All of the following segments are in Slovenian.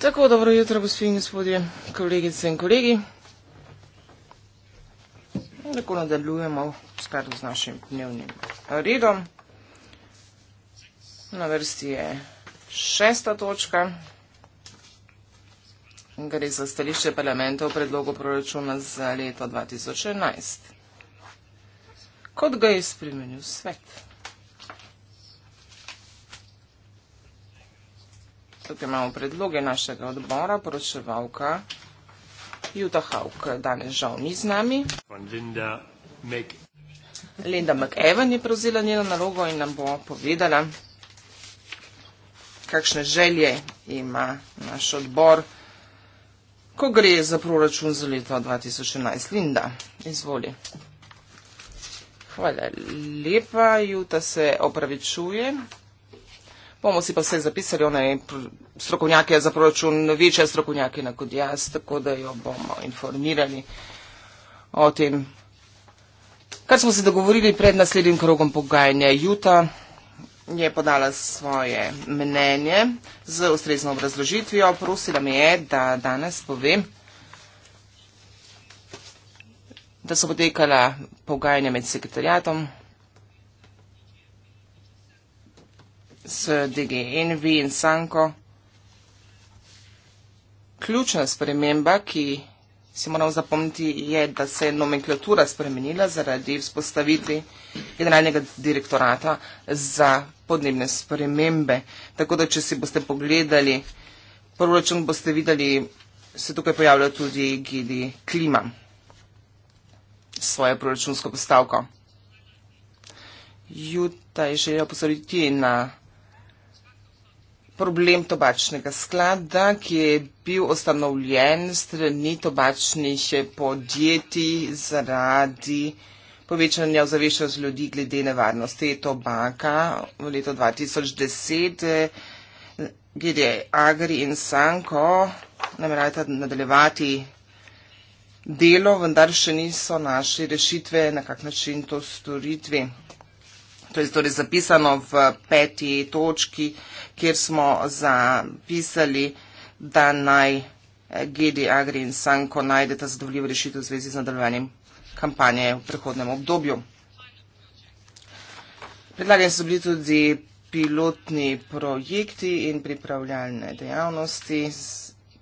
Tako, dobro jutro, gospodje in gospodje, kolegice in kolegi. Tako nadaljujemo skladu z našim dnevnim redom. Na vrsti je šesta točka. Gre za stališče parlamenta v predlogu proračuna za leto 2011. Kot ga je spremenil svet. tukaj imamo predloge našega odbora, poročevalka Juta Hauk, danes žal ni z nami. Linda McEwen je prevzela njeno nalogo in nam bo povedala, kakšne želje ima naš odbor, ko gre za proračun za leto 2011. Linda, izvoli. Hvala lepa, Juta se opravičuje. Bomo si pa vse zapisali, ona je strokovnjaka za proračun, večja strokovnjaka kot jaz, tako da jo bomo informirali o tem. Kar smo se dogovorili pred naslednjim krogom pogajanja, Juta je podala svoje mnenje z ustrezno obrazložitvijo. Prosila me je, da danes povem, da so potekala pogajanja med sekretarjatom. s DGNV in Sanko. Ključna sprememba, ki si moramo zapomniti, je, da se je nomenklatura spremenila zaradi vzpostavitvi generalnega direktorata za podnebne spremembe. Tako da, če si boste pogledali proračun, boste videli, se tukaj pojavlja tudi Gidi Klima s svojo proračunsko postavko. Jutaj želijo posoriti na problem tobačnega sklada, ki je bil ustanovljen strani tobačnih podjetij zaradi povečanja ozaveščenosti ljudi glede nevarnosti tobaka v letu 2010, kjer je Agri in Sanko nameravata nadaljevati delo, vendar še niso našli rešitve, na kak način to storitvi. To je torej zapisano v peti točki, kjer smo zapisali, da naj Gedi, Agri in Sanko najdete zadovoljivo rešitev v zvezi z nadaljevanjem kampanje v prehodnem obdobju. Predlagani so bili tudi pilotni projekti in pripravljalne dejavnosti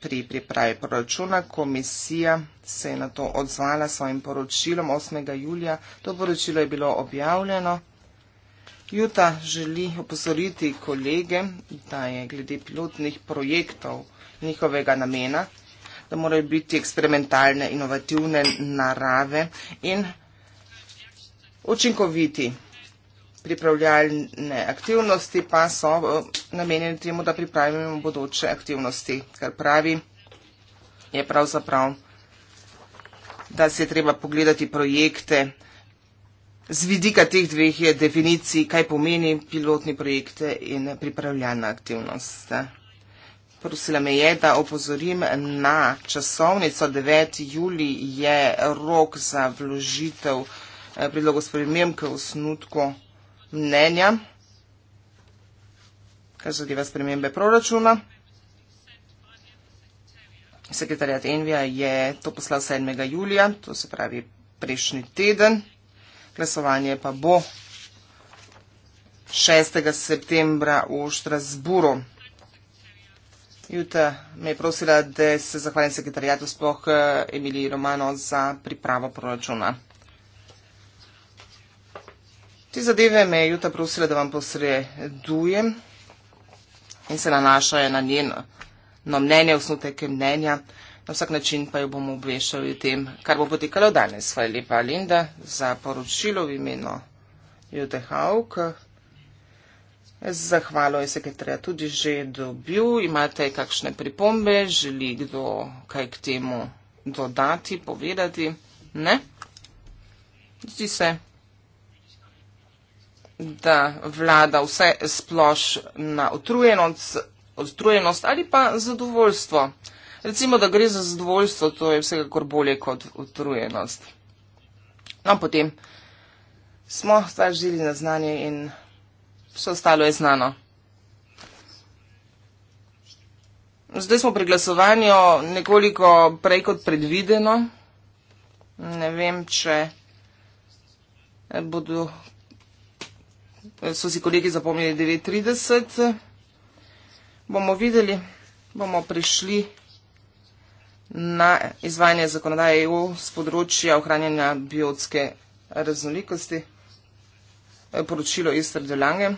pri pripravi proračuna. Komisija se je na to odzvala svojim poročilom 8. julija. To poročilo je bilo objavljeno. Juta želi opozoriti kolege, da je glede pilotnih projektov njihovega namena, da morajo biti eksperimentalne, inovativne narave in učinkoviti. Pripravljalne aktivnosti pa so eh, namenjene temu, da pripravimo bodoče aktivnosti, kar pravi je pravzaprav, da se je treba pogledati projekte, Z vidika teh dveh je definicij, kaj pomeni pilotni projekte in pripravljena aktivnost. Prosila me je, da opozorim na časovnico. 9. juli je rok za vložitev eh, predlogo spremembke v snutku mnenja, kar zadeva spremembe proračuna. Sekretarjat Envija je to poslal 7. julija, to se pravi prejšnji teden glasovanje pa bo 6. septembra v Štrasburu. Jutta me je prosila, da se zahvalim sekretarijatu sploh eh, Emiliji Romano za pripravo proračuna. Te zadeve me je Jutta prosila, da vam posredujem in se nanašajo na njeno mnenje, osnutek mnenja. Na vsak način pa jo bomo obvešali tem, kar bo potekalo danes. Hvala lepa, Linda, za poročilo v imenu Jude Hauk. Zahvalo je sekretarja tudi že dobil. Imate kakšne pripombe? Želi kdo kaj k temu dodati, povedati? Ne? Zdi se, da vlada vse splošna utrujenost, utrujenost ali pa zadovoljstvo. Recimo, da gre za zadovoljstvo, to je vsekakor bolje kot utrujenost. No, potem smo zdaj živeli na znanje in vse ostalo je znano. Zdaj smo pri glasovanju nekoliko prej kot predvideno. Ne vem, če bodo, so si kolegi zapomnili 9.30. Bomo videli, bomo prišli na izvajanje zakonodaje EU z področja ohranjanja biotske raznolikosti, e, poročilo Ester de Lange,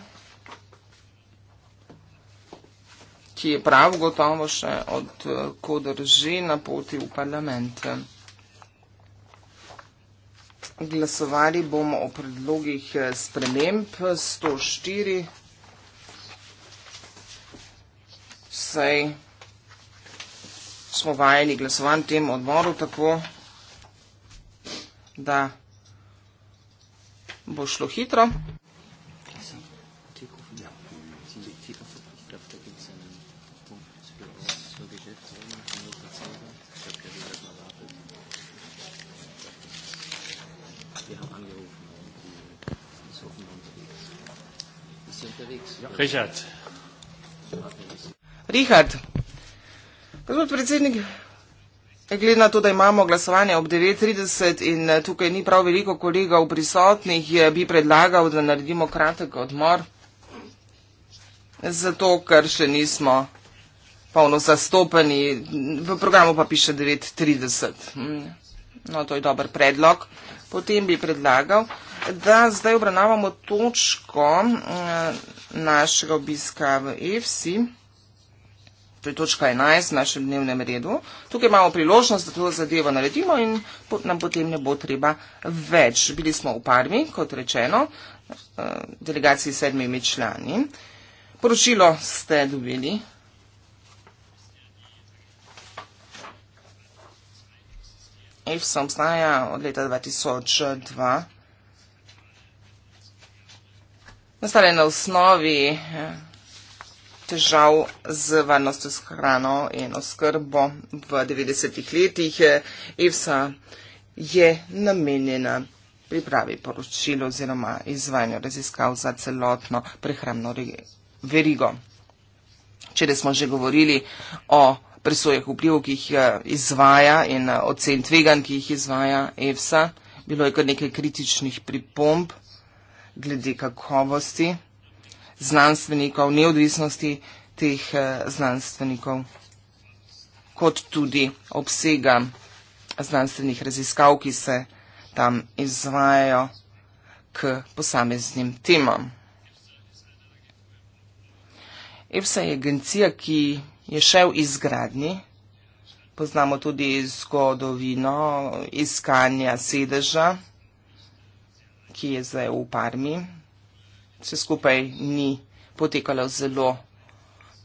ki je prav gotovo še od e, kodr že na poti v parlament. Glasovali bomo o predlogih e, sprememb 104. Saj smo vajeni glasovan tem odboru tako, da bo šlo hitro. Richard. Richard. Gospod predsednik, glede na to, da imamo glasovanje ob 9.30 in eh, tukaj ni prav veliko kolegov prisotnih, bi predlagal, da naredimo kratek odmor, zato ker še nismo polno zastopeni. V programu pa piše 9.30. Mm. No, to je dober predlog. Potem bi predlagal, da zdaj obravnavamo točko mm, eh, našega obiska v EFSI to je točka 11 v našem dnevnem redu. Tukaj imamo priložnost, da to zadevo naredimo in nam potem ne bo treba več. Bili smo v parmi, kot rečeno, eh, delegaciji sedmimi člani. Poročilo ste dobili. EFSA obstaja od leta 2002. Nastale na osnovi eh, težav z varnostjo s hrano in oskrbo v 90-ih letih. EFSA je namenjena pripravi poročilo oziroma izvajanju raziskav za celotno prehrambno verigo. Če smo že govorili o presojah vplivov, ki jih eh, izvaja in eh, ocen tvegan, ki jih izvaja EFSA, bilo je kar nekaj kritičnih pripomb glede kakovosti znanstvenikov, neodvisnosti teh eh, znanstvenikov, kot tudi obsega znanstvenih raziskav, ki se tam izvajajo k posameznim temam. EFSA je agencija, ki je še v izgradnji. Poznamo tudi zgodovino iskanja sedeža, ki je zdaj v Parmi, vse skupaj ni potekalo zelo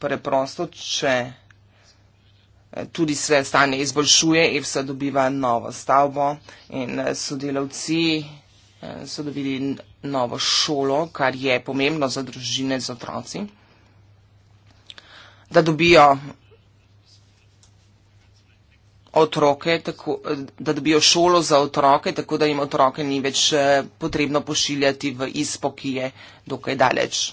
preprosto, če eh, tudi se stanje izboljšuje, EFSA dobiva novo stavbo in eh, sodelavci eh, so dobili novo šolo, kar je pomembno za družine z otroci, da dobijo otroke, tako, da dobijo šolo za otroke, tako da jim otroke ni več eh, potrebno pošiljati v ISPO, ki je dokaj daleč.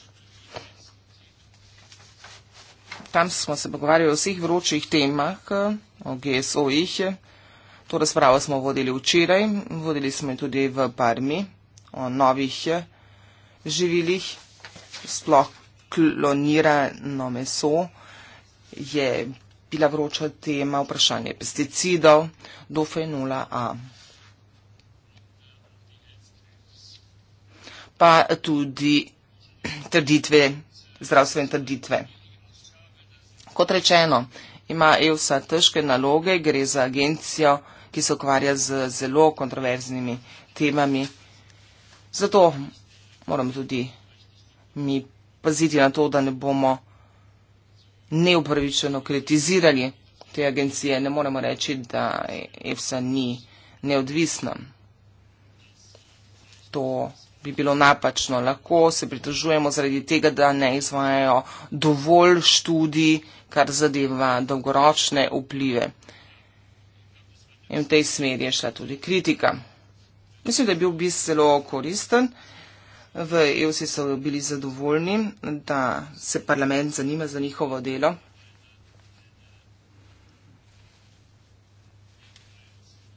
Tam smo se pogovarjali o vseh vročih temah, o GSO-jih. To razpravo smo vodili včeraj, vodili smo jo tudi v Parmi o novih eh, živilih, sploh klonirano meso je bila vroča tema vprašanje pesticidov do fenula A. Pa tudi trditve, zdravstvene trditve. Kot rečeno, ima EUSA težke naloge, gre za agencijo, ki se ukvarja z zelo kontroverznimi temami. Zato moramo tudi mi paziti na to, da ne bomo neupravičeno kritizirali te agencije. Ne moremo reči, da EFSA ni neodvisna. To bi bilo napačno. Lahko se pritožujemo zaradi tega, da ne izvajajo dovolj študij, kar zadeva dolgoročne vplive. In v tej smeri je šla tudi kritika. Mislim, da je bil bis zelo koristen. V EU so bili zadovoljni, da se parlament zanima za njihovo delo.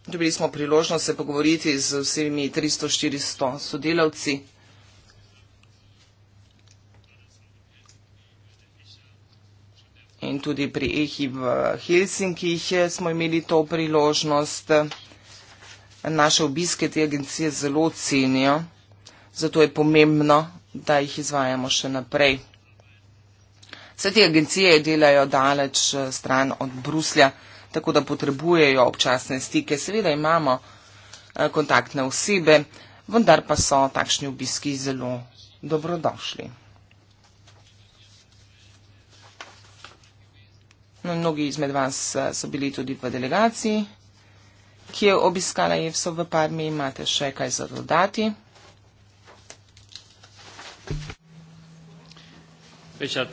Dobili smo priložnost se pogovoriti z vsemi 300-400 sodelavci. In tudi pri EHI v Helsinkih smo imeli to priložnost. Naše obiske te agencije zelo cenijo zato je pomembno, da jih izvajamo še naprej. Vse te agencije delajo daleč eh, stran od Bruslja, tako da potrebujejo občasne stike. Seveda imamo eh, kontaktne osebe, vendar pa so takšni obiski zelo dobrodošli. No, mnogi izmed vas eh, so bili tudi v delegaciji, ki je obiskala EFSO v Parmi. Imate še kaj za dodati? Richard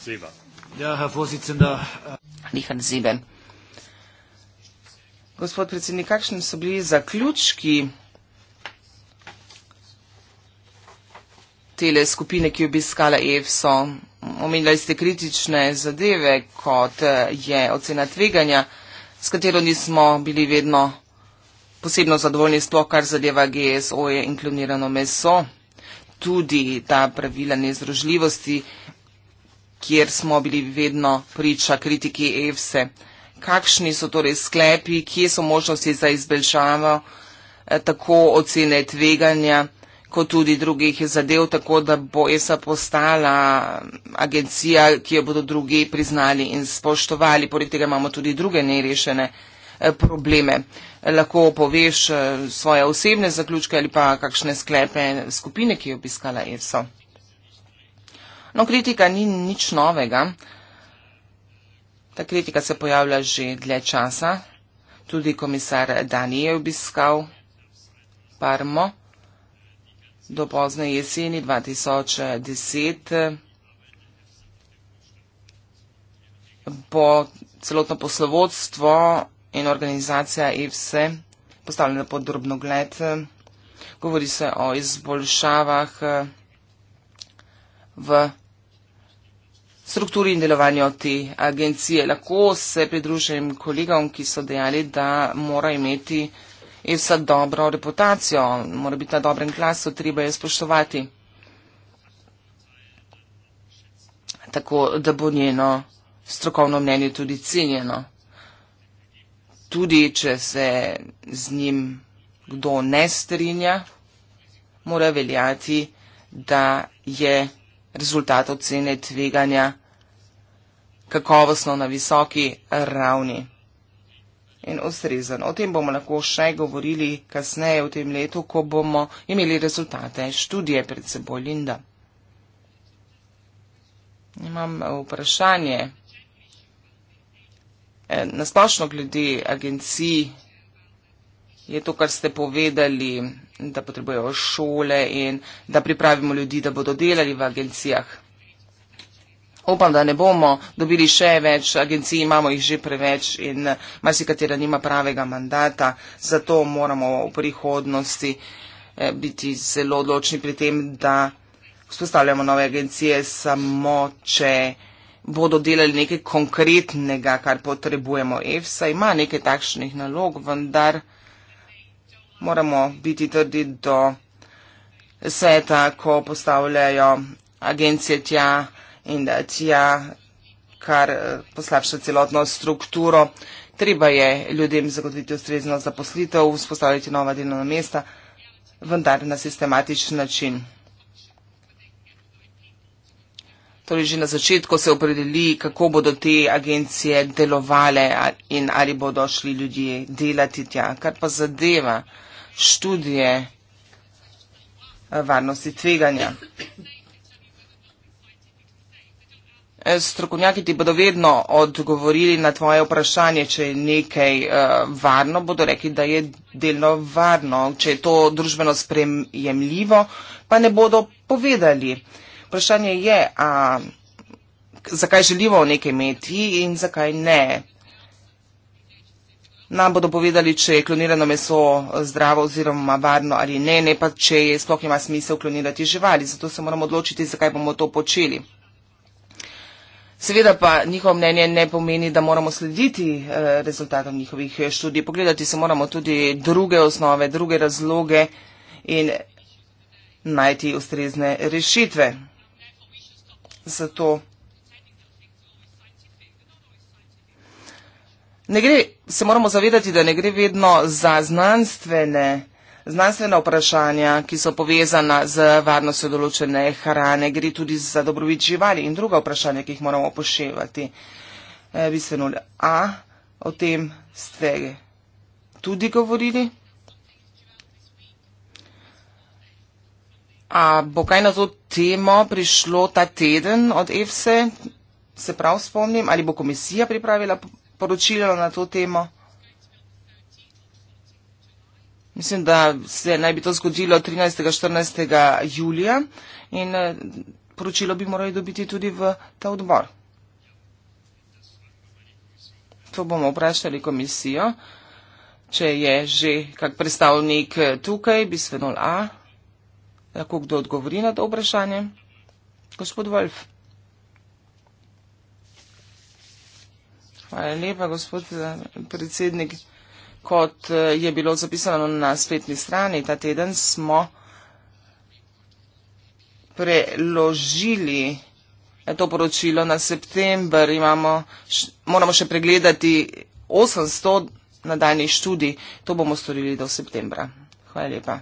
Seber. Ja, Herr Vorsitzender. Äh, Richard Seber. Gospod predsednik, kakšni so bili zaključki tele skupine, ki je obiskala EFSO? Omenjali ste kritične zadeve, kot äh, je ocena tveganja, s katero nismo bili vedno posebno zadovoljni, sploh kar zadeva GSO-je in klonirano meso tudi ta pravila nezdružljivosti, kjer smo bili vedno priča kritiki EFSE. Kakšni so torej sklepi, kje so možnosti za izboljšavo eh, tako ocene tveganja, kot tudi drugih zadev, tako da bo ESA postala mm, agencija, ki jo bodo drugi priznali in spoštovali. Poleg tega imamo tudi druge nerešene. Eh, probleme. Lahko poveš eh, svoje osebne zaključke ali pa kakšne sklepe skupine, ki je obiskala ESO. No, kritika ni nič novega. Ta kritika se pojavlja že dlje časa. Tudi komisar Dani je obiskal Parmo do pozne jeseni 2010. Eh, bo celotno poslovodstvo in organizacija EFSE postavljena pod drobno gled. Govori se o izboljšavah v strukturi in delovanju te agencije. Lahko se pridružim kolegom, ki so dejali, da mora imeti EFSA dobro reputacijo, mora biti na dobrem glasu, treba je spoštovati, tako da bo njeno strokovno mnenje tudi cenjeno tudi če se z njim kdo ne strinja, mora veljati, da je rezultat ocene tveganja kakovostno na visoki ravni in ustrezen. O tem bomo lahko še govorili kasneje v tem letu, ko bomo imeli rezultate študije pred seboj Linda. Imam vprašanje nasplošno glede agencij je to, kar ste povedali, da potrebujejo šole in da pripravimo ljudi, da bodo delali v agencijah. Upam, da ne bomo dobili še več agencij, imamo jih že preveč in marsikatera nima pravega mandata, zato moramo v prihodnosti eh, biti zelo odločni pri tem, da vzpostavljamo nove agencije samo, če bodo delali nekaj konkretnega, kar potrebujemo. EFSA ima nekaj takšnih nalog, vendar moramo biti trdi do sveta, ko postavljajo agencije tja in tja, kar eh, poslabša celotno strukturo. Treba je ljudem zagotoviti ustrezno zaposlitev, vzpostaviti nova delovna mesta, vendar na sistematičen način. torej že na začetku se opredeli, kako bodo te agencije delovale in ali bodo šli ljudje delati tja. Kar pa zadeva študije eh, varnosti tveganja. Eh, strokovnjaki ti bodo vedno odgovorili na tvoje vprašanje, če je nekaj uh, varno, bodo rekli, da je delno varno, če je to družbeno sprejemljivo, pa ne bodo povedali. Uh, vprašanje je, a, zakaj želimo nekaj imeti in zakaj ne. Nam bodo povedali, če je klonirano meso zdravo oziroma varno ali ne, ne pa če je sploh ima smisel klonirati živali. Zato se moramo odločiti, zakaj bomo to počeli. Seveda pa njihovo mnenje ne pomeni, da moramo slediti eh, rezultatom njihovih eh, študij. Pogledati se moramo tudi druge osnove, druge razloge in najti ustrezne rešitve za to. Ne gre, se moramo zavedati, da ne gre vedno za znanstvene, znanstvene vprašanja, ki so povezana z varnostjo določene hrane, gre tudi za dobrobit živali in druga vprašanja, ki jih moramo poševati. E, eh, bistveno, a o tem ste tudi govorili. A bo kaj na to temo prišlo ta teden od EFSE, se prav spomnim, ali bo komisija pripravila poročilo na to temo? Mislim, da se naj bi to zgodilo 13. 14. julija in eh, poročilo bi morali dobiti tudi v ta odbor. To bomo vprašali komisijo, če je že kak predstavnik eh, tukaj, bisfenol A lahko kdo odgovori na to vprašanje. Gospod Wolf. Hvala lepa, gospod eh, predsednik. Kot eh, je bilo zapisano na spletni strani, ta teden smo preložili eh, to poročilo na september. Imamo, moramo še pregledati 800 nadaljnih študij. To bomo storili do septembra. Hvala lepa.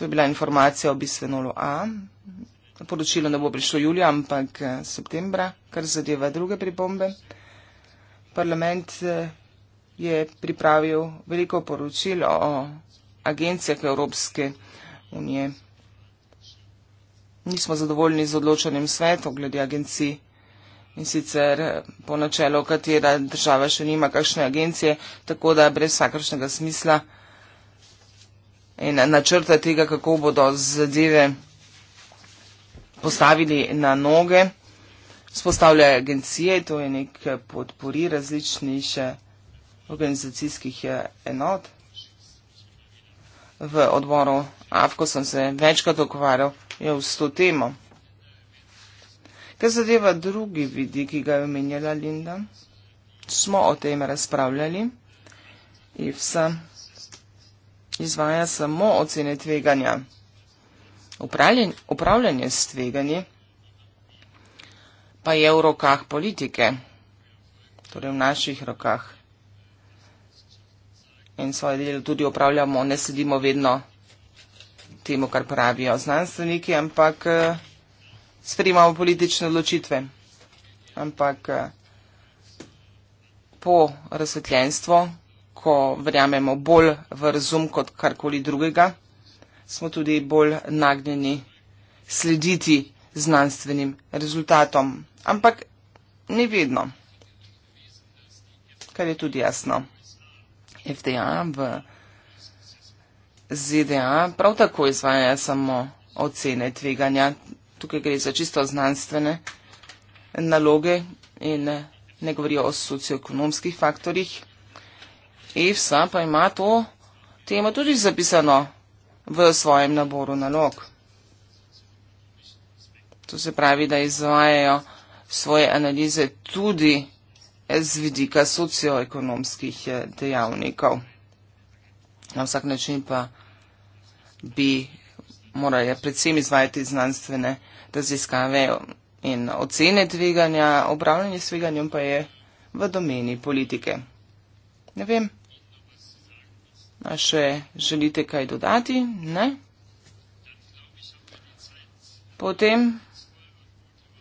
To je bila informacija o bisfenolu A. Poročilo ne bo prišlo julija, ampak eh, septembra, kar zadeva druge pripombe. Parlament eh, je pripravil veliko poročil o agencijah Evropske unije. Nismo zadovoljni z odločanjem svetov glede agencij in sicer eh, po načelu, katera država še nima kakšne agencije, tako da brez vsakršnega smisla in načrta tega, kako bodo zadeve postavili na noge. Spostavlja agencije, to je nek podpori različnih eh, organizacijskih eh, enot. V odboru AFKO sem se večkrat okvarjal s to temo. Kar zadeva drugi vidi, ki ga je omenjala Linda, smo o tem razpravljali in vsem izvaja samo ocene tveganja. Upravljanje s tveganji pa je v rokah politike, torej v naših rokah. In svoje delo tudi upravljamo, ne sledimo vedno temu, kar pravijo znanstveniki, ampak eh, sprejemamo politične odločitve. Ampak eh, po razsvetljenstvu, ko verjamemo bolj v razum kot karkoli drugega, smo tudi bolj nagnjeni slediti znanstvenim rezultatom. Ampak ne vedno, kar je tudi jasno. FDA v ZDA prav tako izvaja samo ocene tveganja. Tukaj gre za čisto znanstvene naloge in ne govorijo o socioekonomskih faktorjih. EFSA pa ima to temo tudi zapisano v svojem naboru nalog. To se pravi, da izvajajo svoje analize tudi z vidika socioekonomskih eh, dejavnikov. Na vsak način pa bi morali predvsem izvajati znanstvene raziskave in ocene tveganja, upravljanje s tveganjem pa je v domeni politike. Ne vem. A še želite kaj dodati? Ne? Potem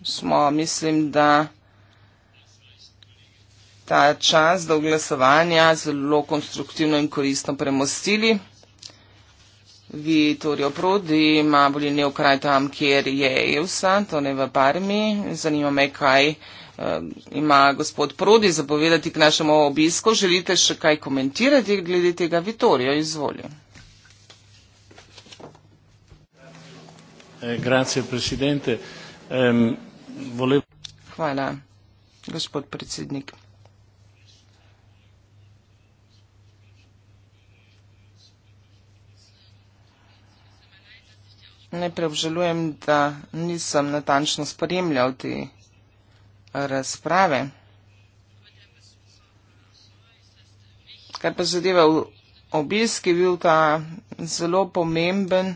smo, mislim, da ta čas do glasovanja zelo konstruktivno in koristno premostili. Vitorio Prodi ima volilni okraj tam, kjer je Evsa, to torej ne v Parmi. Zanima me, kaj ima gospod Prodi zapovedati k našemu obisku. Želite še kaj komentirati glede tega Vitorija? Izvolite. Eh, grazie, presidente. Um, vole... Hvala, gospod predsednik. Najprej obžalujem, da nisem natančno spremljal te razprave. Kar pa zadeva obisk, je bil ta zelo pomemben,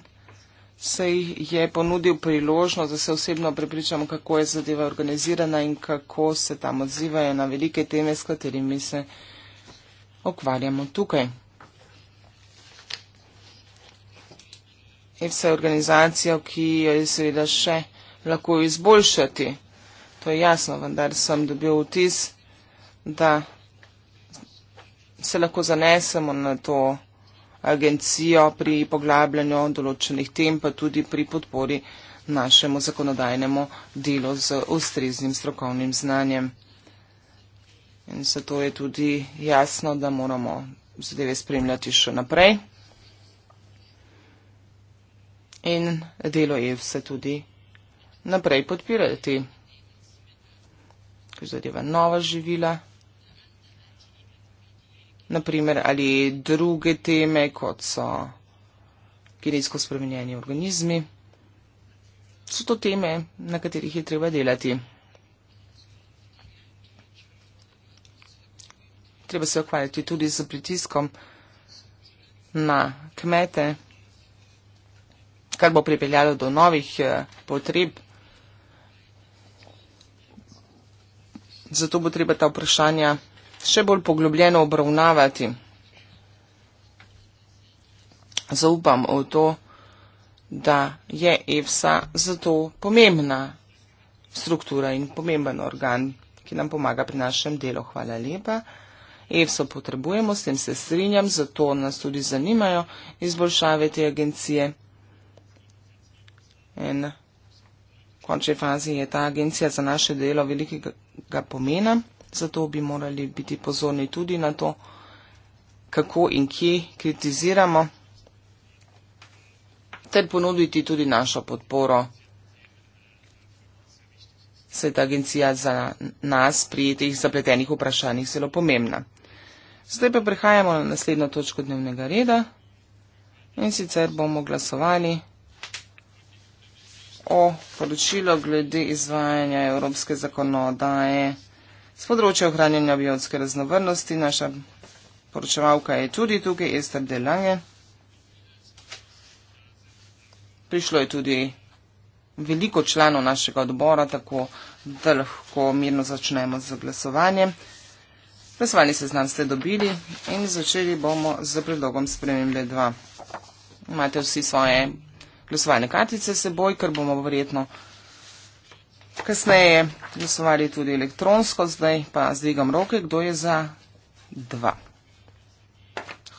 saj je ponudil priložnost, da se osebno prepričamo, kako je zadeva organizirana in kako se tam odzivajo na velike teme, s katerimi se okvarjamo tukaj. EFSA je organizacija, ki jo je seveda še lahko izboljšati. To je jasno, vendar sem dobil vtis, da se lahko zanesemo na to agencijo pri poglabljanju določenih tem, pa tudi pri podpori našemu zakonodajnemu delu z ustreznim strokovnim znanjem. In zato je tudi jasno, da moramo zadeve spremljati še naprej. In delo je vse tudi naprej podpirati prizadeva nova živila, naprimer ali druge teme, kot so genetsko spremenjeni organizmi. So to teme, na katerih je treba delati. Treba se okvarjati tudi z pritiskom na kmete, kar bo pripeljalo do novih eh, potreb. zato bo treba ta vprašanja še bolj poglobljeno obravnavati. Zaupam v to, da je EFSA zato pomembna struktura in pomemben organ, ki nam pomaga pri našem delu. Hvala lepa. EFSA potrebujemo, s tem se strinjam, zato nas tudi zanimajo izboljšave te agencije. En končni fazi je ta agencija za naše delo velikega pomena, zato bi morali biti pozorni tudi na to, kako in kje kritiziramo, ter ponuditi tudi našo podporo. Se je ta agencija za nas pri teh zapletenih vprašanjih zelo pomembna. Zdaj pa prehajamo na naslednjo točko dnevnega reda in sicer bomo glasovali o poročilo glede izvajanja evropske zakonodaje z področja ohranjanja biotske raznovrnosti. Naša poročevalka je tudi tukaj, Ester Delange. Prišlo je tudi veliko članov našega odbora, tako da lahko mirno začnemo z glasovanjem. Glasovanje se znam ste dobili in začeli bomo z predlogom spremembe 2. Imate vsi svoje glasovalne kartice seboj, ker bomo verjetno kasneje glasovali tudi elektronsko. Zdaj pa zdvigam roke, kdo je za dva.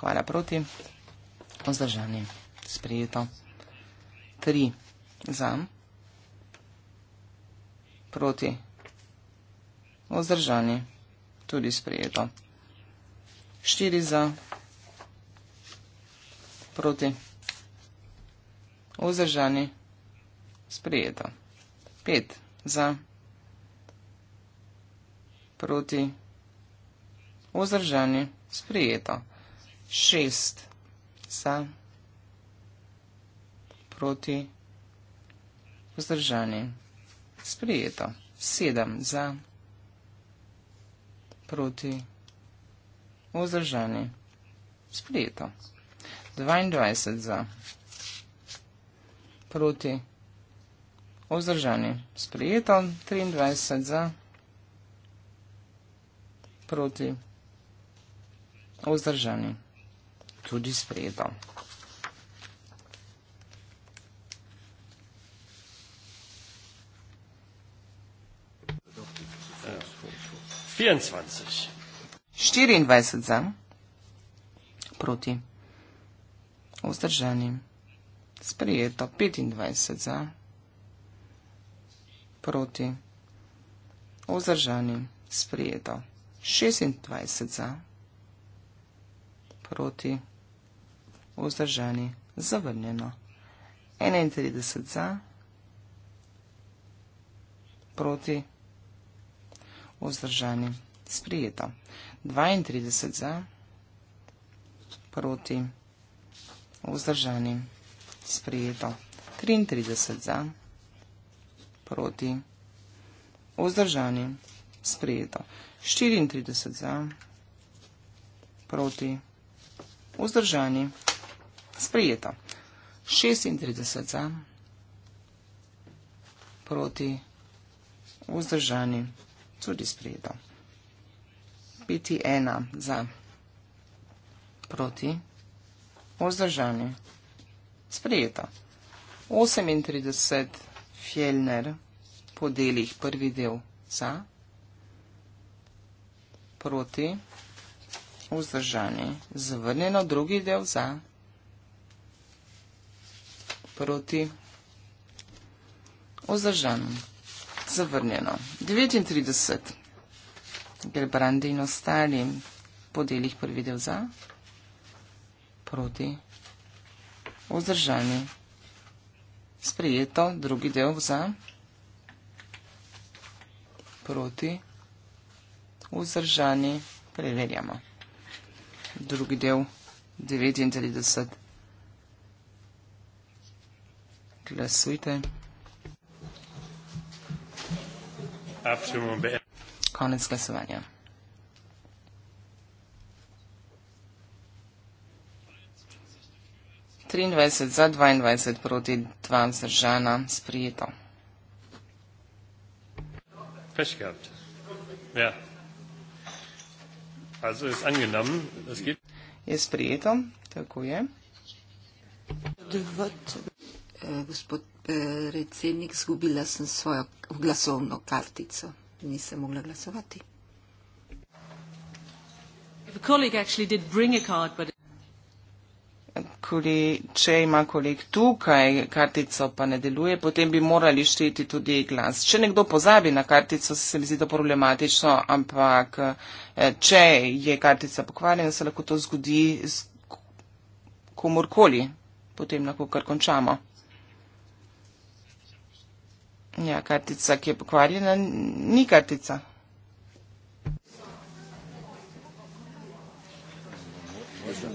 Hvala proti. Ozdržanje. Sprejeto. Tri. Za. Proti. Ozdržanje. Tudi sprejeto. Štiri za. Proti. Vzdržani. Sprijeto. Pet. Za. Proti. Vzdržani. Sprijeto. Šest. Za. Proti. Vzdržani. Sprijeto. Sedem. Za. Proti. Vzdržani. Sprijeto. Dvajindvajset za proti vzdržani. Sprijeto 23 za proti vzdržani. Tudi sprijeto. Štiriindvajset za, proti, vzdržanim. Sprijeto 25 za, proti, vzdržani, sprijeto 26 za, proti, vzdržani, zavrnjeno 31 za, proti, vzdržani, sprijeto 32 za, proti, vzdržani, sprijeto sprejeto 33 za, proti vzdržani, sprejeto 34 za, proti vzdržani, sprejeto 36 za, proti vzdržani, tudi sprejeto. Biti ena za, proti vzdržani, sprejeto sprejeta. 38 Fjellner po delih prvi del za, proti, vzdržani, zavrnjeno drugi del za, proti, vzdržan, zavrnjeno. 39 Gerbrandi in ostali po delih prvi del za, proti, vzdržani vzdržani. Sprijeto, drugi del za, proti, vzdržani, preverjamo. Drugi del, 39. Glasujte. Konec glasovanja. 23 za 22 proti 2 zdržana sprijeto. Pech gehabt. Ja. Also ist angenommen. Es geht. Je sprijeto, tako je. Eh, gospod eh, predsednik, zgubila sem svojo glasovno kartico. Nisem mogla glasovati. The colleague actually did bring a card, but kolik, če ima kolik tukaj kartico, pa ne deluje, potem bi morali šteti tudi glas. Če nekdo pozabi na kartico, se mi zdi to problematično, ampak eh, če je kartica pokvarjena, se lahko to zgodi z komorkoli. Potem lahko kar končamo. Ja, kartica, ki je pokvarjena, ni kartica.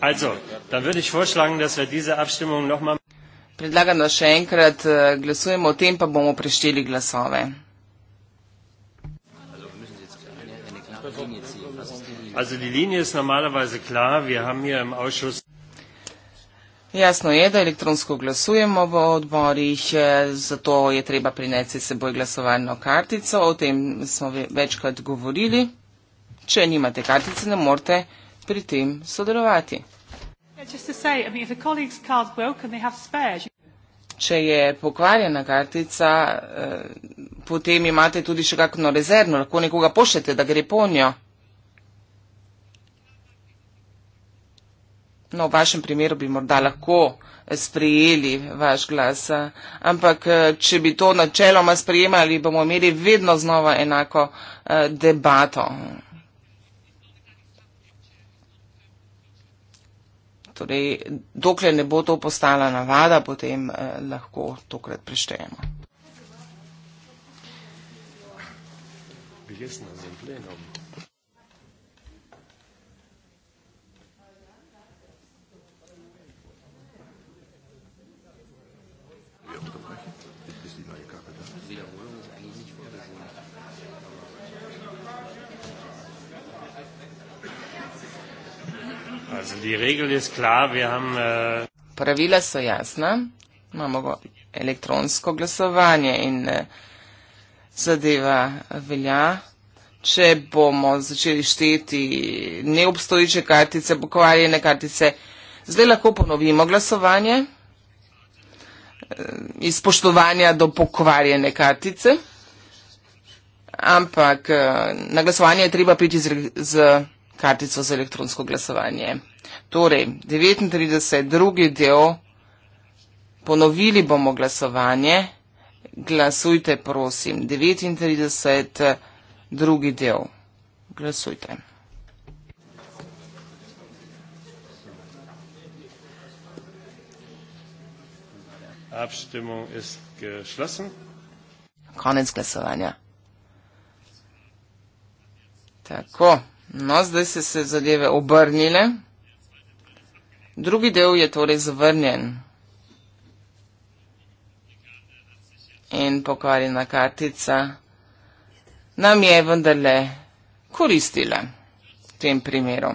Also, dann würde ich vorschlagen, dass wir diese Abstimmung noch mal Predlagam, da še enkrat eh, glasujemo o tem, pa bomo prešteli glasove. Jasno je, da elektronsko glasujemo v odborih, eh, zato je treba prineti seboj glasovalno kartico. O tem smo večkrat govorili. Če nimate kartice, ne morete pri tem sodelovati. Če je pokvarjena kartica, eh, potem imate tudi še kakšno rezervno, lahko nekoga pošljete, da gre po njo. No, v vašem primeru bi morda lahko sprejeli vaš glas, eh, ampak eh, če bi to načeloma sprejemali, bomo imeli vedno znova enako debato. Torej, dokler ne bo to postala navada, potem eh, lahko tokrat preštejemo. Bili smo Äh, Pravila so jasna, imamo elektronsko glasovanje in äh, zadeva velja. Če bomo začeli šteti neobstoječe kartice, pokvarjene kartice, zdaj lahko ponovimo glasovanje äh, iz spoštovanja do pokvarjene kartice, ampak na glasovanje je treba priti z. z kartico za elektronsko glasovanje. Torej, 39, drugi del, ponovili bomo glasovanje. Glasujte, prosim, 39, drugi del. Glasujte. Abstimmung ist geschlossen. Konec glasovanja. Tako. No, zdaj se se zadeve obrnile. Drugi del je torej zavrnjen. In pokvarjena kartica nam je vendarle koristila v tem primeru.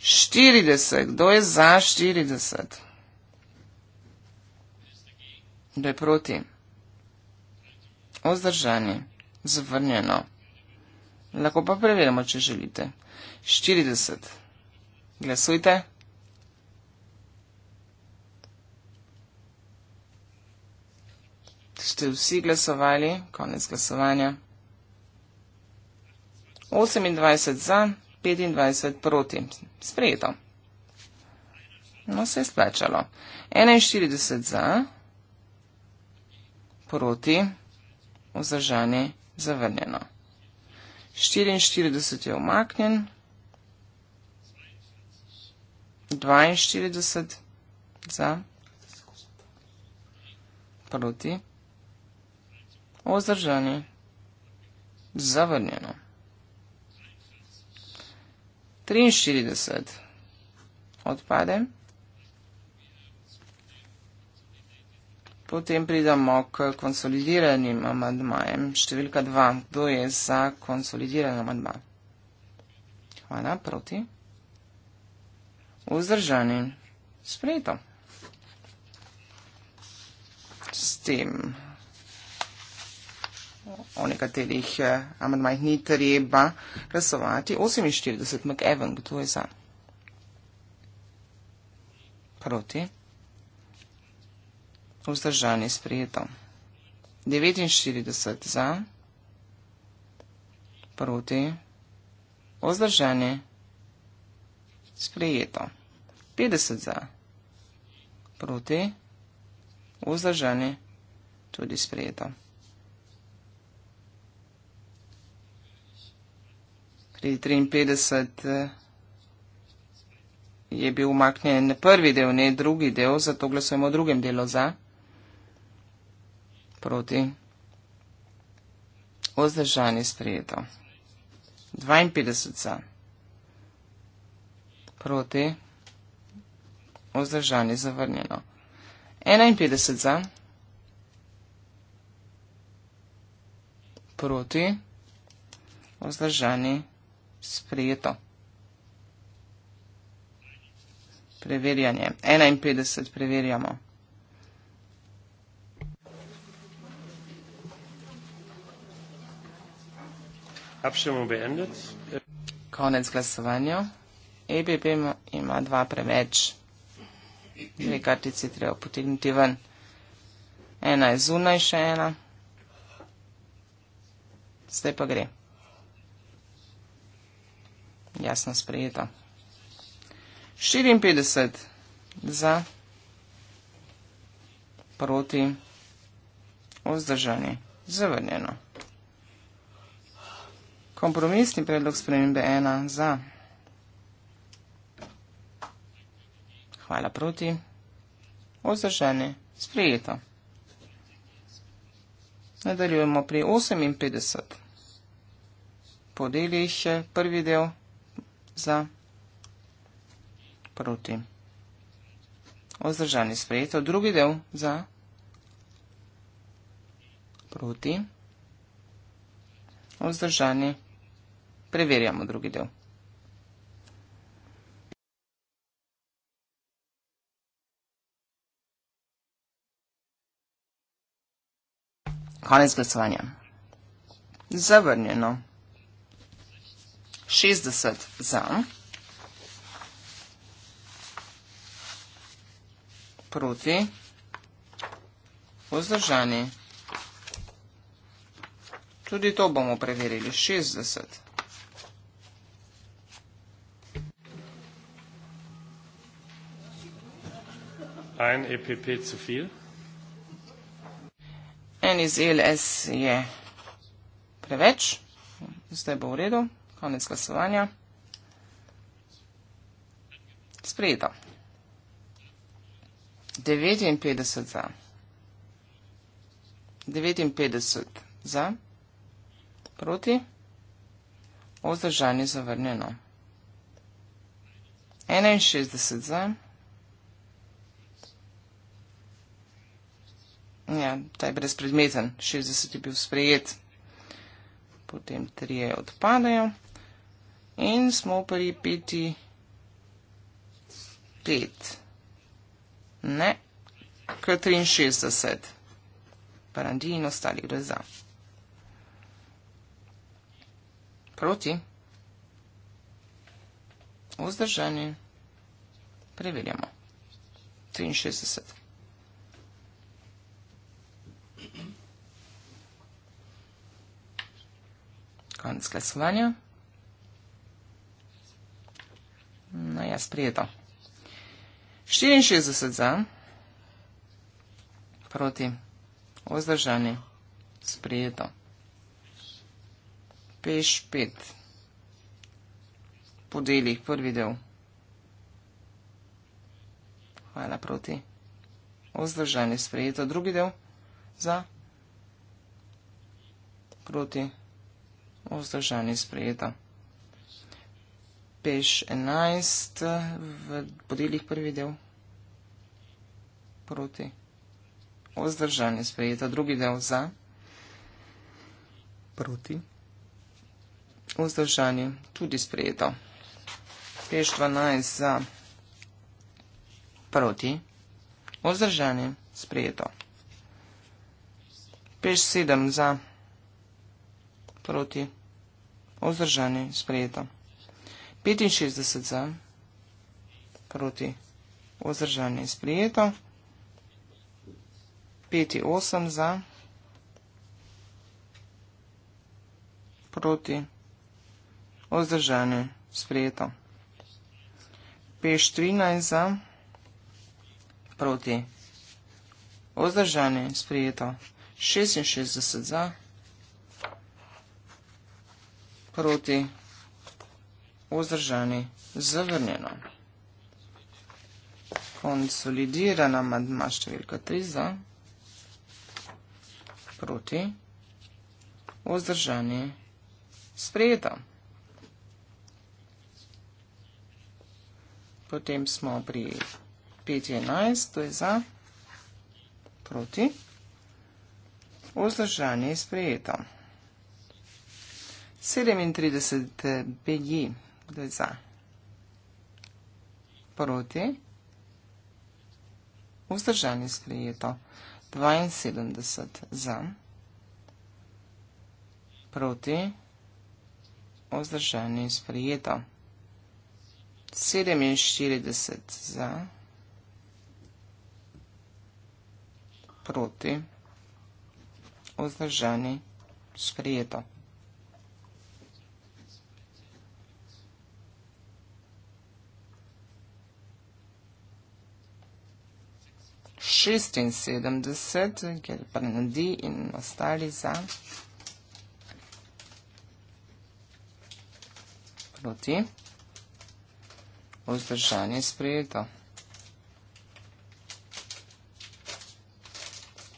40, kdo je za 40? Kdo je proti? Ozdržanje, zavrnjeno. Lahko pa preverimo, če želite. 40. Glasujte. Ste vsi glasovali, konec glasovanja. 28 za, 25 proti. Sprejeto. No, se je splačalo. 41 za, proti, vzdržanje zavrnjeno. 44 je umaknjen, 42 za, proti, ozdržani, zavrnjeno. 43 odpade. Potem pridemo k konsolidiranim amadmajem. Številka 2. Kdo je za konsolidiran amadma? Hvala, proti. Hvala vzdržan in sprejeto. S tem o nekaterih eh, amandmajih ni treba glasovati. 48 McEwan, kdo je za? Proti. Vzdržan je sprejeto. 49 za. Proti. Vzdržan je sprejeto. 50 za, proti, vzdržani, tudi sprejeto. Pri 53 eh, je bil umaknjen prvi del, ne drugi del, zato glasujemo o drugem delu za, proti, vzdržani, sprejeto. 52 za, proti, vzdržanje zavrnjeno. 51 za, proti, vzdržanje sprejeto. Preverjanje. 51 preverjamo. Konec glasovanja. EBB ima dva preveč dve kartici treba potegniti ven. Ena je zunaj, še ena. Zdaj pa gre. Jasno sprejeta. 54 za proti vzdržanje. Zavrnjeno. Kompromisni predlog spremembe 1 za. Hvala proti. Vzdržanje. Sprijeto. Nadaljujemo pri 58. Podeli še prvi del za proti. Vzdržanje. Sprijeto. Drugi del za proti. Vzdržanje. Preverjamo drugi del. Konec glasovanja. Zavrnjeno. 60 za. Proti. Vzdržani. Tudi to bomo preverili. 60. Ein EPP zu viel? en iz LS je preveč, zdaj bo v redu, konec glasovanja. Sprejeto. 59 za. 59 za. Proti. Ozdržanje zavrnjeno. 61 za. Ja, ta je brezpredmeten, 60 je bil sprejet, potem 3 odpadajo in smo pri 5. 5. Ne, k 63. Parandi in ostali gre za. Proti. Vzdržani. Preverjamo. 63. Konec glasovanja. No, jaz prijeto. 64 za, proti, ozdržani, sprijeto. Peš 5, podeli prvi del. Hvala, proti, ozdržani, sprijeto. Drugi del za, proti, ozdržani vzdržani sprejeta. Peš 11 v podeljih prvi del proti. Vzdržani sprejeta drugi del za. Proti. Vzdržani tudi sprejeta. Peš 12 za. Proti. Vzdržani sprejeta. Peš 7 za. Proti. Vzdržani sprejeto. 65 za, proti vzdržani sprejeto. 5 in 8 za, proti vzdržani sprejeto. 5 in 13 za, proti vzdržani sprejeto. 66 za, proti vzdržani sprejeto proti, vzdržani, zavrnjeno. Konsolidirana madma številka 3 za, proti, vzdržani, sprejeta. Potem smo pri 5.11, to je za, proti, vzdržani, sprejeta. Vzdržani, sprejeta. 37 beji, da je za, proti, vzdržani sprejeto, 72 za, proti, vzdržani sprejeto, 47 za, proti, vzdržani sprejeto. 76, ker Bernardi in ostali za proti vzdržanje sprejeto.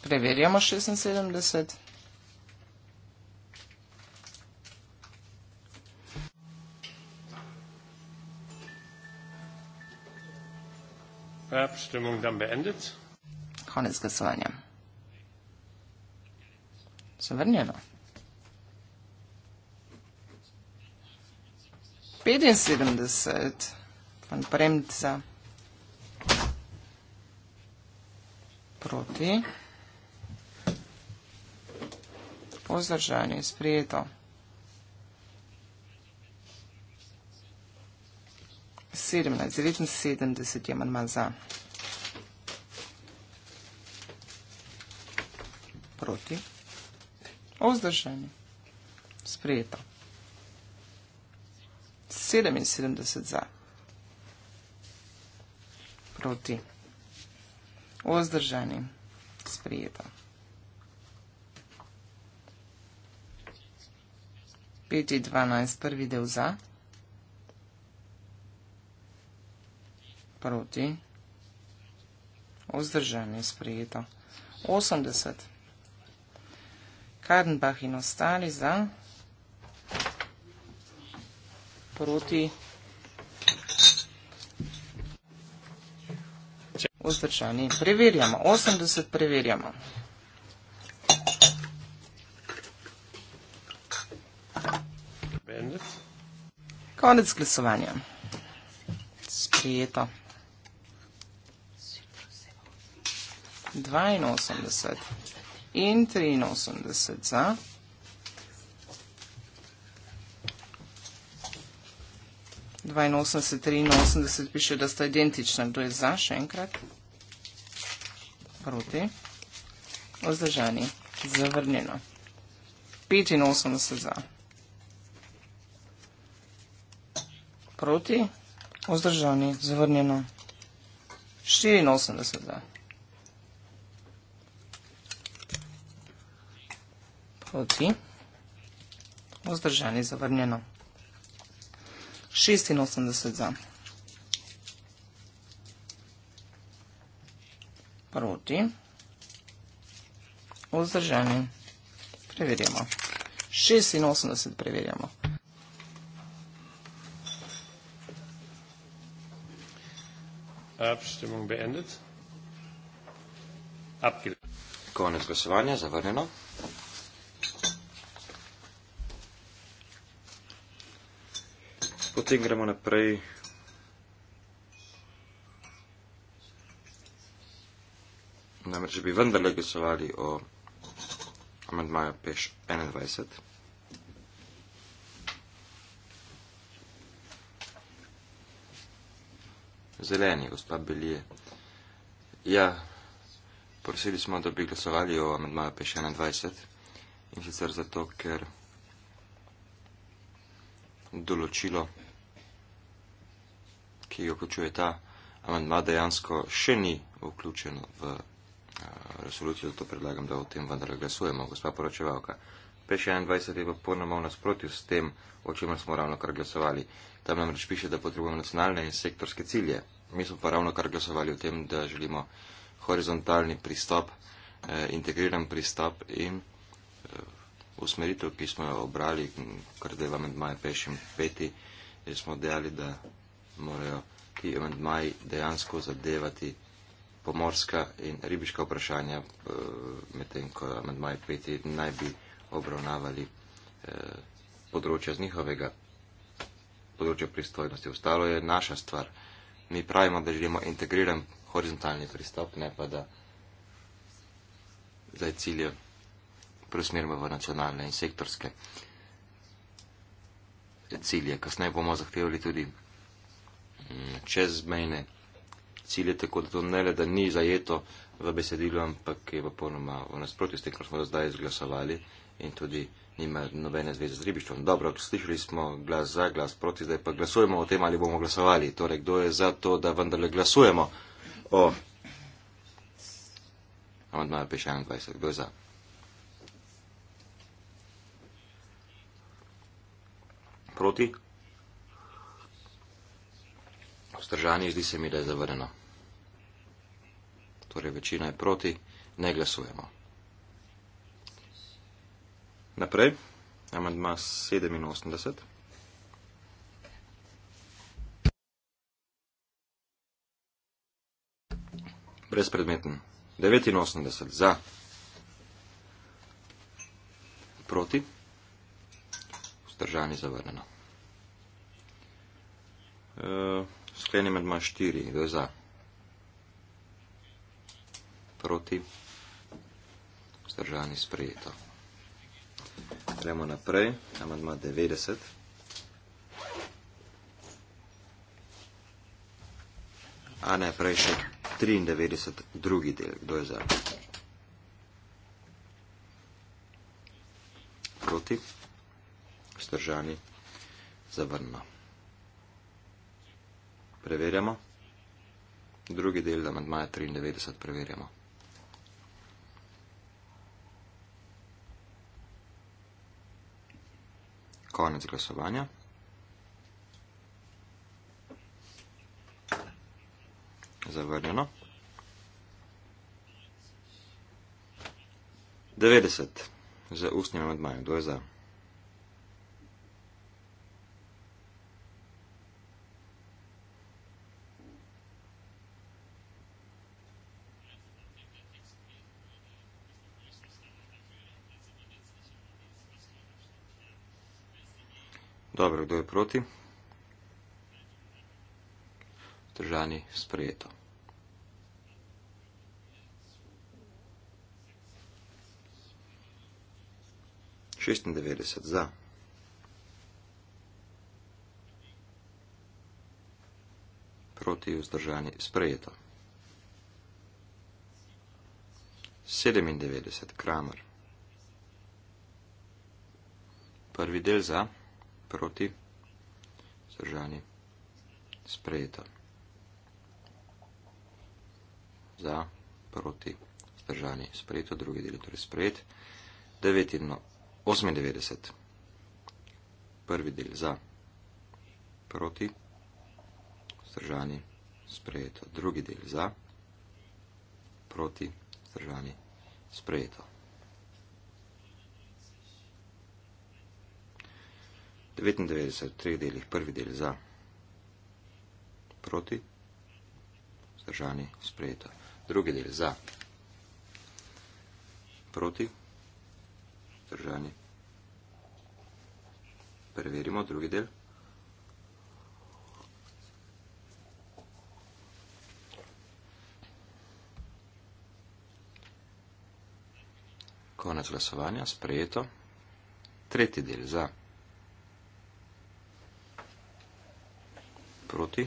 Preverjamo 76. Herbst, Stimmung dann beendet. Konec glasovanja. Zavrnjeno. 75 von Bremca proti. Pozdržanje je sprijeto. Sedemnajst, devetinsedemdeset je manj za. proti? O vzdržanju. Sprejeto. 77 za. Proti. O vzdržanju. Sprejeto. 5 in 12 prvi del za. Proti. O vzdržanju. Sprejeto. 80 za. Kardenbach in ostali za proti vzdržani. Preverjamo, 80 preverjamo. Konec glasovanja. Sprijeto. 82. 82 in 83 za. Dvainosemdeset, triinosemdeset piše, da sta identična. Kdo je za? Še enkrat. Proti. Vzdržani. Zavrnjeno. Petinosemdeset za. Proti. Vzdržani. Zavrnjeno. Štiriinosemdeset za. Proti. Vzdržani zavrnjeno. 86 za. Proti. Vzdržani. Preverjamo. 86 preverjamo. Abstimmung beendet. Abgelehnt. Konec glasovanja, zavrnjeno. potem gremo naprej. Namreč bi vendarle glasovali o amantmaju Peš 21. Zeleni, gospa Belije. Ja, prosili smo, da bi glasovali o amantmaju Peš 21. In sicer zato, ker določilo, ki jo vključuje ta amandma, dejansko še ni vključeno v eh, resolucijo, zato predlagam, da o tem vendarle glasujemo, gospa poročevalka. P21 je pa ponoma v nasprotju s tem, o čemer smo ravno kar glasovali. Tam nam reč piše, da potrebujemo nacionalne in sektorske cilje. Mi smo pa ravno kar glasovali o tem, da želimo horizontalni pristop, eh, integriran pristop in eh, usmeritev, ki smo jo obrali, kar del amendmaje pešim peti, jer eh, smo dejali, da morajo ti amendmaji dejansko zadevati pomorska in ribiška vprašanja, eh, medtem ko amendmaji peti naj bi obravnavali eh, področja z njihovega področja pristojnosti. Ostalo je naša stvar. Mi pravimo, da želimo integriran horizontalni pristop, ne pa da zdaj ciljev preusmerimo v nacionalne in sektorske cilje. Kasneje bomo zahtevali tudi mm, čezmejne cilje, tako da to ne le, da ni zajeto v besedilu, ampak je popolnoma v nasprotju s tem, kar smo do zdaj izglasovali in tudi nima nobene zveze z ribištvom. Dobro, slišali smo glas za, glas proti, zdaj pa glasujemo o tem, ali bomo glasovali. Torej, kdo je za to, da vendarle glasujemo o amandmaju 25, kdo je za? Proti? Vzdržanje zdi se mi, da je zavrneno. Torej, večina je proti, ne glasujemo. Naprej, amandma 87. Brezpredmeten. 89 za. Proti. Vzdržanje zavrneno uh, eh, sklenem med manj štiri, kdo je za. Proti. Zdržani sprejeto. Gremo naprej, amandma 90. A ne, prej še 93, drugi del, kdo je za. Proti. Zdržani. Zavrnjeno. Preverjamo. Drugi del amandmaja 93 preverjamo. Konec glasovanja. Zavrnjeno. 90. Za ustnim amandmajem. Kdo je za? Kdo je proti? Vzdržani sprejeto. Šestindevetdeset za. Proti vzdržani sprejeto. Sedemindevetdeset kramer. Prvi del za, proti vzdržanje, sprejeta. Za, proti, vzdržanje, sprejeto, drugi del, torej sprejet. 98. No, Prvi del za, proti, vzdržanje, sprejeto, drugi del za, proti, vzdržanje, sprejeto. 99 v treh delih, prvi del za, proti, zdržani, sprejeto. Drugi del za, proti, zdržani. Preverimo drugi del. Konec glasovanja, sprejeto. Tretji del za. proti,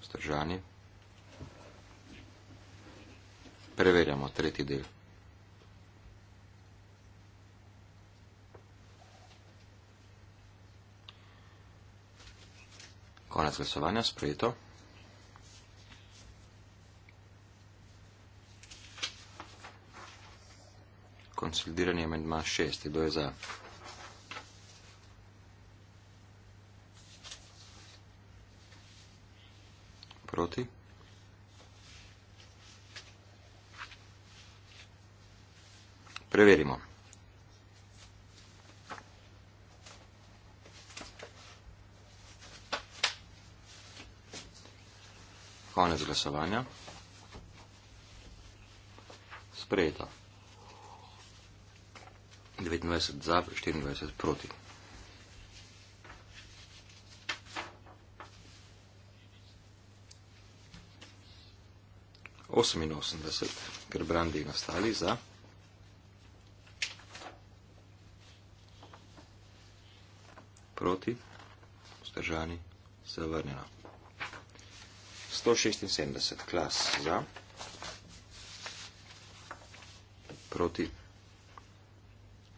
vzdržani. Preverjamo tretji del. Konec glasovanja sprejeto. Konsolidiranje med ma šest, kdo je za? Proti? Preverimo. Konec glasovanja. Sprejeto. 29 za, 24 proti. 88, ker brandi nastali za. Proti, vzdržani, zavrnjeno. 176, klas za. Proti,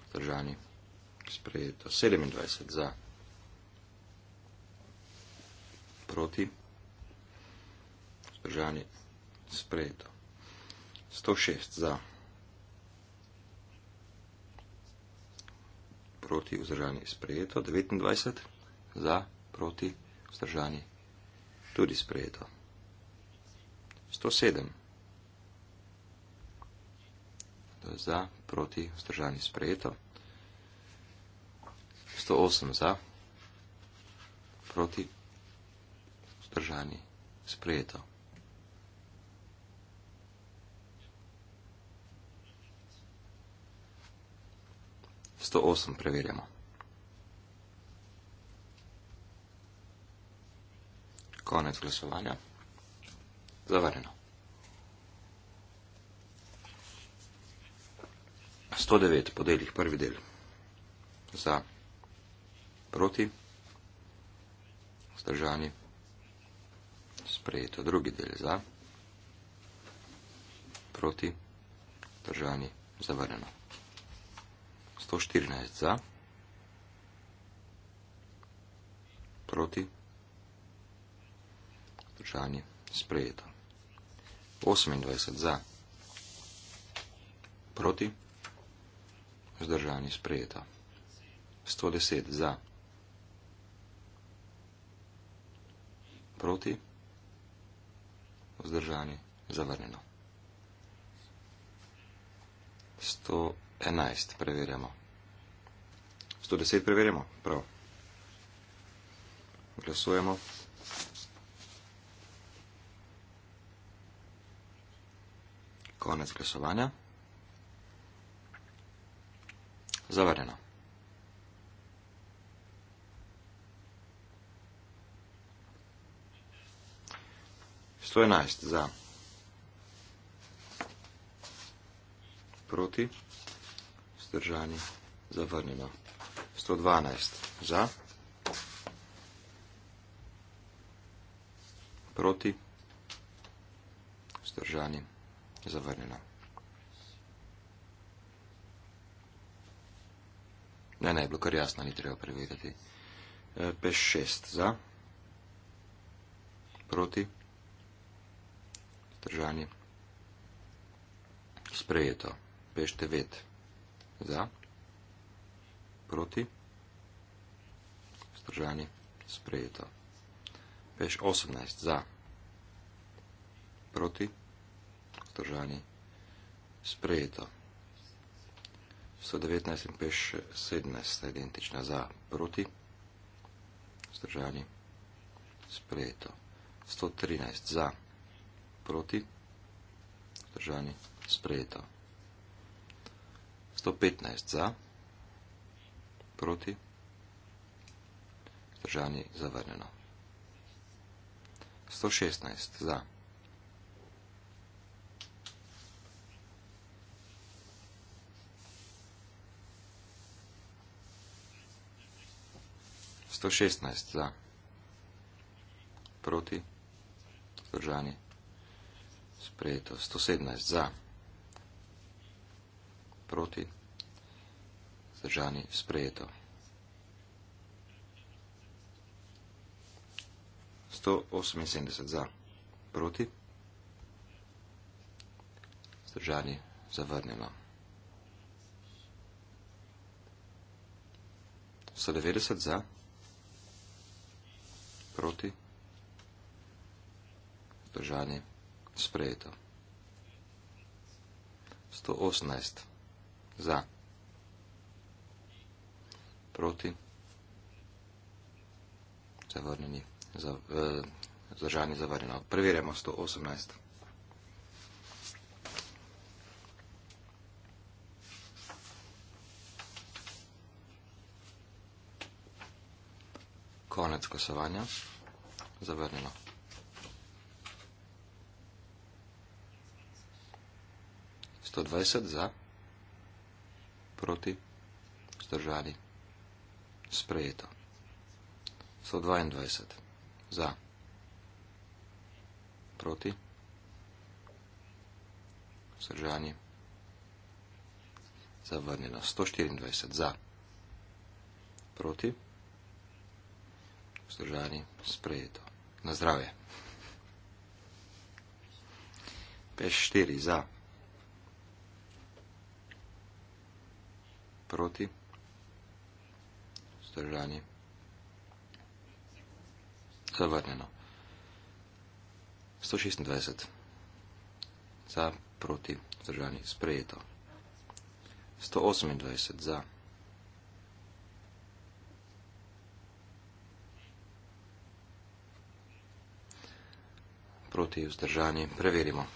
vzdržani, sprejeto. 27 za. Proti, vzdržani, zavrnjeno sprejeto. 106 za. Proti vzdržani sprejeto. 29 za. Proti vzdržani tudi sprejeto. 107. To je za. Proti vzdržani sprejeto. 108 za. Proti vzdržani sprejeto. 108 preverjamo. Konec glasovanja. Zavarjeno. 109 podeljih prvi del za proti, zdržani, sprejeto drugi del za proti, zdržani, zavarjeno. 114 za, proti, vzdržanje sprejeto. 28 za, proti, vzdržanje sprejeto. 110 za, proti, vzdržanje zavrneno. 100 za. 111 preverjamo. 110 preverjamo, prav. Glasujemo. Konec glasovanja. Zavrjeno. Sto enajst za proti vzdržani, zavrnjeno. 112 za, proti, vzdržani, zavrnjeno. Ne, ne, je bilo kar jasno, ni treba prevedati. E, P6 za, proti, vzdržani, sprejeto. P9 za. Za? Proti? Vzdržani, sprejeto. Peš 18. Za? Proti? Vzdržani, sprejeto. 119 in peš 17. Identična. Za? Proti? Vzdržani, sprejeto. 113. Za? Proti? Vzdržani, sprejeto. 115 za, proti, vzdržani zavrnjeno. 116 za, Sto šestnajst za, proti, vzdržani, sprejeto, sto sedemnajst za proti, zdržani, sprejeto. Sto oseminsedemdeset za, proti, zdržani, zavrnjeno. Sto devetdeset za, proti, zdržani, sprejeto. 118. Za. Proti. Zavrnjeni. Eh, zdržani eh, zavrnjeno. Preverjamo 118. Konec glasovanja. Zavrnjeno. Sto dvajset za proti, zdržali, sprejeto. 122 za, proti, zdržani, zavrnjeno. 124 za, proti, zdržani, sprejeto. Na zdravje. 5-4 za. proti, vzdržani, zavrnjeno. 126, za, proti, vzdržani, sprejeto. 128, za. 128, proti vzdržanje. Preverimo.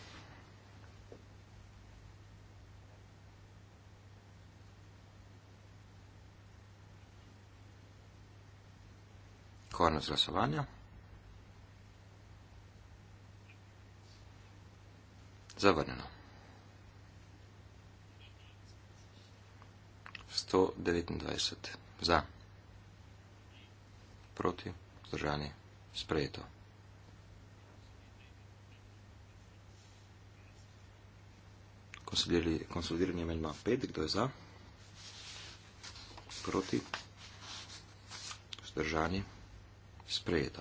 konec glasovanja. Zavrnjeno. 129 za, proti, vzdržani, sprejeto. Konsolidiranje med 5, kdo je za, proti, vzdržani, sprejeto sprejeto.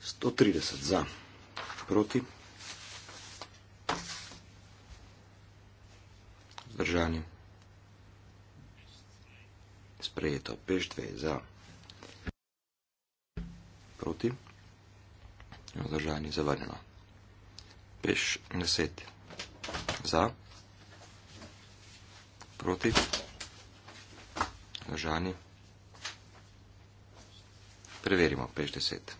Sto trideset za, proti, zdržani, sprejeto, peš dve za, proti, zdržani, zavarjeno peš neset. Za, proti, držani. Preverimo peš deset.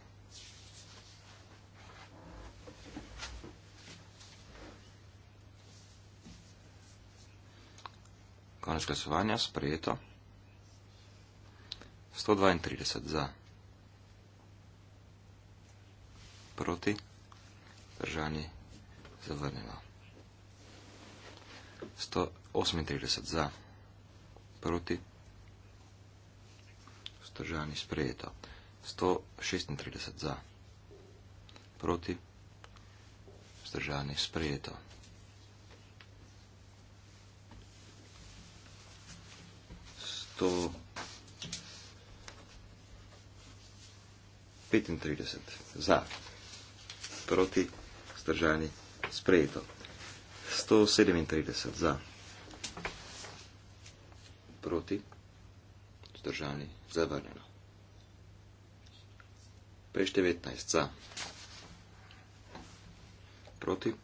Konec glasovanja, sprejeto. 132 za. Proti. Držanje Завърнено. 138 за. Против. Стържани спрето. 136 за. Против. Стържани спрето. Сто... 35 за. Против. Стържани спрето sprejeto. 137 za, proti, zdržani, zavrnjeno. 519 za, proti,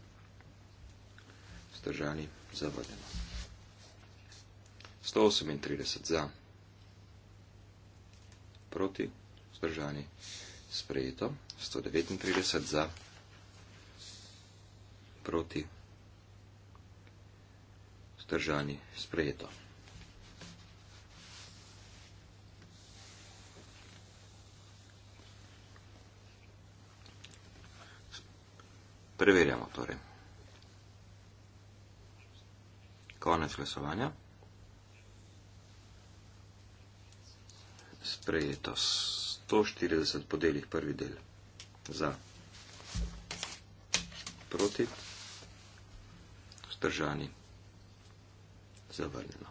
zdržani, zavrnjeno. 138 za, proti, zdržani, sprejeto. 139 za proti, vzdržani, sprejeto. Preverjamo torej. Konec glasovanja. Sprejeto 140 podelih prvi del za proti vzdržani. Zavrnjeno.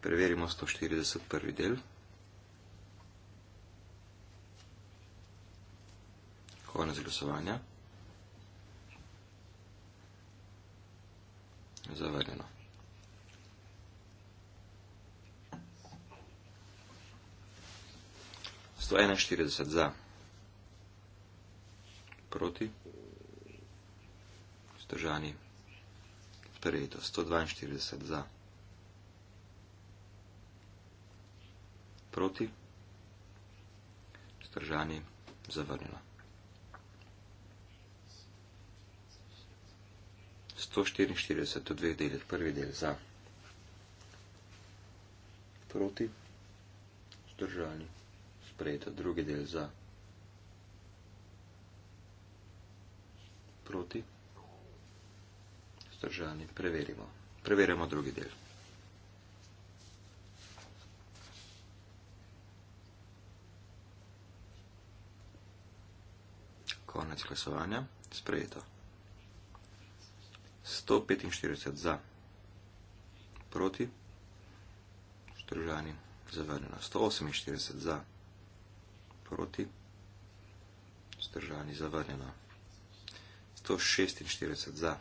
Preverimo 141. del. Konec glasovanja. Zavrnjeno. Sto enajstirideset za proti, vzdržani v tarejto, 142 za, proti, vzdržani zavrnjeno. 144 v dveh delih, prvi del za, proti, vzdržani, sprejeto, drugi del za, proti, proti, zdržani, preverimo. Preverimo drugi del. Konec glasovanja, sprejeto. 145 za, proti, zdržani, zavrnjeno. 148 za, proti, zdržani, zavrnjeno. 146 za,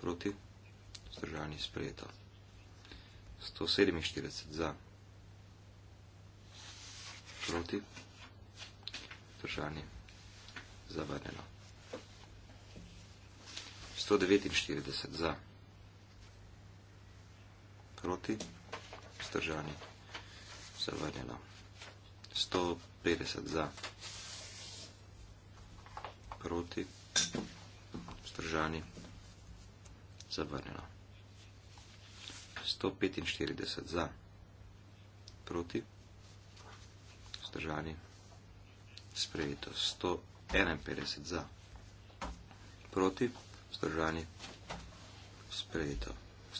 proti, vzdržani sprejeto, 147 za, proti, vzdržani zavrnjeno, 149 za, proti, vzdržani zavrnjeno, 150 za, proti, proti, vzdržani, zavrnjeno. 145 za, proti, vzdržani, sprejeto. 151 za, proti, vzdržani, sprejeto.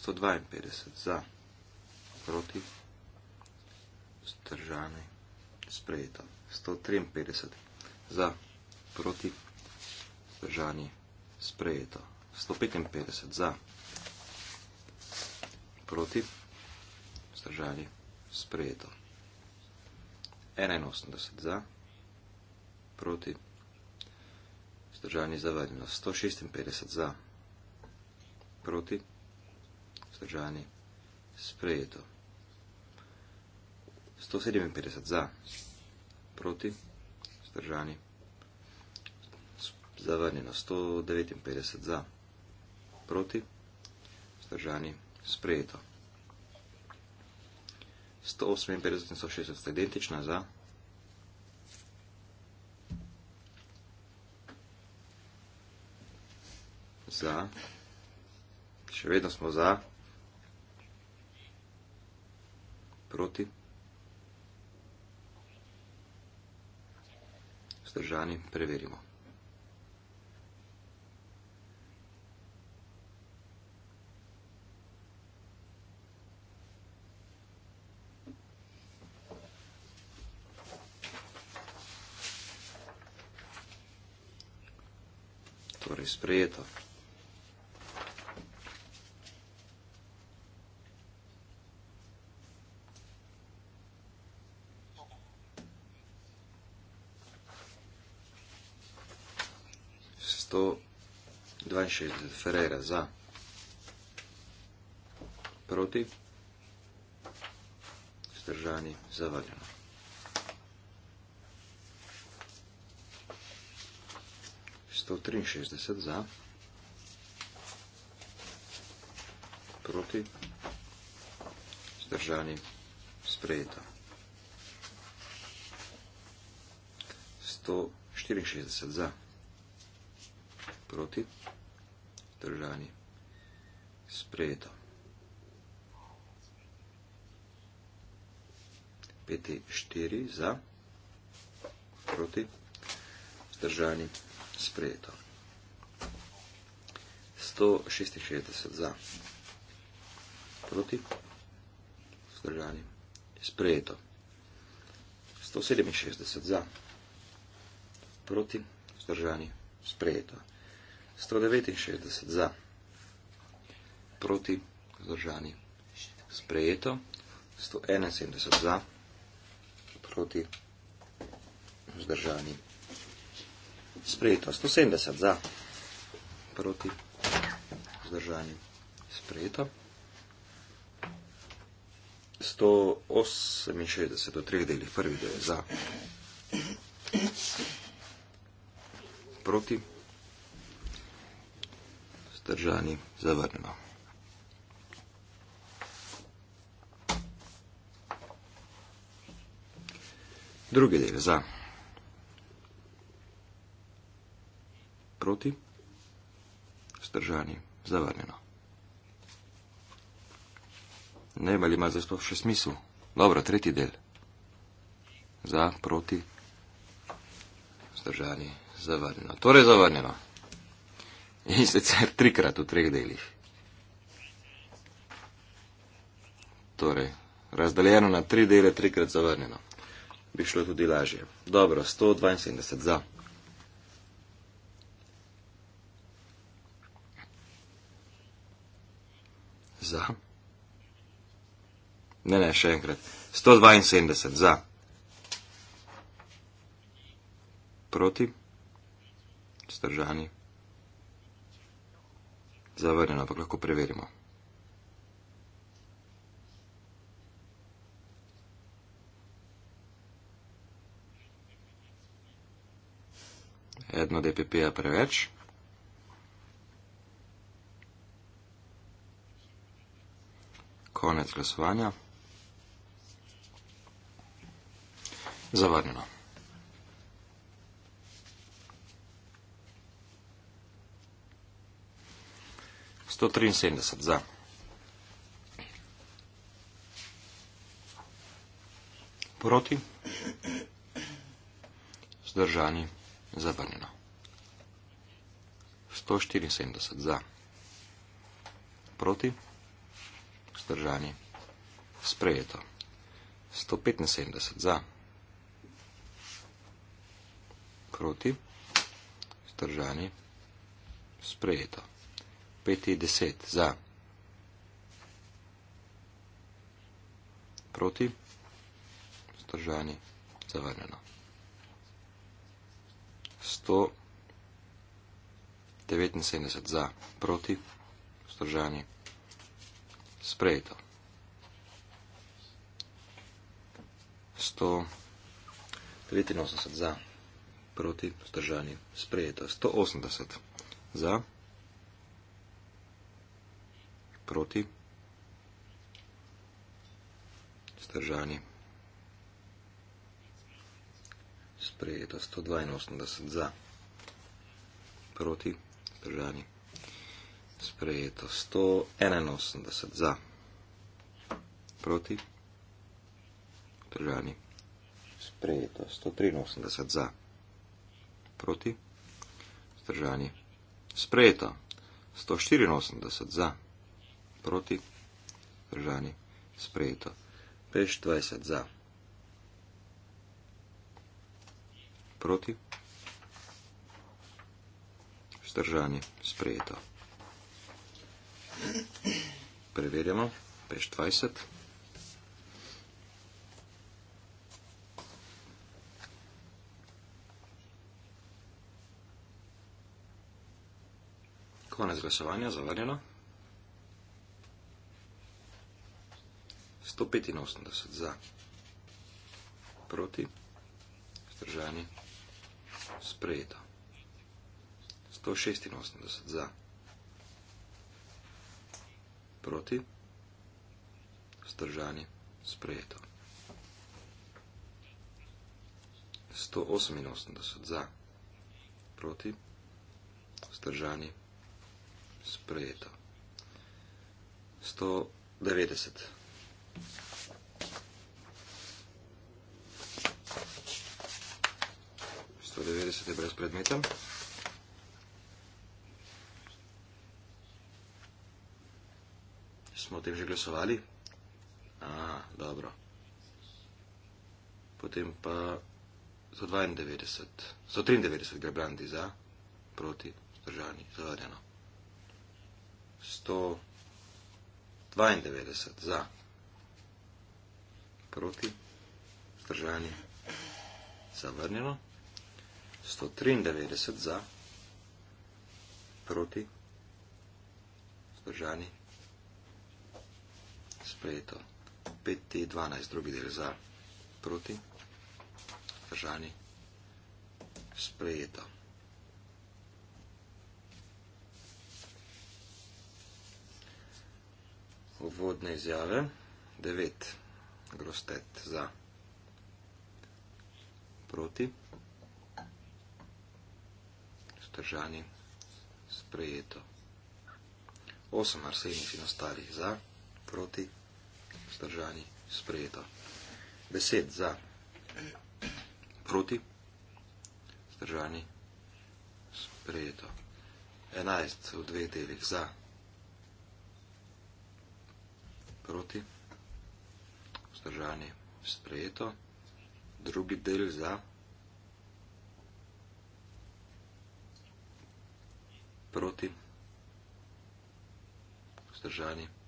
152 za, proti, vzdržani, sprejeto. 153 za, proti, vzdržani vzdržani, sprejeto. 155 za, proti, vzdržani, sprejeto. 81 za, proti, vzdržani, zavrnjeno. 156 za, proti, vzdržani, sprejeto. 157 za, proti, vzdržani, Zavrnjeno 159 za. Proti. Zdržani. Sprejeto. 158 in 160 identična za. Za. Še vedno smo za. Proti. Zdržani. Preverimo. torej sprejeto. Dvajšestdeset Ferreira za. Proti. Zdržani zavaljeno. 163 za, proti, zdržani, sprejeto. 164 za, proti, zdržani, sprejeto. 5-4 za, proti, zdržani, sprejeto sprejeto. 166 za. Proti. Zdržani. Sprejeto. 167 za. Proti. Zdržani. Sprejeto. 169 za. Proti. Zdržani. Sprejeto. 171 za. Proti. Zdržani. Sprejeto sprejeto. 170 za, proti, vzdržanje, sprejeto. 168 v treh delih, prvi del je za, proti, vzdržanje, zavrnjeno. Drugi del je za. proti? Stržani, zavrnjeno. Ne, ali ima zdaj še smisel? Dobro, tretji del. Za, proti, zdržani, zavrnjeno. Torej zavrnjeno. In sicer trikrat v treh delih. Torej, razdeljeno na tri dele, trikrat zavrnjeno. Bi šlo tudi lažje. Dobro, 172 za. Za. Ne, ne, še enkrat. 172 za. Proti. Stržani. Zavrnjeno, ampak lahko preverimo. Jedno DPP-a e preveč. konec glasovanja. Zavrnjeno. Sto triinsedemdeset za. Proti. Zdržani. Zavrnjeno. Sto štiriinsedemdeset za. Proti vzdržani. Sprejeto. 175 za. Proti. Vzdržani. Sprejeto. 510 za. Proti. Vzdržani. Zavrnjeno. 179 za. Proti. Vzdržani sprejeto. 183 za, proti, vzdržani, sprejeto. 180 za, proti, vzdržani, sprejeto. 182 za, proti, vzdržani, sprejeto sprejeto 181 za, proti, držani, sprejeto 183 za, proti, držani, sprejeto 184 za, proti, držani, sprejeto 520 za, proti, Zdržanje sprejeto. Preverjamo, peš 20. Konec glasovanja, zavarjeno. 185 za, proti, zdržani, sprejeto. 186 za, proti proti, vzdržani, sprejeto. 188 za, proti, vzdržani, sprejeto. 190. Sto devetdeset je brez predmeta. smo o tem že glasovali? A, dobro. Potem pa so 92, so 93 grebrandi za, proti, zdržani, zavarjeno. 192 za, proti, zdržani, zavrnjeno. 193 za, proti, zdržani, zavrnjeno sprejeto. 5T12, drugi del za, proti, držani, sprejeto. Uvodne izjave, 9, grostet za, proti, držani, sprejeto. 8 arsenih in ostalih za, proti, proti, vzdržani, sprejeto. Besed za proti, vzdržani, sprejeto. Enajst v dveh delih za proti, vzdržani, sprejeto. Drugi del za proti, vzdržani, sprejeto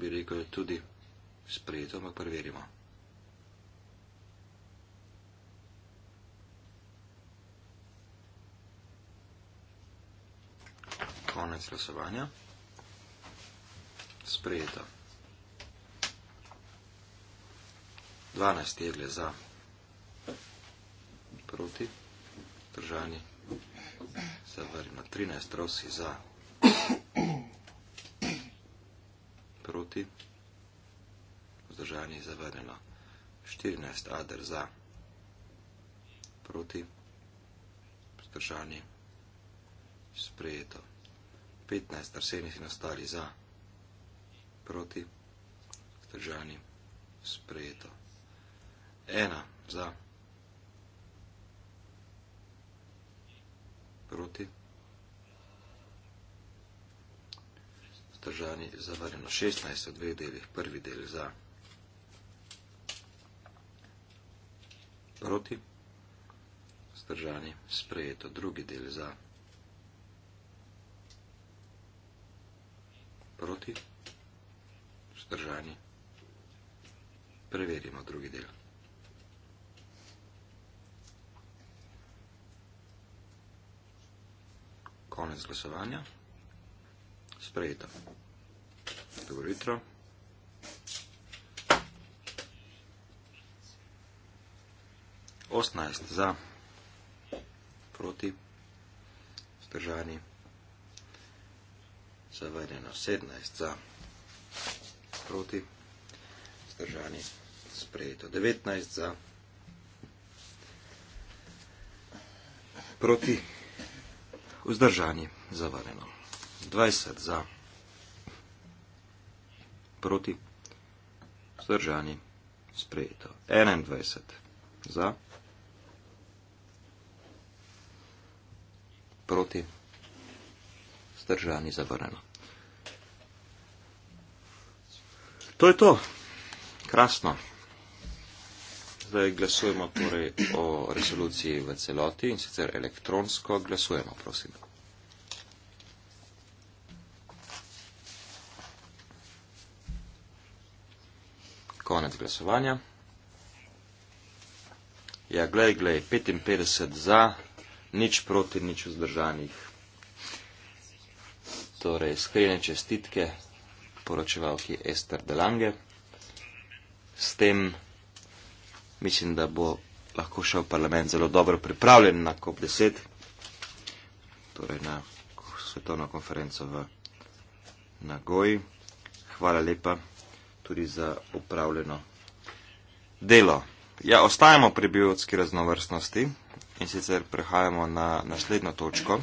bi rekel, je tudi sprejeto, ampak preverimo. Konec glasovanja. Sprejeto. 12 je gre za proti, držani, zavrnjeno 13 rosi za proti, vzdržanje je zavrnjeno. 14 ader za, proti, vzdržanje sprejeto. 15 arsenih in ostali za, proti, vzdržanje sprejeto. 1 za, proti, vzdržanje sprejeto. pridržani za varjeno 16 v dveh delih, prvi del za proti, zdržani sprejeto, drugi del za proti, zdržani, preverimo drugi del. Konec glasovanja sprejeta. Dobro jutro. Osemnajst za, proti, zdržani, zavedeno. Sedemnajst za, proti, zdržani, sprejeto. Devetnajst za, proti, vzdržani, zavedeno. 20 za, proti, vzdržani, sprejeto, 21 za, proti, vzdržani, zavrneno. To je to, krasno. Zdaj glasujemo torej o resoluciji v celoti in sicer elektronsko glasujemo, prosim. konec glasovanja. Ja, glej, glej, 55 za, nič proti, nič vzdržanih. Torej, iskrene čestitke poročevalki Ester Delange. S tem mislim, da bo lahko šel parlament zelo dobro pripravljen na COP10, torej na svetovno konferenco v Nagoji. Hvala lepa tudi za upravljeno delo. Ja, ostajamo pri biotski raznovrstnosti in sicer prehajamo na naslednjo točko.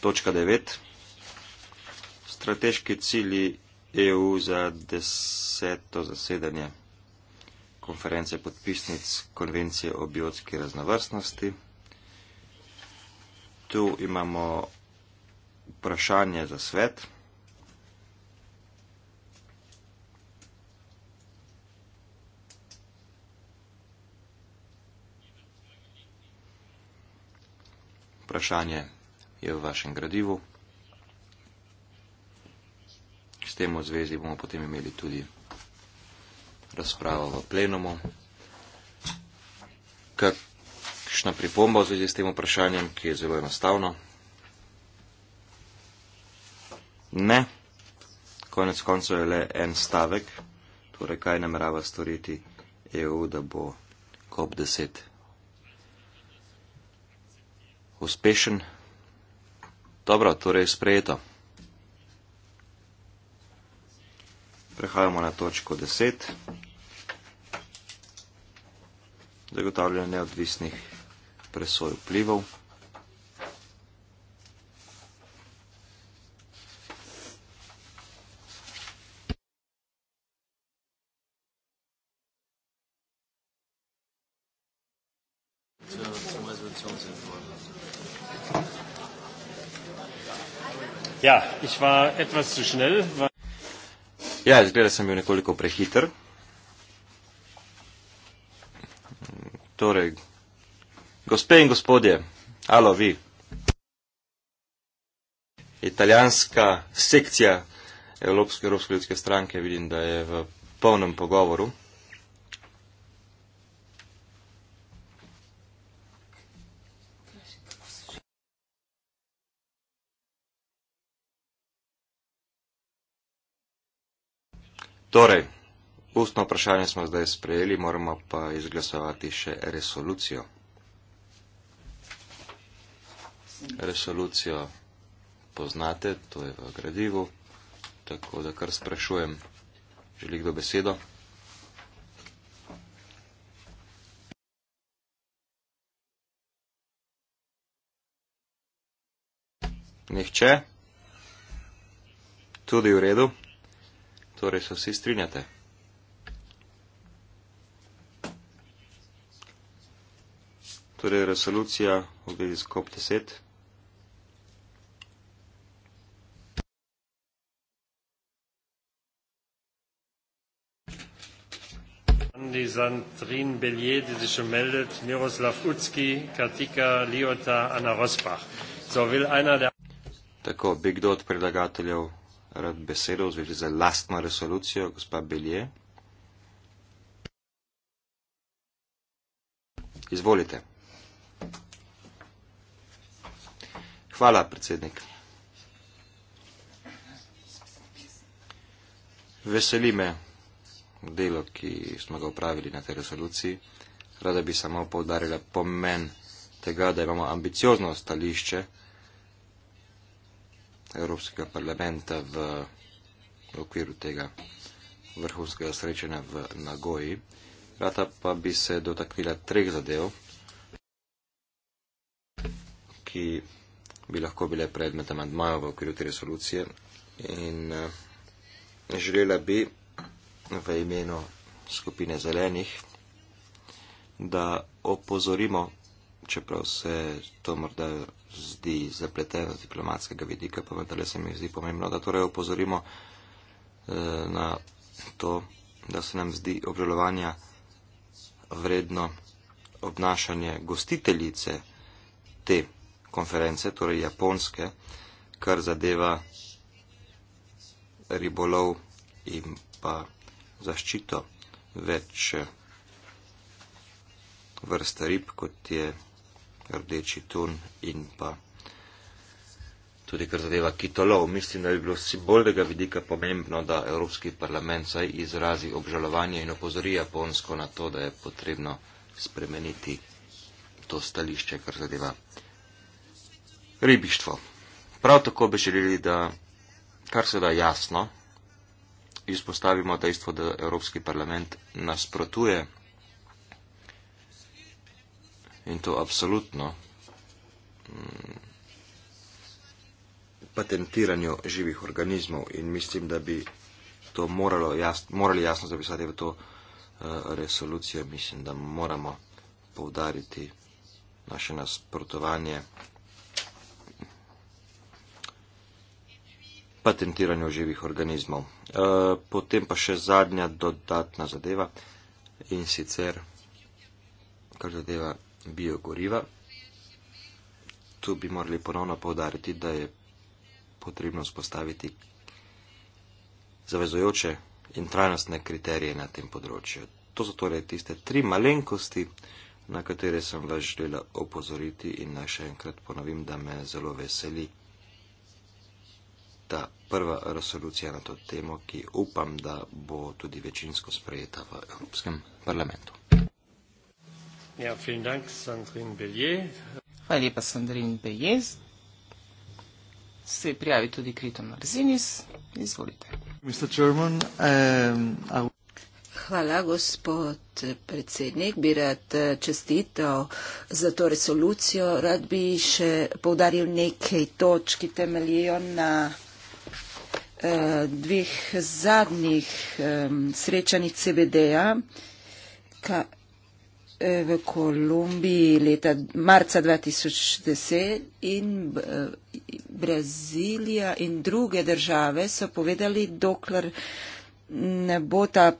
Točka 9. Strateški cilji EU za deseto zasedanje konference podpisnic konvencije o biotski raznovrstnosti tu imamo vprašanje za svet. Vprašanje je v vašem gradivu. S tem v zvezi bomo potem imeli tudi razpravo v plenumu. Kako kakšna pripomba v zvezi s tem vprašanjem, ki je zelo enostavno? Ne. Konec koncev je le en stavek. Torej, kaj namerava storiti EU, da bo COP10 uspešen? Dobro, torej sprejeto. Prehajamo na točko 10. Zagotavljanje neodvisnih presoj vplivov. Ja, ich war etwas zu schnell. Ja, izgleda, sem bil nekoliko prehiter. Torej, Gospe in gospodje, alo vi. Italijanska sekcija Evropske, Evropske ljudske stranke vidim, da je v polnem pogovoru. Torej, ustno vprašanje smo zdaj sprejeli, moramo pa izglasovati še resolucijo resolucijo poznate, to je v gradivu, tako da kar sprašujem, želi kdo besedo? Nihče? Tudi v redu? Torej se vsi strinjate? Torej resolucija v zvezi s COP10. Sandrine Bellier, die sich schon meldet, Miroslav Utski, Katika, Liota, Anna Rosbach. So will einer der. Tako, bi kdo od predlagateljev rad besedo v zvezi z lastno resolucijo, gospa Belje? Izvolite. Hvala, predsednik. Veseli me, delo, ki smo ga upravili na tej resoluciji. Rada bi samo povdarjala pomen tega, da imamo ambiciozno stališče Evropskega parlamenta v okviru tega vrhunskega srečanja v Nagoji. Rada pa bi se dotaknila treh zadev, ki bi lahko bile predmet amandmajev v okviru te resolucije. In uh, želela bi, v imenu skupine zelenih, da opozorimo, čeprav se to morda zdi zapleteno z diplomatskega vidika, pa vendar se mi zdi pomembno, da torej opozorimo eh, na to, da se nam zdi obžalovanja vredno obnašanje gostiteljice te konference, torej japonske, kar zadeva ribolov in pa zaščito več eh, vrst rib, kot je rdeči tun in pa tudi kar zadeva kitolov. Mislim, da bi bilo simbolnega vidika pomembno, da Evropski parlament saj izrazi obžalovanje in opozori Japonsko na to, da je potrebno spremeniti to stališče, kar zadeva ribištvo. Prav tako bi želeli, da kar se da jasno, izpostavimo dejstvo, da Evropski parlament nasprotuje in to absolutno mm, patentiranju živih organizmov in mislim, da bi to moralo jasno, morali jasno zapisati v to eh, resolucijo. Mislim, da moramo povdariti naše nasprotovanje. patentiranju živih organizmov. E, potem pa še zadnja dodatna zadeva in sicer, kar zadeva biogoriva. Tu bi morali ponovno povdariti, da je potrebno spostaviti zavezojoče in trajnostne kriterije na tem področju. To so torej tiste tri malenkosti, na katere sem vas želela opozoriti in naj še enkrat ponovim, da me zelo veseli ta prva resolucija na to temo, ki upam, da bo tudi večinsko sprejeta v Evropskem parlamentu. Ja, dank, Hvala lepa, Sandrin Bejez. Se prijavi tudi Kriton Marzinis. Izvolite. German, um, Hvala, gospod predsednik. Bi rad eh, čestital za to resolucijo. Rad bi še poudaril nekaj točk, ki temeljijo na dveh zadnjih srečanjih CBD-ja eh, v Kolumbiji leta marca 2010 in eh, Brazilija in druge države so povedali, dokler ne bo ta,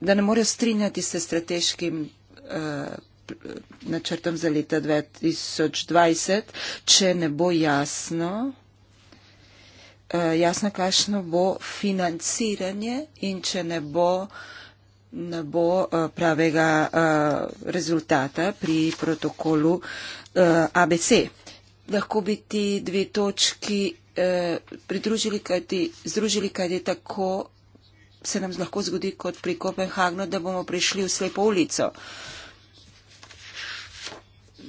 da ne morejo strinjati se strateškim eh, načrtom za leta 2020, če ne bo jasno Eh, jasno, kakšno bo financiranje in če ne bo, ne bo eh, pravega eh, rezultata pri protokolu ABC. Lahko bi ti dve točki pridružili, kajti, združili, kajti tako se nam lahko zgodi kot pri Kopenhagnu, da bomo prišli v slepo ulico. Uh,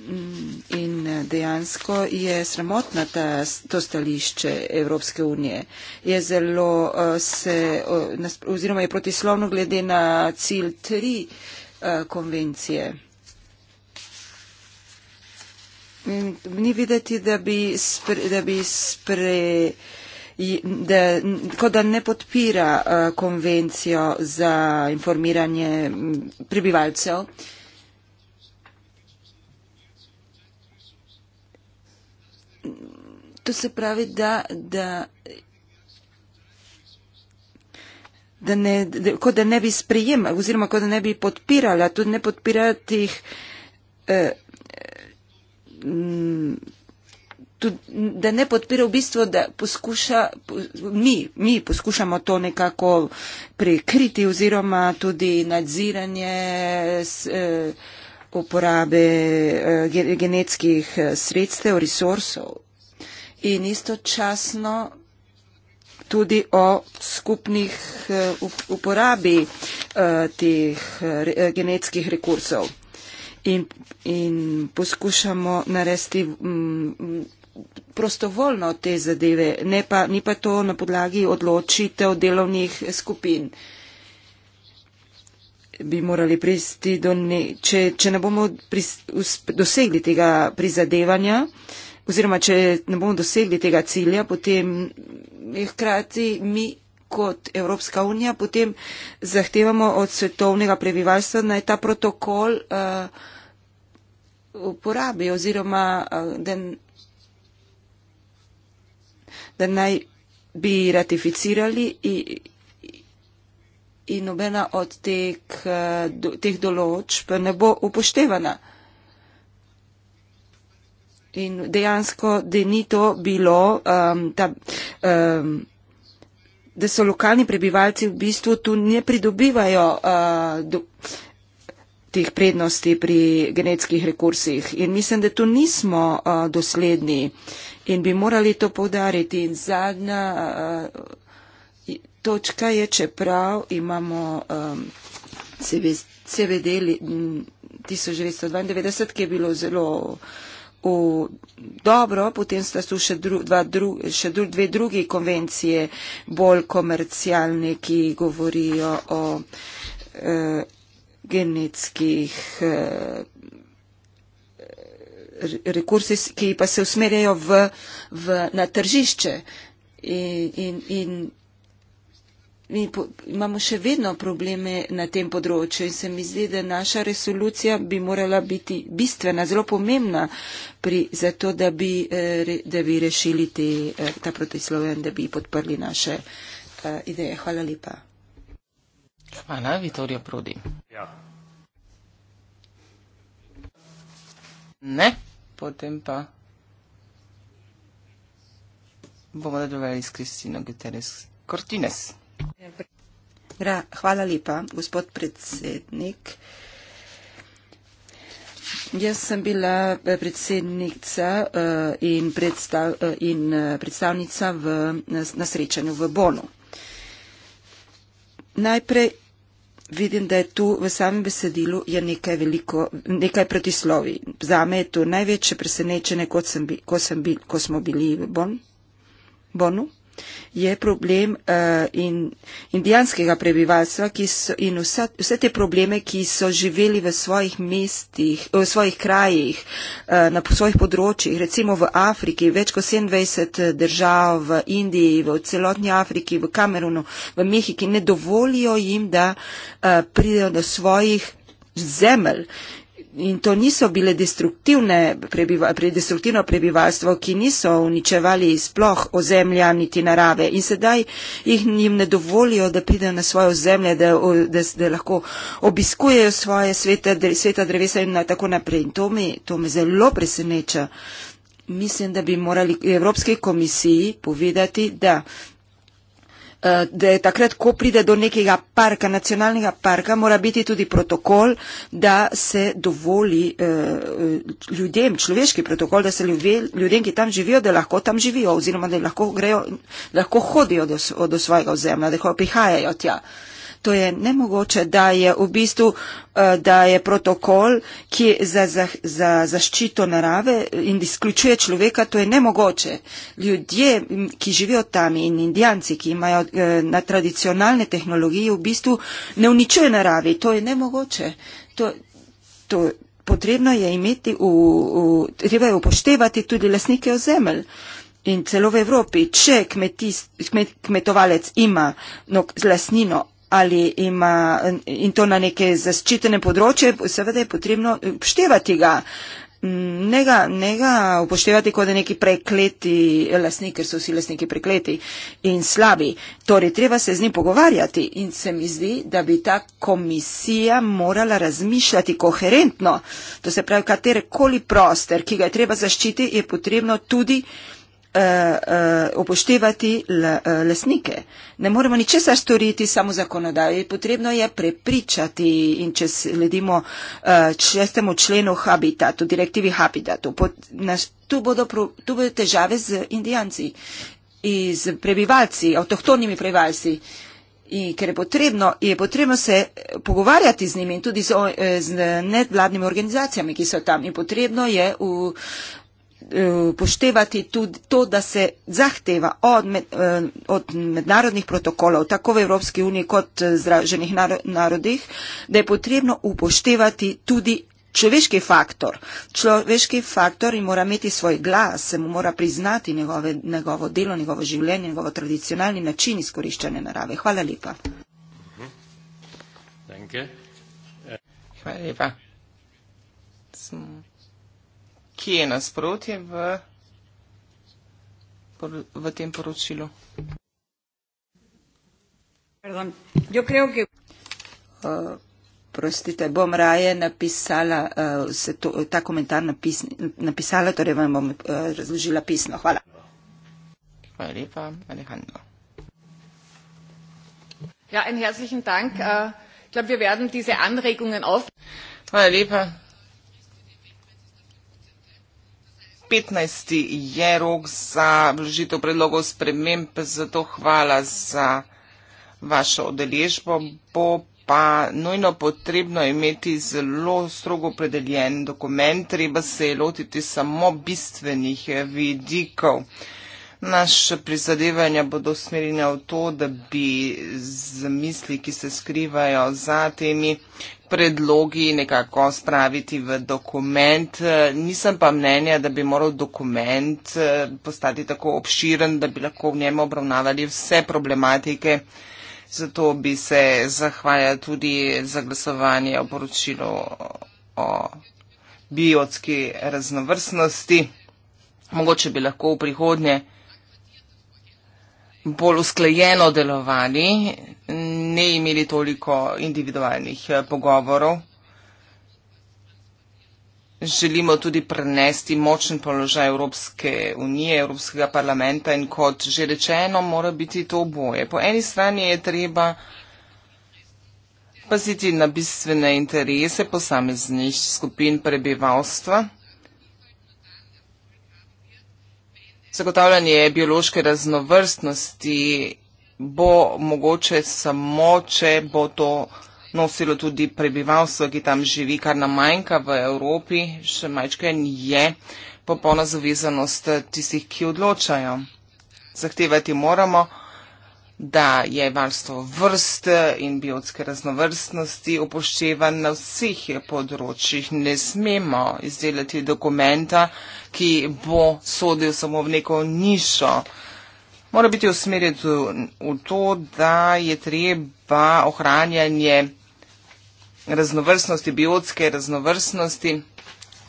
Mm, in eh, dejansko je sramotna ta, to stališče Evropske unije. Je zelo eh, se, oziroma je protislovno glede na cilj tri eh, konvencije. Ni videti, da bi, spre, da bi spre, da, ko da ne podpira konvencijo za informiranje mm, prebivalcev. To se pravi, da, da, da, ne, da, kot da ne bi sprejema oziroma kot da ne bi podpirala, tudi ne podpirati jih. Eh, mm, da ne podpira v bistvu, da poskuša, mi, mi poskušamo to nekako prekriti oziroma tudi nadziranje eh, uporabe eh, genetskih sredstev, resursov in istočasno tudi o skupnih eh, uporabi eh, teh eh, genetskih rekursov. In, in poskušamo naresti mm, mm, prostovoljno te zadeve, ne pa, ni pa to na podlagi odločitev delovnih skupin. Bi morali pristi do ne, če, če ne bomo pris, us, dosegli tega prizadevanja, uh, oziroma če ne bomo dosegli tega cilja, potem eh, hkrati mi kot Evropska unija potem zahtevamo od svetovnega prebivalstva, naj ta protokol uh, uporabi oziroma uh, da, da naj bi ratificirali in nobena od teh, uh, do, teh določb ne bo upoštevana. In dejansko, da ni to bilo, um, ta, um, da so lokalni prebivalci v bistvu tu ne pridobivajo uh, do, teh prednosti pri genetskih rekursih. In mislim, da tu nismo uh, dosledni in bi morali to povdariti. In zadnja uh, točka je, čeprav imamo um, CVD 1992, ki je bilo zelo v dobro, potem sta tu še, dru, dva, dru, še dru, dve druge konvencije, bolj komercialne, ki govorijo o eh, genetskih eh, rekursih, ki pa se usmerjajo v, v, na tržišče. In, in, in, mi po, imamo še vedno probleme na tem področju in se mi zdi, da naša resolucija bi morala biti bistvena, zelo pomembna pri, za to, da bi, eh, da bi rešili te, eh, ta protislove in da bi podprli naše eh, ideje. Hvala lepa. Hvala, Vitorijo Prodi. Ja. Ne, potem pa bomo nadaljevali s Kristino Guterres Cortines. Ja, hvala lepa, gospod predsednik. Jaz sem bila eh, predsednica eh, in, predstav, eh, in predstavnica v, na srečanju v Bonu. Najprej vidim, da je tu v samem besedilu je nekaj, veliko, nekaj protislovi. Zame je to največje presenečenje, ko, sem, ko, sem, ko smo bili v bon, Bonu je problem uh, in, indijanskega prebivalstva so, in vsa, vse te probleme, ki so živeli v svojih mestih, v svojih krajih, uh, na svojih področjih, recimo v Afriki, več kot 27 eh, držav v Indiji, v celotni Afriki, v Kamerunu, v Mehiki, ne dovolijo jim, da uh, pridejo do svojih zemelj in to niso bile destruktivne, prebiva, destruktivno prebivalstvo, ki niso uničevali sploh ozemlja niti narave in sedaj jih njim ne dovolijo, da pridejo na svoje ozemlje, da, da, da lahko obiskujejo svoje sveta, sveta drevesa in tako naprej. In to me, to me zelo preseneča. Mislim, da bi morali Evropske komisiji povedati, da Eh, da je takrat, ko pride do nekega parka, nacionalnega parka, mora biti tudi protokol, da se dovoli eh, ljudem, človeški protokol, da se ljudem, ki tam živijo, da lahko tam živijo oziroma da lahko, grejo, lahko hodijo do, do svojega ozemlja, da prihajajo tja to je nemogoče, da je v bistvu, eh, da je protokol, ki za, za, za zaščito narave in izključuje človeka, to je nemogoče. Ljudje, ki živijo tam in indijanci, ki imajo eh, na tradicionalne tehnologije, v bistvu ne uničuje naravi, to je nemogoče. To, to, potrebno je imeti, v, v, treba je upoštevati tudi lasnike ozemelj. In celo v Evropi, če kmetis, kmet, kmetovalec ima no, lasnino ali ima in to na neke zaščitene področje, seveda je potrebno upoštevati ga. Ne ga, ne ga upoštevati kot neki prekleti lasnik, ker so vsi lasniki prekleti in slabi. Torej, treba se z njim pogovarjati in se mi zdi, da bi ta komisija morala razmišljati koherentno. To se pravi, katerekoli prostor, ki ga je treba zaščiti, je potrebno tudi uh, upoštevati eh, lasnike. Ne moremo ničesar storiti samo zakonodaje, potrebno je prepričati in če sledimo uh, šestemu členu habitatu, direktivi habitatu, pot, nas, tu, bodo pro, tu bodo težave z indijanci z prebivalci, avtohtonimi prebivalci. In ker je potrebno, je potrebno se pogovarjati z njimi in tudi z, z nevladnimi organizacijami, ki so tam. In potrebno je v, Eh, upoštevati tudi to, da se zahteva od, med, eh, od mednarodnih protokolov, tako v Evropski uniji kot eh, zraženih narodih, da je potrebno upoštevati tudi človeški faktor. Človeški faktor in mora imeti svoj glas, se mu mora priznati njegove, njegovo delo, njegovo življenje, njegovo tradicionalni način izkoriščanja narave. Hvala lepa. Mhm. Hvala lepa. Smo kje je nasprotje v, v tem poročilu? Eh, prostite, bom raje napisala uh, to, ta komentar napis, napisala, torej vam bom uh, razložila pisno. Hvala. Hvala lepa, Alejandro. Ja, en herzlichen dank. Uh, glaub, wir werden diese Anregungen auf... Hvala lepa, 15. je rok za vložitev predlogov sprememb, zato hvala za vašo odeležbo. Bo pa nujno potrebno imeti zelo strogo predeljen dokument, treba se je lotiti samo bistvenih vidikov. Naše prizadevanja bodo usmerjene v to, da bi z misli, ki se skrivajo za temi predlogi, nekako spraviti v dokument. Nisem pa mnenja, da bi moral dokument eh, postati tako obširen, da bi lahko v njem obravnavali vse problematike. Zato bi se zahvalja tudi za glasovanje o poročilu o biotski raznovrstnosti. Mogoče bi lahko v prihodnje bolj usklajeno delovali, ne imeli toliko individualnih eh, pogovorov. Želimo tudi prenesti močen položaj Evropske unije, Evropskega parlamenta in kot že rečeno, mora biti to oboje. Po eni strani je treba paziti na bistvene interese posameznih skupin prebivalstva. Zagotavljanje biološke raznovrstnosti bo mogoče samo, če bo to nosilo tudi prebivalstvo, ki tam živi, kar nam manjka v Evropi, še majčke je popolna zavezanost tistih, ki odločajo. Zahtevati moramo, da je varstvo vrst in biotske raznovrstnosti upoštevan na vseh področjih. Ne smemo izdelati dokumenta, ki bo sodil samo v neko nišo. Mora biti usmerjen v to, da je treba ohranjanje raznovrstnosti, biotske raznovrstnosti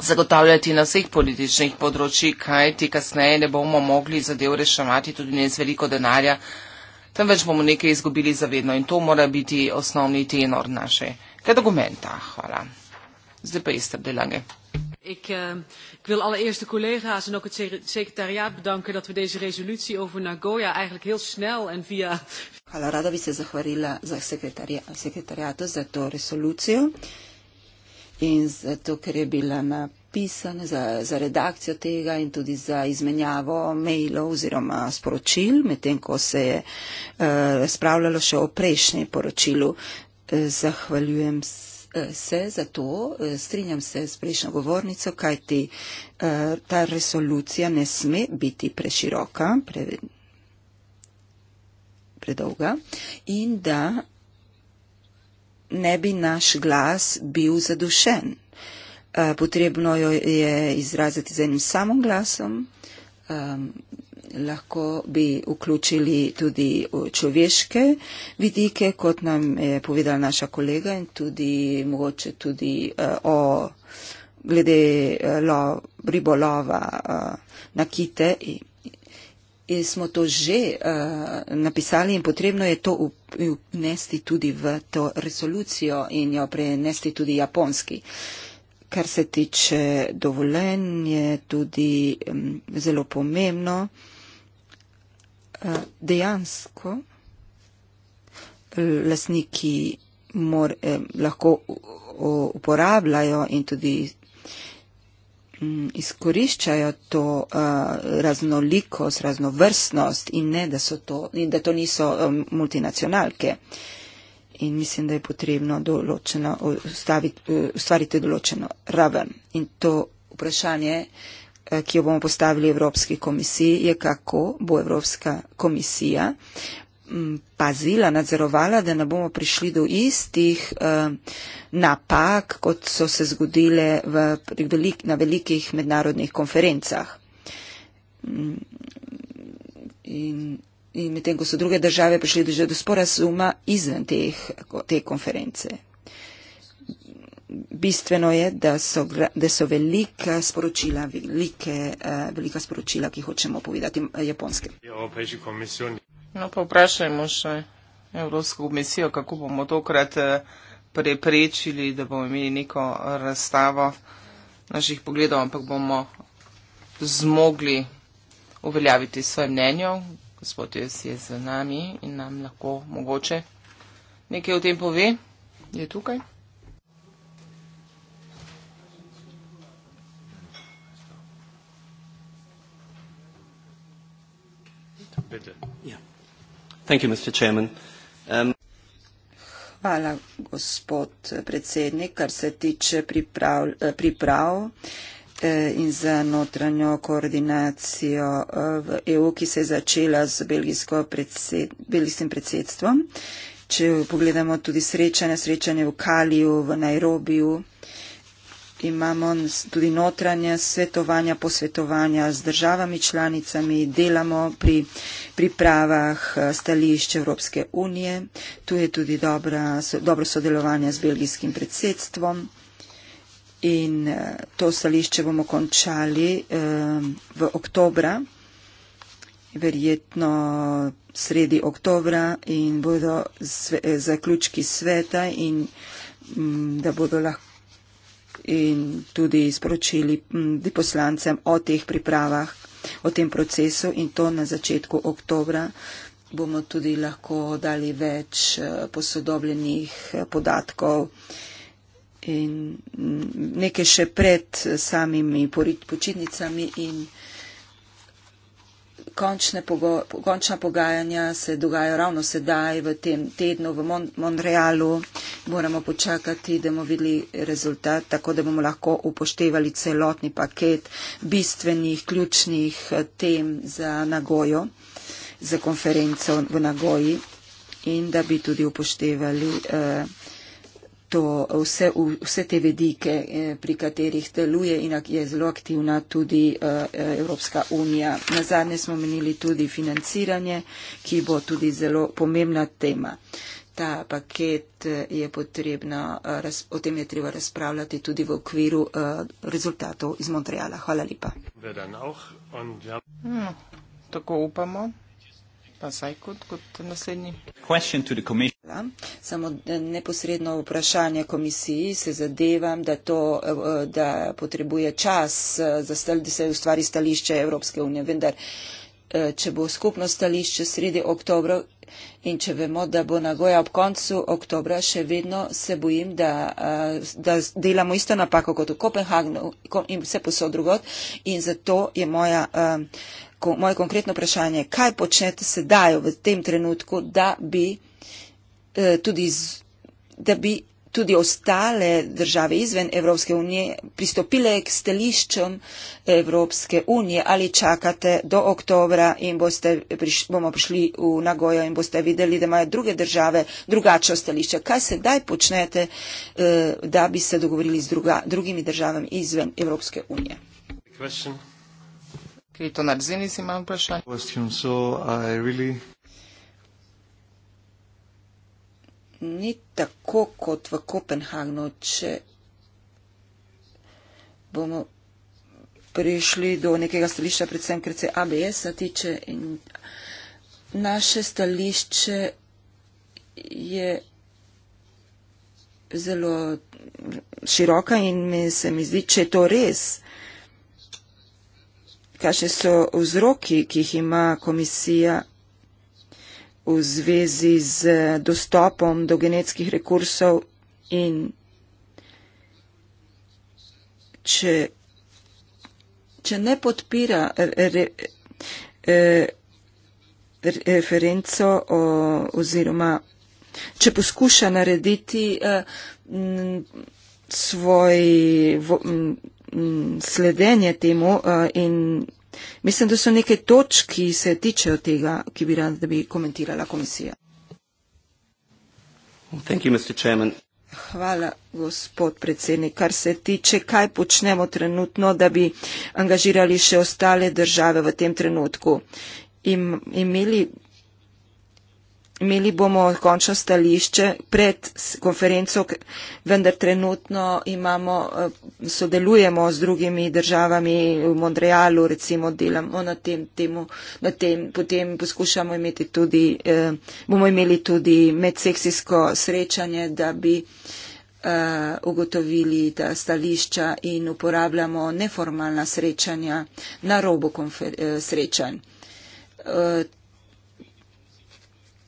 zagotavljati na vseh političnih področjih, kajti kasneje ne bomo mogli zadev reševati tudi ne z veliko denarja temveč bomo nekaj izgubili zavedno in to mora biti osnovni tenor naše dokumenta. Hvala. Zdaj pa Ester Delange. Ik, uh, ik wil allereerst de collega's en ook het secretariaat bedanken dat we deze resolutie over Nagoya eigenlijk heel snel en via. Hallo, rada bi se zahvalila za sekretariatu za to resolucijo in za to, ker je bila na pisanje, za, za redakcijo tega in tudi za izmenjavo mailov oziroma sporočil, medtem ko se je uh, eh, spravljalo še o prejšnjem poročilu. Uh, zahvaljujem eh, se za to, uh, strinjam se s prejšnjo govornico, kajti uh, ta resolucija ne sme biti preširoka, pre, predolga in da ne bi naš glas bil zadušen. Uh, Eh, potrebno jo je izraziti z enim samim glasom. Um, lahko bi vključili tudi človeške vidike, kot nam je povedala naša kolega in tudi mogoče tudi uh, o glede eh, lo, ribolova uh, na kite. In, in smo to že uh, napisali in potrebno je to vnesti tudi v to resolucijo in jo prenesti tudi japonski. Uh, kar se tiče dovolen, je tudi mm, zelo pomembno. Eh, dejansko eh, lasniki mor, eh, lahko uporabljajo in tudi mm, izkoriščajo to uh, raznolikost, raznovrstnost in, ne, da, to, in da to niso um, multinacionalke. Uh, in mislim, da je potrebno določeno, eh, ustvariti določeno raven. In to vprašanje, eh, ki jo bomo postavili Evropski komisiji, je kako bo Evropska komisija mm, pazila, nadzorovala, da ne bomo prišli do istih eh, napak, kot so se zgodile v, na velikih mednarodnih konferencah. Mm, in in medtem ko so druge države prišli že do sporazuma izven teh, te konference. Bistveno je, da so, da so velika sporočila, velike, eh, velika sporočila, ki hočemo povedati japonske. No, pa vprašajmo še Evropsko komisijo, kako bomo tokrat eh, preprečili, da bomo imeli neko razstavo naših pogledov, ampak bomo zmogli uveljaviti svoje mnenje, gospod Jez je z nami in nam lahko mogoče nekaj o tem pove, je tukaj. Ja. Um, Hvala, gospod predsednik, kar se tiče priprav. Eh, priprav. E, in za notranjo koordinacijo e, v EU, ki se je začela z predsed, belgijskim predsedstvom. Če pogledamo tudi srečanje, srečanje v Kaliju, v Nairobiju, imamo tudi notranje svetovanja, posvetovanja z državami članicami, delamo pri pripravah e, stališč Evropske unije. Tu je tudi dobra, so, dobro sodelovanje z belgijskim predsedstvom in eh, to stališče bomo končali eh, v oktobra, verjetno sredi oktobra in bodo eh, zaključki sveta in mm, da bodo lahko in tudi sporočili mm, diposlancem o teh pripravah, o tem procesu in to na začetku oktobra bomo tudi lahko dali več posodobljenih podatkov in nekaj še pred samimi počitnicami in pogo končna pogajanja se dogajajo ravno sedaj v tem tednu v Mon Monrealu. Moramo počakati, da bomo videli rezultat, tako da bomo lahko upoštevali celotni paket bistvenih, ključnih eh, tem za Nagojo, za konferenco v Nagoji in da bi tudi upoštevali. Uh, to, vse, vse te vedike, eh, pri katerih deluje in je zelo aktivna tudi eh, Evropska unija. Na zadnje smo menili tudi financiranje, ki bo tudi zelo pomembna tema. Ta paket eh, je potrebno, o tem je treba razpravljati tudi v okviru rezultatov iz Montreala. Hvala lepa. Hmm, tako upamo. Pa saj kot, kot naslednji. Samo eh, neposredno vprašanje komisiji se zadevam, da, to, eh, eh, da potrebuje čas, da se ustvari stališče Evropske unije. Vendar Eh, če bo skupno stališče sredi oktobra in če vemo, da bo nagoja ob koncu oktobra, še vedno se bojim, da, eh, da delamo isto napako kot v Kopenhagnu in vse posod drugot. In zato je moja, eh, moje konkretno vprašanje, kaj počnete sedaj v tem trenutku, da bi tudi z, da bi tudi ostale države izven Evropske unije pristopile k stališčem Evropske unije ali čakate do oktobra in boste, bomo prišli v Nagojo in boste videli, da imajo druge države drugačno stališče. Kaj sedaj počnete, eh, da bi se dogovorili z druga, drugimi državami izven Evropske unije? Question. Kaj to naredi, imam vprašanje? ni tako kot v Kopenhagnu, če bomo prišli do nekega stališča, predvsem ker se ABS tiče in naše stališče je zelo široka in mi se mi zdi, če je to res, kakšne so vzroki, ki jih ima komisija v zvezi z dostopom do genetskih rekursov in če, če ne podpira re, re, re, referenco o, oziroma če poskuša narediti eh, svoj sledenje temu eh, in Mislim, da so neke točke, ki se tičejo tega, ki bi rada, da bi komentirala komisija. You, Hvala, gospod predsednik. Kar se tiče, kaj počnemo trenutno, da bi angažirali še ostale države v tem trenutku. Im, imeli imeli bomo končno stališče pred konferenco, vendar trenutno imamo, eh, sodelujemo z drugimi državami v Montrealu, recimo delamo na tem, temu, na tem potem poskušamo imeti tudi, eh, bomo imeli tudi medsekcijsko srečanje, da bi eh, ugotovili ta stališča in uporabljamo neformalna srečanja na robu srečanj.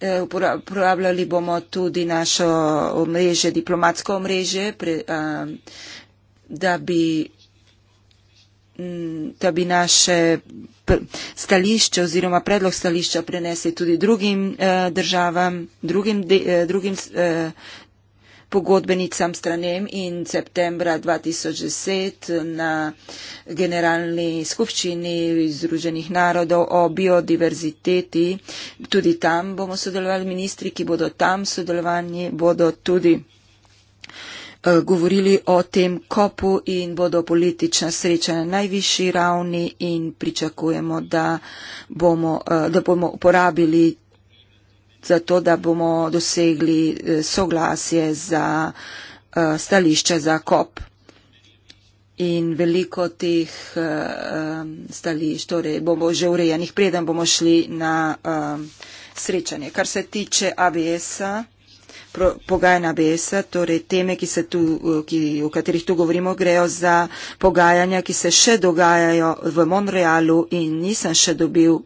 Eh, uporabljali bomo tudi našo omrežje, diplomatsko omrežje, pre, da, bi, da bi naše stališče oziroma predlog stališča prenesli tudi drugim eh, državam, drugim, eh, drugim pogodbenicam stranem in septembra 2010 na generalni skupščini Združenih narodov o biodiverziteti. Tudi tam bomo sodelovali ministri, ki bodo tam sodelovali, bodo tudi eh, govorili o tem kopu in bodo politična sreča na najvišji ravni in pričakujemo, da bomo, eh, da bomo uporabili zato da bomo dosegli eh, soglasje za eh, stališče za kop. In veliko teh eh, stališč torej, bomo že urejenih, preden bomo šli na srečanje. Kar se tiče AVS-a, pogajanja BS-a, torej teme, ki se tu, eh, ki, o katerih tu govorimo, grejo za pogajanja, ki se še dogajajo v Monrealu in nisem še dobil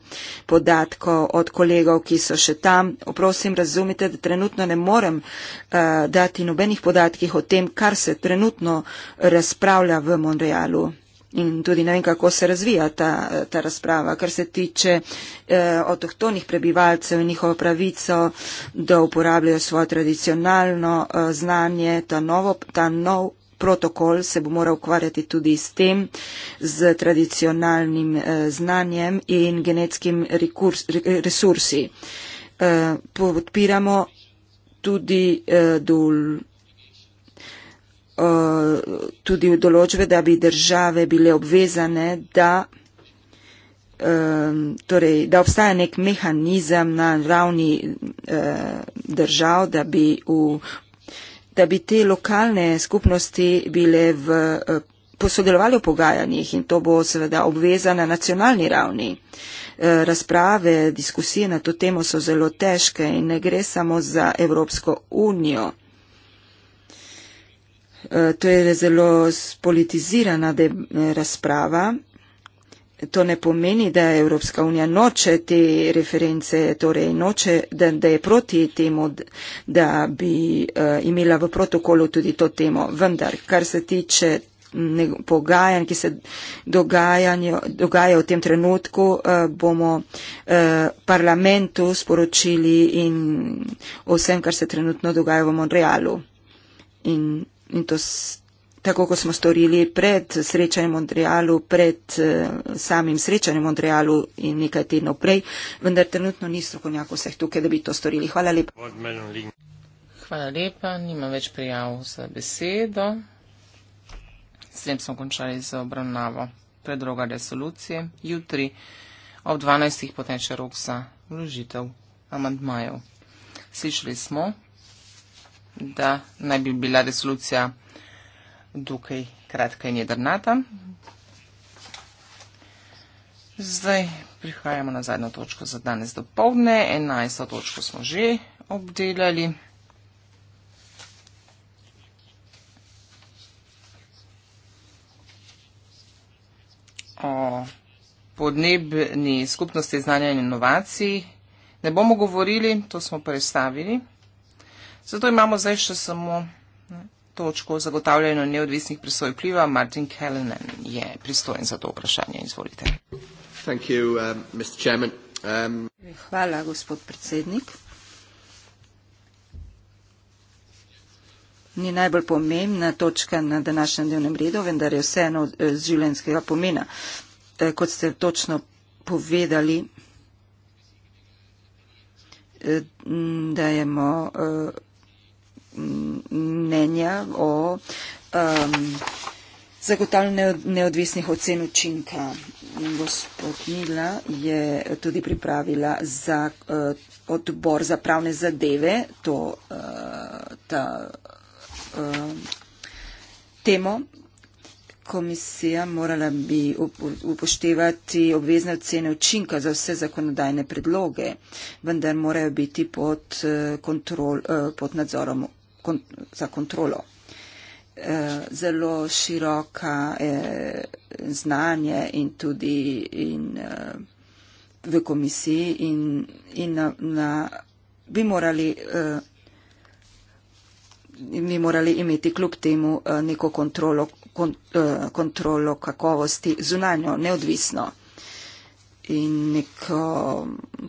podatkov od kolegov, ki so še tam. Oprosim, razumite, da trenutno ne morem uh, dati nobenih podatkih o tem, kar se trenutno razpravlja v Monrealu in tudi ne vem, kako se razvija ta, ta razprava, kar se tiče eh, otohtonih prebivalcev in njihovo pravico, da uporabljajo svoje tradicionalno eh, znanje, ta, novo, ta nov. Protokol se bo moral ukvarjati tudi s tem, z tradicionalnim eh, znanjem in genetskim rekurs, re, resursi. Eh, podpiramo tudi eh, dol. Eh, tudi določbe, da bi države bile obvezane, da, um, torej, da obstaja nek mehanizem na ravni uh, držav, da bi, v, da bi te lokalne skupnosti bile v, uh, posodelovali v pogajanjih in to bo seveda obveza na nacionalni ravni. Razprave, diskusije na to temo so zelo težke in ne gre samo za Evropsko unijo. Eh, to je zelo spolitizirana de, eh, razprava. To ne pomeni, da Evropska unija noče te reference, torej noče, da, da je proti temu, da bi uh, imela v protokolu tudi to temo. Vendar, kar se tiče pogajanj, ki se dogajajo v tem trenutku, uh, bomo uh, parlamentu sporočili in vsem, kar se trenutno dogaja v Montrealu. In in to s, tako, kot smo storili pred srečanjem v Montrealu, pred uh, samim srečanjem v Montrealu in nekaj tednov prej, vendar trenutno ni strokovnjakov vseh tukaj, da bi to storili. Hvala lepa. Hvala lepa, nima več prijav za besedo. S tem smo končali z obravnavo predloga resolucije. Jutri ob 12. poteče rok za vložitev amantmajev. Slišali smo da naj bi bila resolucija dokaj kratka in jedrnata. Zdaj prihajamo na zadnjo točko za danes do povdne. 11. točko smo že obdelali. O podnebni skupnosti znanja in inovacij ne bomo govorili, to smo predstavili. Zato imamo zdaj še samo ne, točko o zagotavljanju neodvisnih presoj vpliva. Martin Kellenen je pristojen za to vprašanje. Izvolite. Thank you, um, um... Hvala, gospod predsednik. Ni najbolj pomembna točka na današnjem dnevnem redu, vendar je vseeno z življenjskega pomena. E, kot ste točno povedali, e, dajemo. E, mnenja o um, zagotavljanju neodvisnih ocen učinka. Gospod Mila je tudi pripravila za uh, odbor za pravne zadeve to, uh, ta uh, temo. Komisija morala bi upoštevati obvezne ocene učinka za vse zakonodajne predloge, vendar morajo biti pod, eh, kontrol, eh, pod nadzorom za kontrolo. Eh, zelo široka eh, znanje in tudi in eh, v komisiji in, in na, na, bi, morali, bi morali imeti kljub temu neko kontrolo, kontrolo kakovosti zunanjo, neodvisno in neko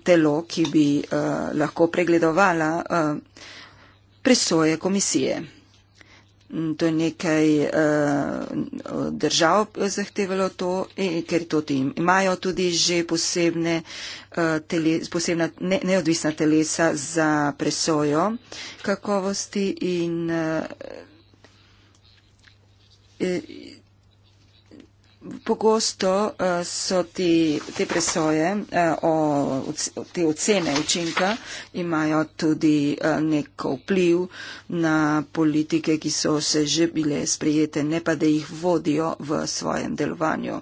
telo, ki bi uh, lahko pregledovala uh, presoje komisije. To je nekaj uh, držav zahtevalo to, e, ker to tim. Imajo tudi že posebne, uh, eh, teles, posebna ne, neodvisna telesa za presojo kakovosti in. Uh, pogosto eh, so ti, te presoje, eh, o, te ocene učinka imajo tudi eh, neko vpliv na politike, ki so se že bile sprejete, ne pa da jih vodijo v svojem delovanju.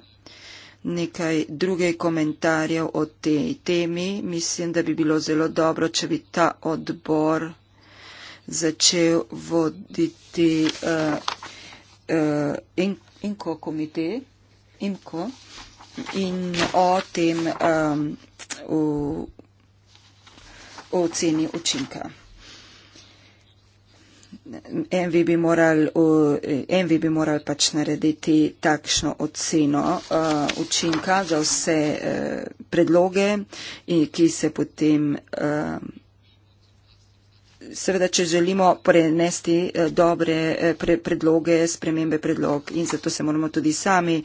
Nekaj drugih komentarjev o tej temi. Mislim, da bi bilo zelo dobro, če bi ta odbor začel voditi uh, uh, in, in ko komitej in ko. In o tem um, v, v oceni učinka. Envi bi morali moral pač narediti takšno oceno uh, učinka za vse uh, predloge, in, eh, ki se potem. Uh, Seveda, če želimo prenesti eh, dobre eh, predloge, spremembe predlog in zato se moramo tudi sami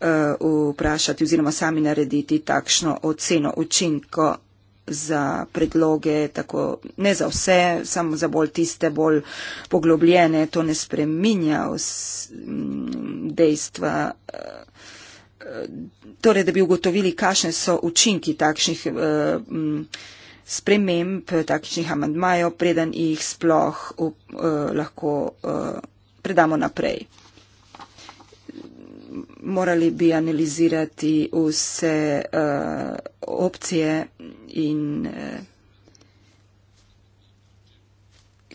Eh, vprašati oziroma sami narediti takšno oceno učinko za predloge, tako ne za vse, samo za bolj tiste, bolj poglobljene. To ne spreminja mm, dejstva. Eh, torej, da bi ugotovili, kakšne so učinki takšnih eh, mm, sprememb, takšnih amandmajev, preden jih sploh lahko predamo naprej morali bi analizirati vse uh, opcije in uh,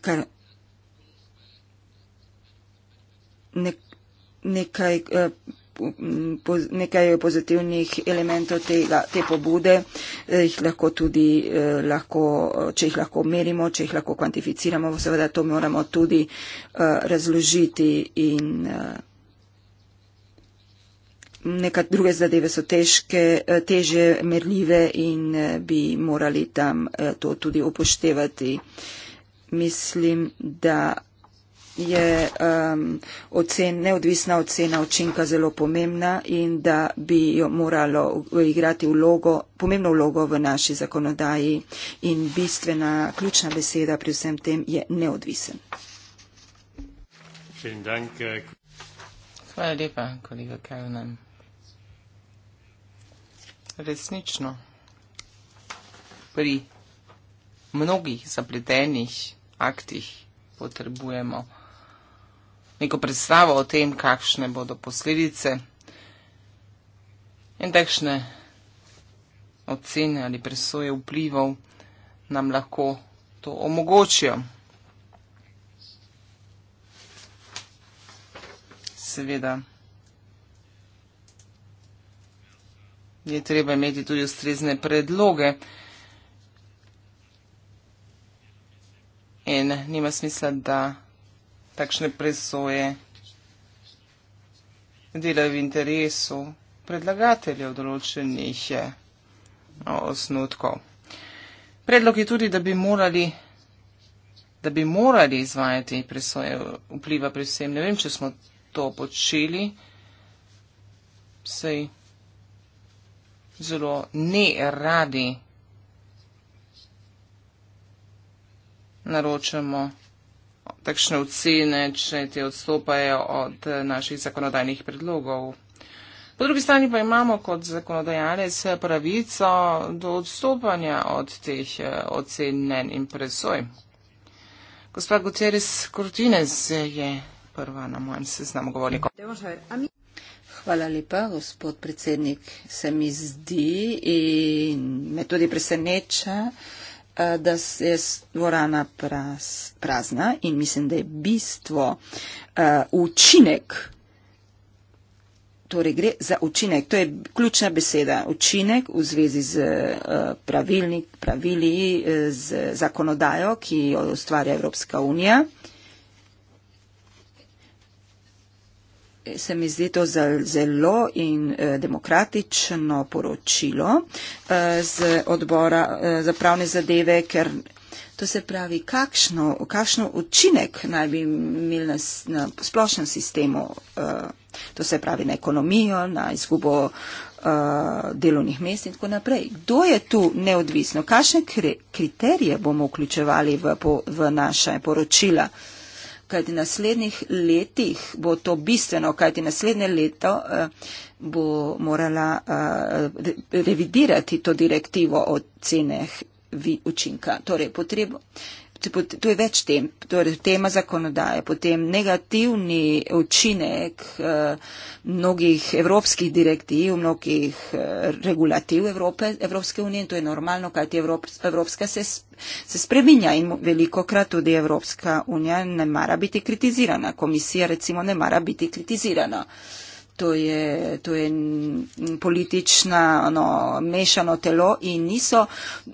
kar ne, nekaj, uh, eh, poz, mm, nekaj pozitivnih elementov tega, te pobude, jih lahko tudi, uh, lahko, če jih lahko merimo, če jih lahko kvantificiramo, seveda to moramo tudi uh, razložiti in. Uh, neka druge zadeve so težke, eh, teže merljive in eh, bi morali tam eh, to tudi upoštevati. Mislim, da je um, ocen, neodvisna ocena učinka zelo pomembna in da bi jo moralo igrati vlogo, pomembno vlogo v naši zakonodaji in bistvena ključna beseda pri vsem tem je neodvisen. Äh, Hvala lepa, kolega Kavnem resnično pri mnogih zapletenih aktih potrebujemo neko predstavo o tem, kakšne bodo posledice in takšne ocene ali presoje vplivov nam lahko to omogočijo. Seveda. je treba imeti tudi ustrezne predloge. In nima smisla, da takšne presoje dela v interesu predlagateljev določenih eh, osnutkov. Predlog je tudi, da bi morali da bi morali izvajati presoje vpliva pri vsem. Ne vem, če smo to počeli. Sej, zelo ne radi naročamo takšne ocene, če te odstopajo od naših zakonodajnih predlogov. Po drugi strani pa imamo kot zakonodajalec pravico do odstopanja od teh eh, ocenjen in presoj. Gospa Guterres Cortines je prva na mojem seznamu govornikov. Hvala lepa, gospod predsednik. Se mi zdi in me tudi preseneča, eh, da je dvorana praz, prazna in mislim, da je bistvo eh, učinek. Torej gre za učinek, to je ključna beseda, učinek v zvezi z eh, pravilnik, pravili, z zakonodajo, ki jo ustvarja Evropska unija. se mi zdi to zelo in eh, demokratično poročilo eh, z odbora eh, za pravne zadeve, ker to se pravi, kakšno, kakšno učinek naj bi imel na, na splošnem sistemu, to se pravi na ekonomijo, na izgubo delovnih mest in tako naprej. Kdo je tu neodvisno? Kakšne kriterije bomo vključevali v, v naše poročila? Uh, kajti naslednjih letih bo to bistveno, kajti naslednje leto eh, bo morala eh, revidirati to direktivo o cenah vi učinka. Torej, potrebo, tu je več tem, torej tema zakonodaje, potem negativni učinek eh, mnogih evropskih direktiv, mnogih eh, regulativ Evrope, Evropske unije in to je normalno, kajti Evropska se, se spreminja in veliko krat tudi Evropska unija ne mara biti kritizirana, komisija recimo ne mara biti kritizirana. Uh, to je, to je politično ono, mešano telo in niso,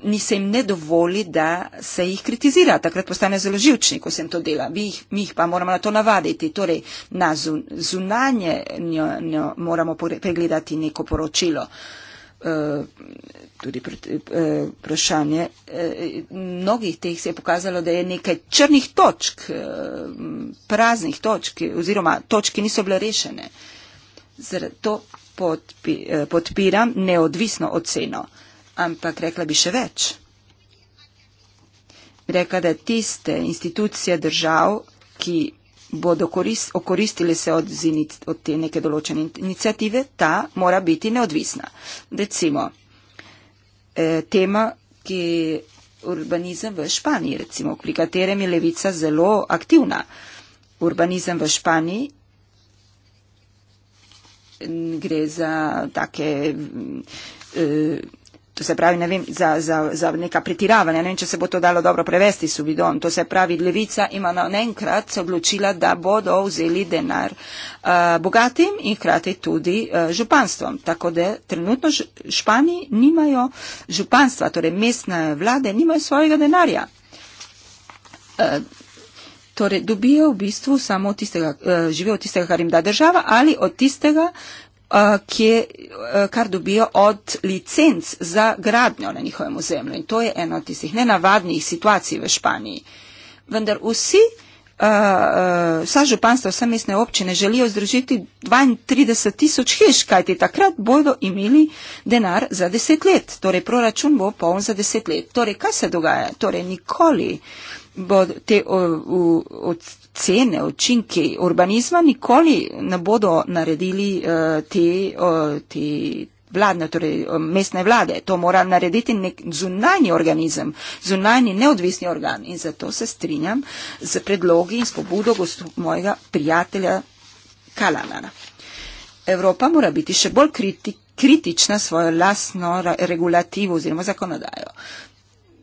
ni se jim ne dovoli, da se jih kritizira. Takrat postane zelo živčni, ko se jim to dela. Mi jih, mi jih pa moramo na to navaditi. Torej, na zunanje njo, njo moramo pregledati neko poročilo. E, tudi e, vprašanje. E, mnogih teh se je pokazalo, da je nekaj črnih točk, e, praznih točk oziroma točke niso bile rešene. Zato podpi, eh, podpiram neodvisno oceno, ampak rekla bi še več. Rekla, da tiste institucije držav, ki bodo korist, okoristile se od, zinic, od te neke določene inicijative, ta mora biti neodvisna. Recimo, eh, tema, ki je urbanizem v Španiji, recimo, pri katerem je levica zelo aktivna. Urbanizem v Španiji gre za take. Eh, to se pravi, ne vem, za, za, za neka pretiravanja, ne vem, če se bo to dalo dobro prevesti, subidon. To se pravi, levica ima naenkrat se odločila, da bodo vzeli denar uh, bogatim in hkrati tudi uh, županstvom. Tako da trenutno Špani nimajo županstva, torej mestne vlade nimajo svojega denarja. Uh, torej dobijo v bistvu samo od tistega, eh, živijo od tistega, kar jim da država, ali od tistega, eh, kje, eh, kar dobijo od licenc za gradnjo na njihovem zemlju. In to je ena od tistih nenavadnih situacij v Španiji. Vendar vsi, vsa županstva, vse mestne občine želijo združiti 32 tisoč hiš, kajti takrat bodo imeli denar za deset let. Torej, proračun bo poln za deset let. Torej, kaj se dogaja? Torej, nikoli bodo te ocene, učinki urbanizma nikoli ne bodo naredili eh, te, te vladne, torej mestne vlade. To mora narediti nek zunanji organizem, zunanji neodvisni organ. In zato se strinjam z predlogi in spobudo mojega prijatelja Kalanana. Evropa mora biti še bolj kriti, kritična svojo lastno regulativo oziroma zakonodajo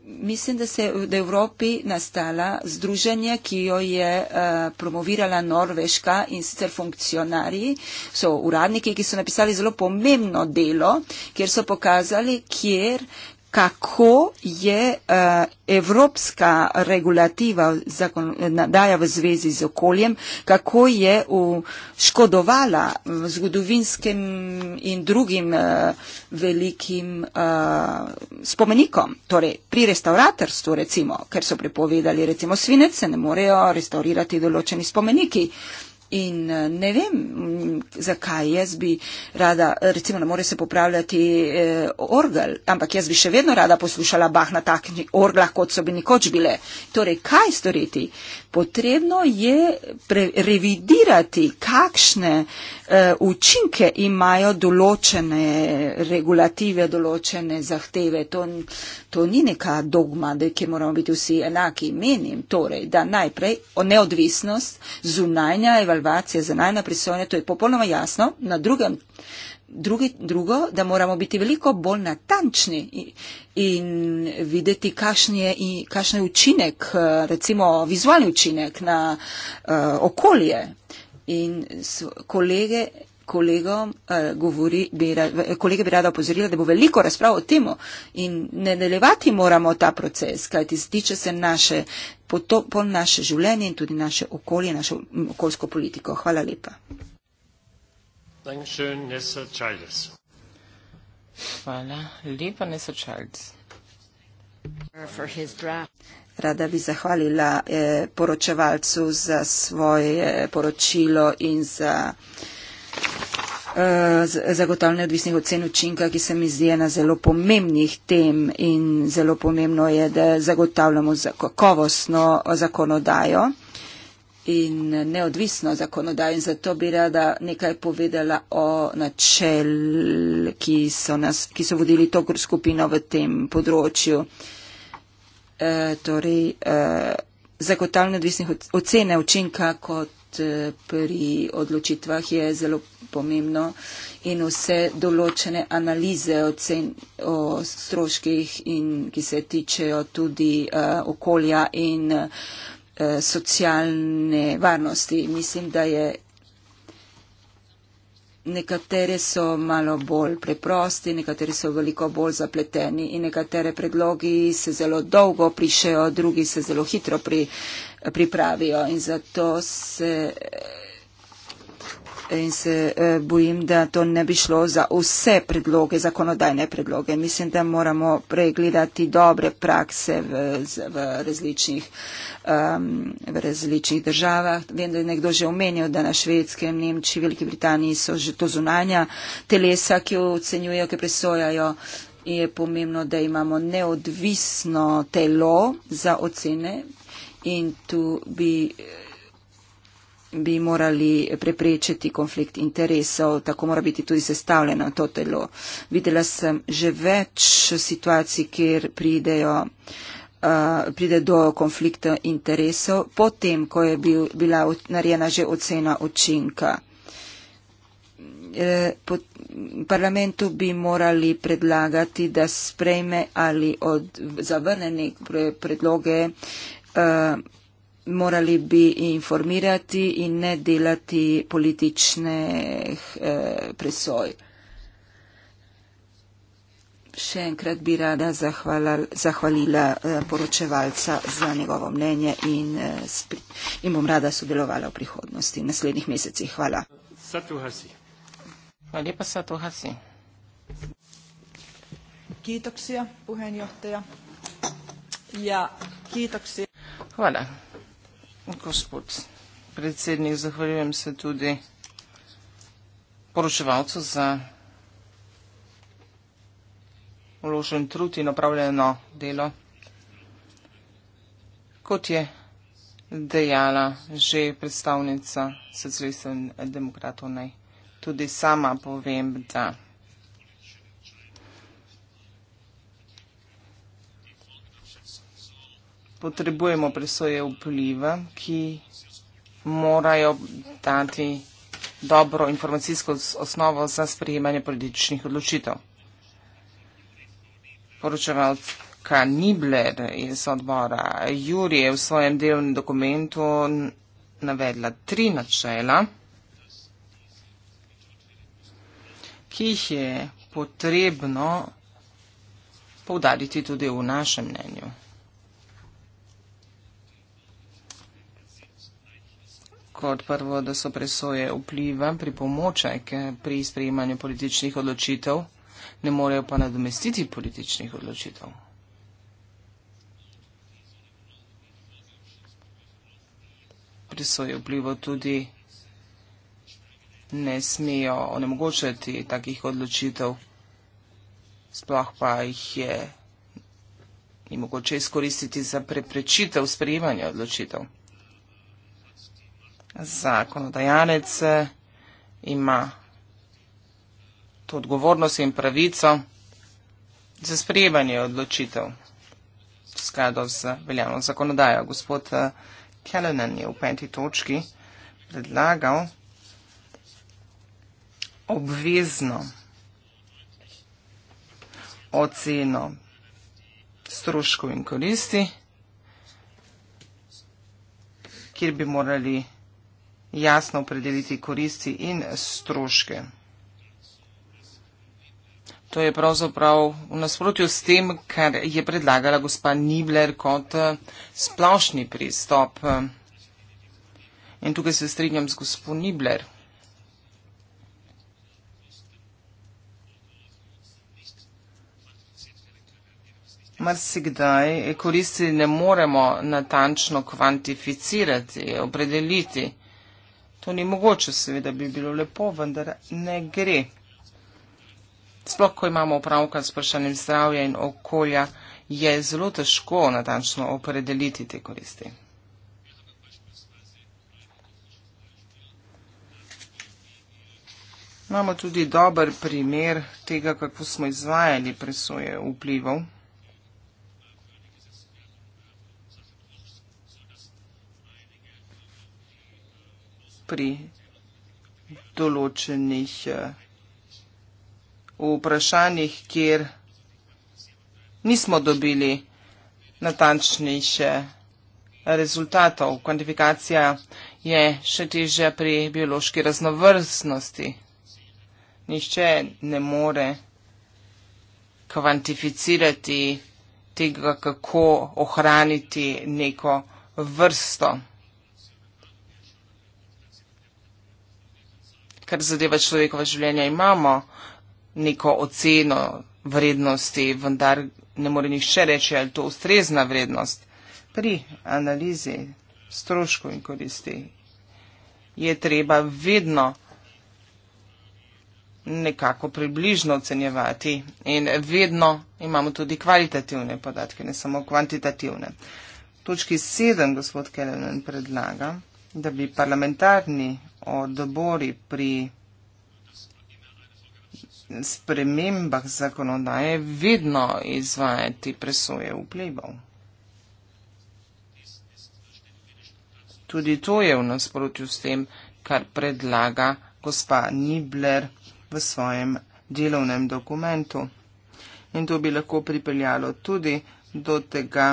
mislim, da se je v Evropi nastala združenje, ki jo je uh, promovirala Norveška in sicer funkcionarji, so uradniki, ki so napisali zelo pomembno delo, kjer so pokazali, kjer, kako je uh, evropska regulativa zakonodaja v zvezi z okoljem, kako je škodovala zgodovinskim in drugim uh, velikim uh, spomenikom. Torej, pri restauratorstvu recimo, ker so prepovedali recimo svinec, se ne morejo restaurirati določeni spomeniki. Uh, In eh, ne vem, zakaj jaz bi rada, recimo, da more se popravljati eh, orgel, ampak jaz bi še vedno rada poslušala bah na takih orglah, kot so bi nikoč bile. Torej, kaj storiti? potrebno je revidirati, kakšne uh, učinke imajo določene regulative, določene zahteve. To, to ni neka dogma, da ki moramo biti vsi enaki. Menim torej, da najprej o neodvisnost, zunanja evalvacija, zunanja prisojanja, to je popolnoma jasno. Na drugem, Drugi, drugo, da moramo biti veliko bolj natančni in videti, kakšen je, kakšen je učinek, eh, recimo vizualni učinek na uh, okolje. In kolege, kolegom, uh, govori, bi rad, kolege bi rada opozorila, da bo veliko razprav o tem in ne delevati moramo ta proces, kajti tiče se naše, potop, naše življenje in tudi naše okolje, naše okoljsko politiko. Hvala lepa. Dankeschön, Nessa Childs. Hvala lepa, Nessa Childs. For his draft. Rada bi zahvalila eh, poročevalcu za svoje eh, poročilo in za eh, zagotavljanje odvisnih ocen učinka, ki se mi zdi ena zelo pomembnih tem in zelo pomembno je, da zagotavljamo kakovostno zakonodajo in neodvisno zakonodajo in zato bi rada nekaj povedala o načel, ki so, nas, ki so vodili to skupino v tem področju. E, torej, e, zagotavljanje odvisnih ocene učinka kot e, pri odločitvah je zelo pomembno in vse določene analize ocen o stroških in ki se tičejo tudi e, okolja in e, Eh, socialne varnosti. Mislim, da je nekatere so malo bolj preprosti, nekatere so veliko bolj zapleteni in nekatere predlogi se zelo dolgo prišejo, drugi se zelo hitro pri, pripravijo in zato se in se eh, bojim, da to ne bi šlo za vse predloge, zakonodajne predloge. Mislim, da moramo pregledati dobre prakse v, v, različnih, um, v različnih državah. Vem, da je nekdo že omenil, da na Švedskem, Nemčiji, Veliki Britaniji so že to zunanja telesa, ki ocenjujejo, ki presojajo. In je pomembno, da imamo neodvisno telo za ocene. In tu bi bi morali preprečiti konflikt interesov, tako mora biti tudi sestavljeno to telo. Videla sem že več situacij, kjer pridejo, uh, pride do konflikta interesov, potem, ko je bil, bila narejena že ocena učinka. Eh, po parlamentu bi morali predlagati, da sprejme ali od, zavrne predloge eh, morali bi informirati in ne delati politične eh, presoj. Še enkrat bi rada zahvala, zahvalila eh, poročevalca za njegovo mnenje in, eh, spri, in bom rada sodelovala v prihodnosti, v naslednjih mesecih. Hvala. Hvala lepa, Satu Hasi. Kiitoksia, puheenjohtaja. Ja, kiitoksia. Hvala gospod predsednik, zahvaljujem se tudi poročevalcu za vložen trud in opravljeno delo. Kot je dejala že predstavnica socialistov in demokratov, naj tudi sama povem, da potrebujemo presoje vpliva, ki morajo dati dobro informacijsko osnovo za sprejemanje političnih odločitev. Poročevalka Nibler iz odbora Juri je v svojem delovnem dokumentu navedla tri načela, ki jih je potrebno povdariti tudi v našem mnenju. kot prvo, da so presoje vpliva pri pomočajke pri sprejemanju političnih odločitev, ne morejo pa nadomestiti političnih odločitev. Presoje vplivo tudi ne smejo onemogočati takih odločitev, sploh pa jih je ni mogoče izkoristiti za preprečitev sprejemanja odločitev zakonodajalec eh, ima to odgovornost in pravico za sprejemanje odločitev v skladu z veljavno zakonodajo. Gospod eh, Kellenen je v peti točki predlagal obvezno oceno stroškov in koristi, kjer bi morali jasno opredeliti koristi in stroške. To je pravzaprav v nasprotju s tem, kar je predlagala gospa Nibler kot eh, splošni pristop. In tukaj se strinjam z gospo Nibler. Marsikdaj koristi ne moremo natančno kvantificirati, opredeliti. To ni mogoče, seveda bi bilo lepo, vendar ne gre. Sploh, ko imamo opravka s vprašanjem zdravja in okolja, je zelo težko natančno opredeliti te koristi. Imamo tudi dober primer tega, kako smo izvajali presoje vplivov. pri določenih eh, vprašanjih, kjer nismo dobili natančnih rezultatov. Kvantifikacija je še težja pri biološki raznovrstnosti. Nišče ne more kvantificirati tega, kako ohraniti neko vrsto. kar zadeva človekova življenja, imamo neko oceno vrednosti, vendar ne more nihče reči, ali to ustrezna vrednost. Pri analizi stroškov in koristi je treba vedno nekako približno ocenjevati in vedno imamo tudi kvalitativne podatke, ne samo kvantitativne. Točki sedem, gospod Kelenen, predlagam da bi parlamentarni odbori pri spremembah zakonodaje vedno izvajati presoje vplivov. Tudi to je v nasprotju s tem, kar predlaga gospa Nibler v svojem delovnem dokumentu. In to bi lahko pripeljalo tudi do tega,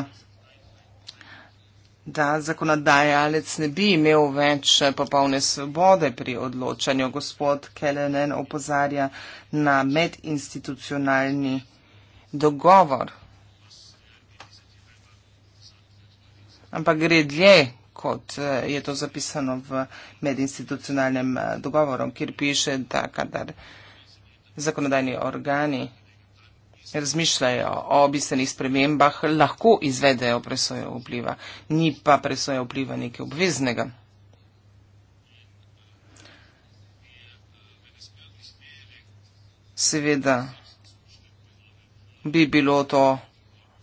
da zakonodajalec ne bi imel več eh, popolne svobode pri odločanju. Gospod Kelenen opozarja na medinstitucionalni dogovor. Ampak gre dlje, kot eh, je to zapisano v medinstitucionalnem eh, dogovoru, kjer piše, da kadar zakonodajni organi razmišljajo o bistvenih spremembah, lahko izvedejo presojo vpliva. Ni pa presoja vpliva nekaj obveznega. Seveda bi bilo to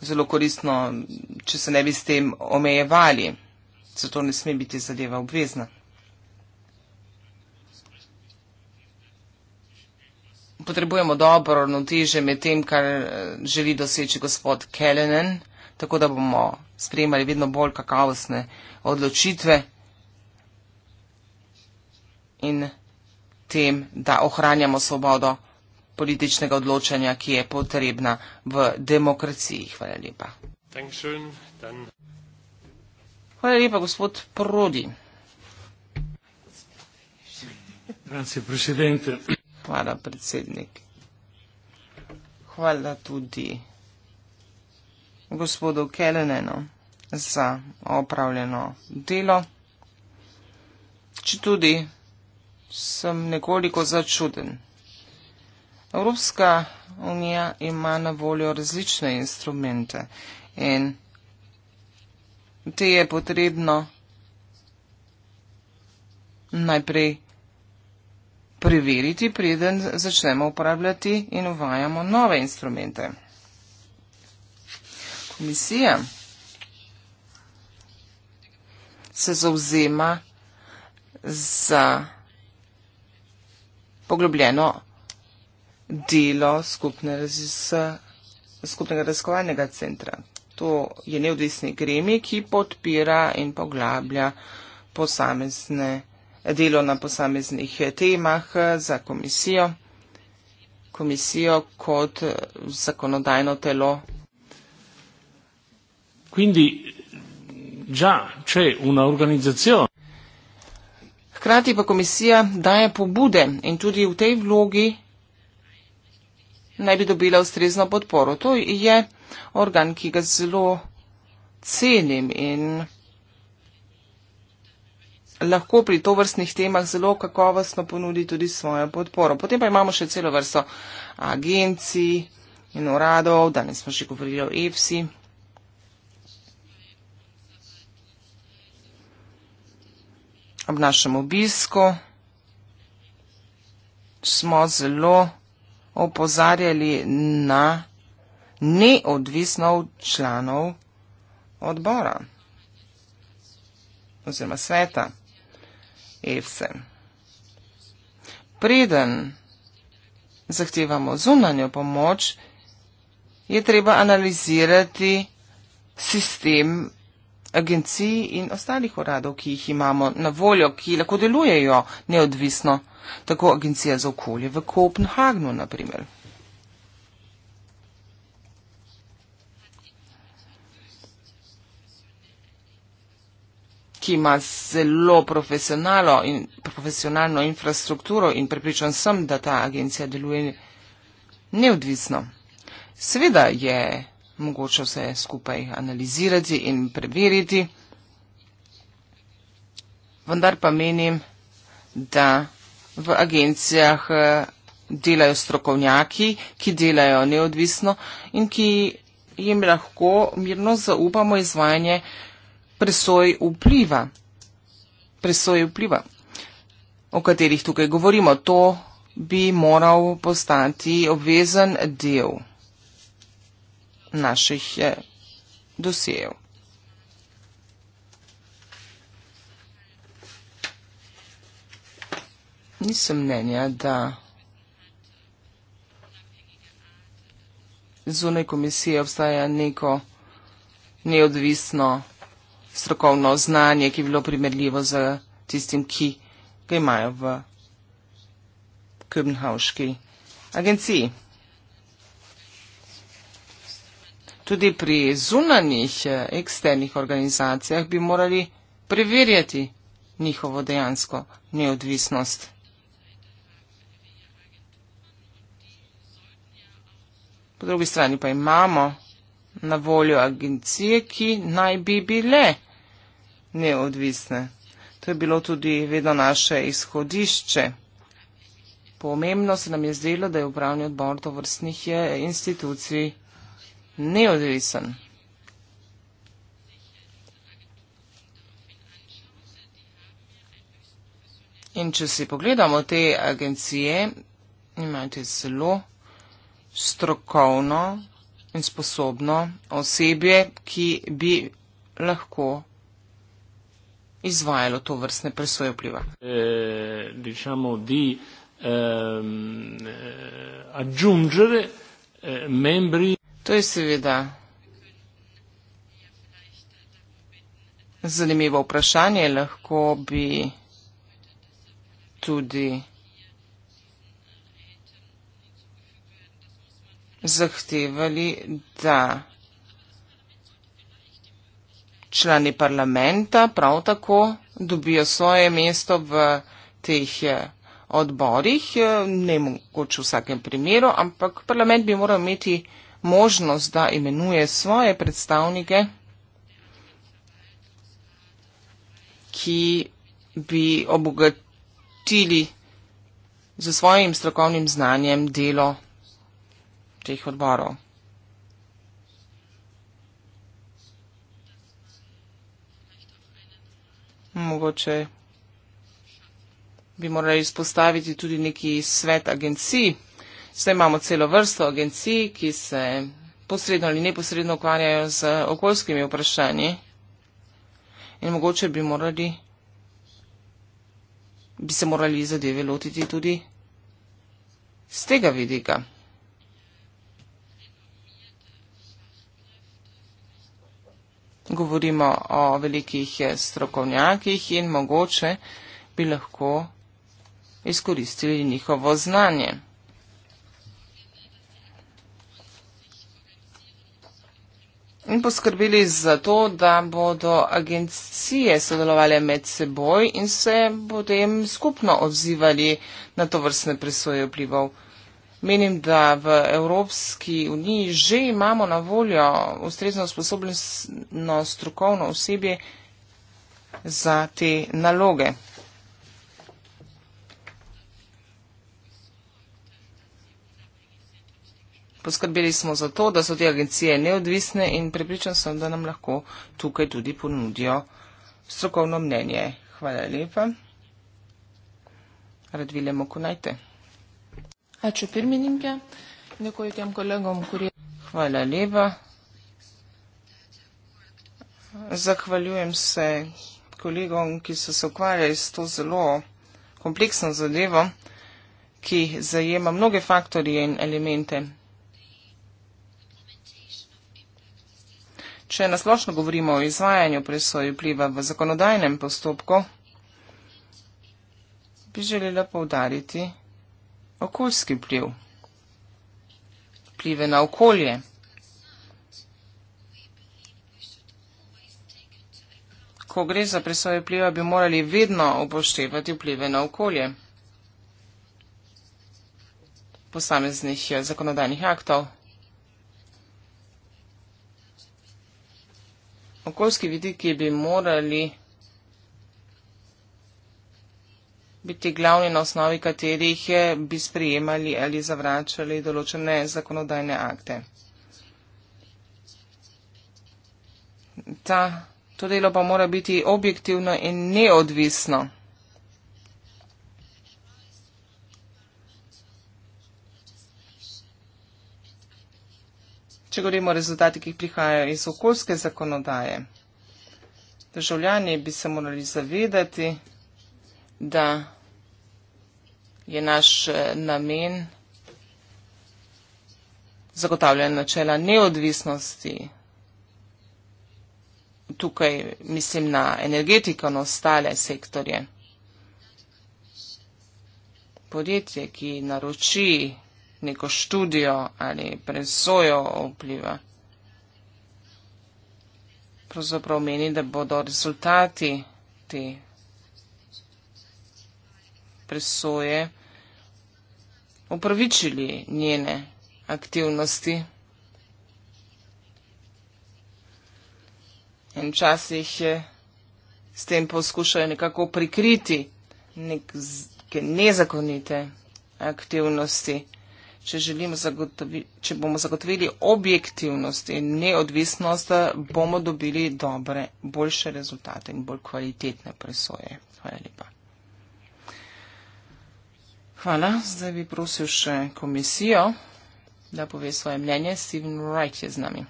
zelo koristno, če se ne bi s tem omejevali. Zato ne sme biti zadeva obvezna. potrebujemo dobro ravnoteže med tem, kar eh, želi doseči gospod Kellenen, tako da bomo sprejemali vedno bolj kakavosne odločitve in tem, da ohranjamo svobodo političnega odločanja, ki je potrebna v demokraciji. Hvala lepa. Hvala lepa, gospod Prodi. Grazie, presidente para predsednik. Hvala tudi gospodu Kelenenu za opravljeno delo. Če tudi sem nekoliko začuden. Evropska unija ima na voljo različne instrumente in te je potrebno najprej preveriti, preden začnemo uporabljati in uvajamo nove instrumente. Komisija se zauzema za poglobljeno delo skupne raziz, skupnega raziskovalnega centra. To je neodvisni gremi, ki podpira in poglablja posamezne delo na posameznih temah za komisijo, komisijo kot zakonodajno telo. Quindi, già c'è un'organizzazione. Hkrati pa komisija daje pobude in tudi v tej vlogi naj bi dobila ustrezno podporo. To je organ, ki ga zelo cenim in lahko pri tovrstnih temah zelo kakovostno ponudi tudi svojo podporo. Potem pa imamo še celo vrsto agencij in uradov, danes smo že govorili o EFSI. Ob našem obisku smo zelo opozarjali na neodvisnost članov odbora oziroma sveta. Else. Preden zahtevamo zunanjo pomoč, je treba analizirati sistem agencij in ostalih uradov, ki jih imamo na voljo, ki lahko delujejo neodvisno, tako agencija za okolje v Kopenhagnu, naprimer. ki ima zelo profesionalno, in, profesionalno infrastrukturo in prepričan sem, da ta agencija deluje neodvisno. Seveda je mogoče vse skupaj analizirati in preveriti, vendar pa menim, da v agencijah eh, delajo strokovnjaki, ki delajo neodvisno in ki jim lahko mirno zaupamo izvajanje presoj vpliva, presoj vpliva, o katerih tukaj govorimo. To bi moral postati obvezen del naših eh, dosejev. Nisem mnenja, da zunaj komisije obstaja neko neodvisno strokovno znanje, ki je bilo primerljivo z tistim, ki ga imajo v Köbenhavški agenciji. Tudi pri zunanjih eh, eksternih organizacijah bi morali preverjati njihovo dejansko neodvisnost. Po drugi strani pa imamo na voljo agencije, ki naj bi bile neodvisne. To je bilo tudi vedno naše izhodišče. Pomembno se nam je zdelo, da je upravni odbor to vrstnih institucij neodvisen. In če si pogledamo te agencije, imate zelo strokovno in sposobno osebje, ki bi lahko izvajalo to vrstne presoje vpliva. Eh, diciamo di ehm, eh, aggiungere eh, membri. To je seveda zanimivo vprašanje. Lahko bi tudi zahtevali, da člani parlamenta prav tako dobijo svoje mesto v teh eh, odborih, eh, ne mogoče v vsakem primeru, ampak parlament bi moral imeti možnost, da imenuje svoje predstavnike, ki bi obogatili z svojim strokovnim znanjem delo teh odborov. mogoče bi morali izpostaviti tudi neki svet agencij. Zdaj imamo celo vrsto agencij, ki se posredno ali neposredno ukvarjajo z okoljskimi vprašanji. In mogoče bi, morali, bi se morali zadeve lotiti tudi z tega vidika. govorimo o velikih eh, strokovnjakih in mogoče bi lahko izkoristili njihovo znanje. In poskrbili za to, da bodo agencije sodelovali med seboj in se potem skupno odzivali na to vrstne presoje vplivov. Menim, da v Evropski uniji že imamo na voljo ustrezno sposobno strokovno osebje za te naloge. Poskrbeli smo za to, da so te agencije neodvisne in prepričan sem, da nam lahko tukaj tudi ponudijo strokovno mnenje. Hvala lepa. Radvile Mokunajte. Ačiū pirmininkė, dėkuoju tiem kolegom, kurie. Hvala lepa. Zahvaljujem se kolegom, ki so se ukvarjali s to zelo kompleksno zadevo, ki zajema mnoge faktorje in elemente. Če nasplošno govorimo o izvajanju presoje vpliva v zakonodajnem postopku, bi želela poudariti, okoljski pliv, plive na okolje. Ko gre za presoje pliva, bi morali vedno upoštevati vplive na okolje posameznih eh, zakonodajnih aktov. Okoljski vidiki bi morali biti glavni na osnovi katerih eh, bi sprijemali ali zavračali določene zakonodajne akte. Ta, to delo pa mora biti objektivno in neodvisno. Če govorimo o rezultatih, ki prihajajo iz okoljske zakonodaje, državljani bi se morali zavedati, da je naš eh, namen zagotavljanje načela neodvisnosti. Tukaj mislim na energetiko in ostale sektorje. Podjetje, ki naroči neko študijo ali presojo vpliva, pravzaprav meni, da bodo rezultati te presoje upravičili njene aktivnosti. In včasih je s tem poskušajo nekako prikriti neke nezakonite aktivnosti. Če, če bomo zagotovili objektivnost in neodvisnost, bomo dobili dobre, boljše rezultate in bolj kvalitetne presoje. Hvala lepa. Hvala. Zdaj bi prosil še komisijo, da pove svoje mnenje. Steven Wright je z nami.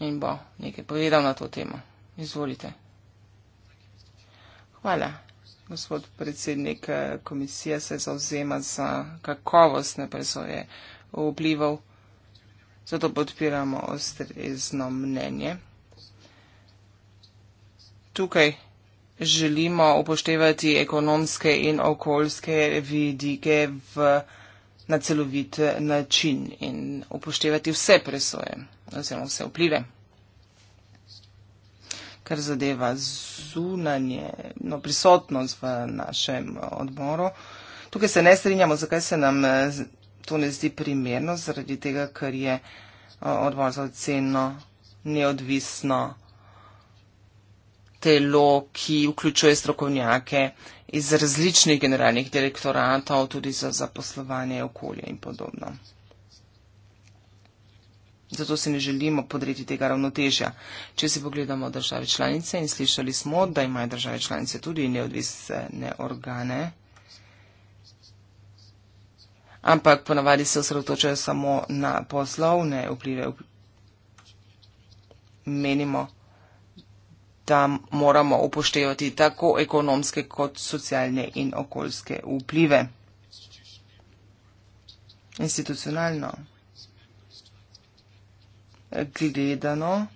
In bo nekaj povedal na to temo. Izvolite. Hvala. Gospod predsednik komisije se zauzema za kakovostne presoje vplivov. Zato podpiramo ostrezno mnenje. Tukaj želimo upoštevati ekonomske in okoljske vidike v, na celovit način in upoštevati vse presoje oziroma vse vplive. Kar zadeva zunanje, no, prisotnost v našem odboru. Tukaj se ne strinjamo, zakaj se nam to ne zdi primerno, zaradi tega, ker je odbor za oceno neodvisno telo, ki vključuje strokovnjake iz različnih generalnih direktoratov, tudi za zaposlovanje okolja in podobno. Zato se ne želimo podreti tega ravnotežja. Če si pogledamo države članice in slišali smo, da imajo države članice tudi neodvisne organe, ampak ponavadi se osredotočajo samo na poslovne vplive. Menimo, tam moramo upoštevati tako ekonomske kot socialne in okoljske vplive. Institucionalno gledano,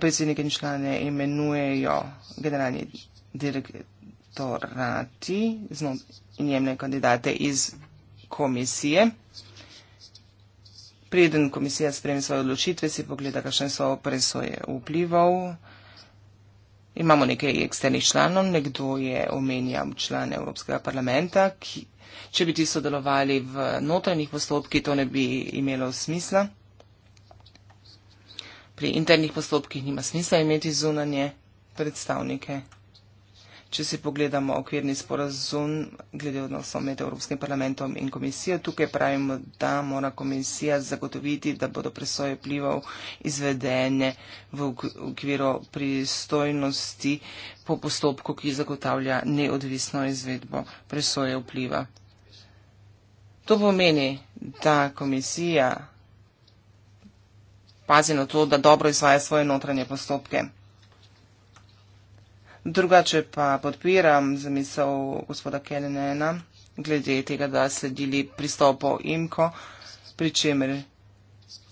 predsednik in člane imenujejo generalni direktorati in jemne kandidate iz komisije. Preden komisija spremi svoje odločitve, si pogleda, kakšne so presoje vplivov. Imamo nekaj eksternih članov, nekdo je omenjam član Evropskega parlamenta, ki, če bi ti sodelovali v notranjih postopkih, to ne bi imelo smisla. Pri internih postopkih nima smisla imeti zunanje predstavnike. Če si pogledamo okvirni sporazum glede odnosov med Evropskim parlamentom in komisijo, tukaj pravimo, da mora komisija zagotoviti, da bodo presoje plival izvedene v okviru pristojnosti po postopku, ki zagotavlja neodvisno izvedbo presoje vpliva. To pomeni, da komisija pazi na to, da dobro izvaja svoje notranje postopke. Drugače pa podpiram zamisel gospoda Kellenena glede tega, da se deli pristopo IMKO, pri čemer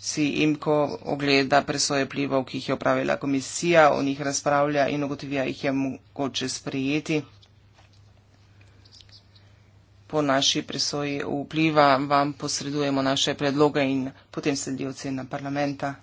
si IMKO ogleda presoje plivov, ki jih je upravila komisija, o njih razpravlja in ugotovija, jih je mogoče sprejeti. Po naši presoji vpliva vam posredujemo naše predloge in potem sledi ocena parlamenta.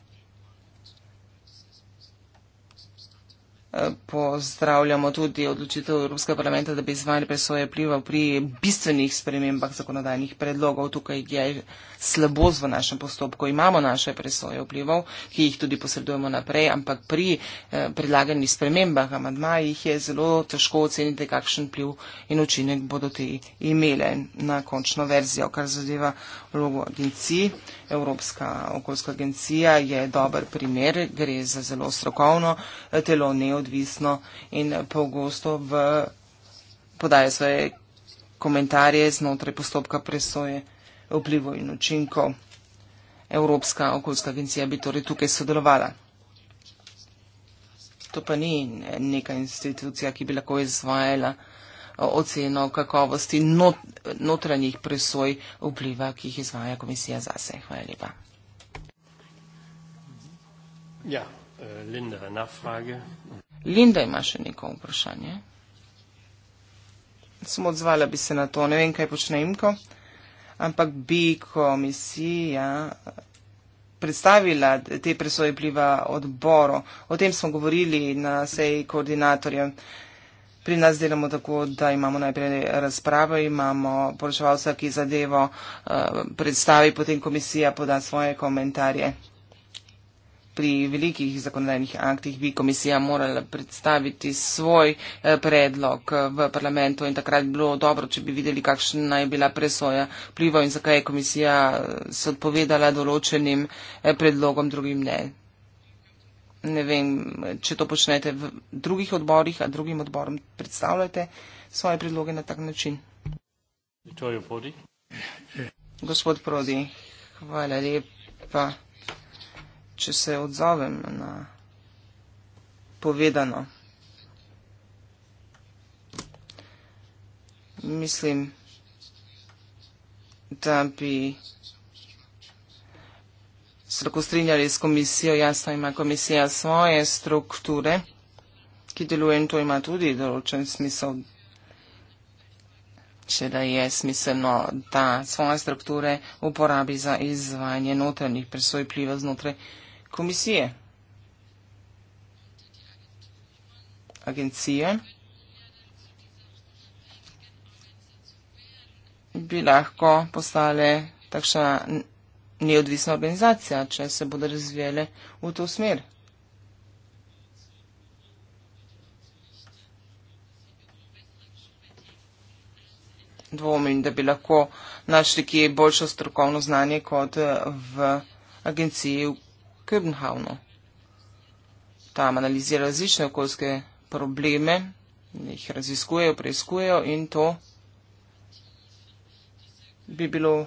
pozdravljamo tudi odločitev Evropskega parlamenta, da bi izvajali presoje vplivov pri bistvenih spremembah zakonodajnih predlogov. Tukaj je slabost v našem postopku. Imamo naše presoje vplivov, ki jih tudi posredujemo naprej, ampak pri eh, predlaganih spremembah amadmajih je zelo težko oceniti, kakšen vpliv in učinek bodo te imele na končno verzijo, kar zadeva vlogo agencij. Evropska okoljska agencija je dober primer, gre za zelo strokovno eh, telo, neodvisno in pogosto v podaje svoje komentarje znotraj postopka presoje vplivo in učinkov. Evropska okoljska agencija bi torej tukaj sodelovala. To pa ni neka institucija, ki bi lahko izvajala oceno kakovosti not, notranjih presoj vpliva, ki jih izvaja komisija zase. Hvala lepa. Ja, eh, Linda, na frage. Linda ima še neko vprašanje. Samo odzvala bi se na to, ne vem, kaj počne imko, ampak bi komisija eh, predstavila te presoje pliva odboru. O tem smo govorili na seji koordinatorjev. Pri nas delamo tako, da imamo najprej razprave, imamo poročevalca, ki zadevo uh, predstavi, potem komisija poda svoje komentarje. Pri velikih zakonodajnih aktih bi komisija morala predstaviti svoj eh, predlog eh, v parlamentu in takrat bi bilo dobro, če bi videli, kakšna je bila presoja plivo in zakaj je komisija se odpovedala določenim predlogom, drugim ne ne vem, če to počnete v drugih odborih, a drugim odborom predstavljate svoje predloge na tak način. Gospod Prodi, hvala lepa, če se odzovem na povedano. Mislim, da bi se lahko strinjali s komisijo, jasno ima komisija svoje strukture, ki deluje in to ima tudi določen smisel, če da je smiselno, da svoje strukture uporabi za izvajanje notranjih presoj pliva znotraj komisije. Agencije bi lahko postale takšna neodvisna organizacija, če se bodo razvijale v to smer. Dvomim, da bi lahko našli kje boljšo strokovno znanje kot v agenciji v Köbenhavnu. Tam analizira različne okoljske probleme, jih raziskujejo, preizkujejo in to bi bilo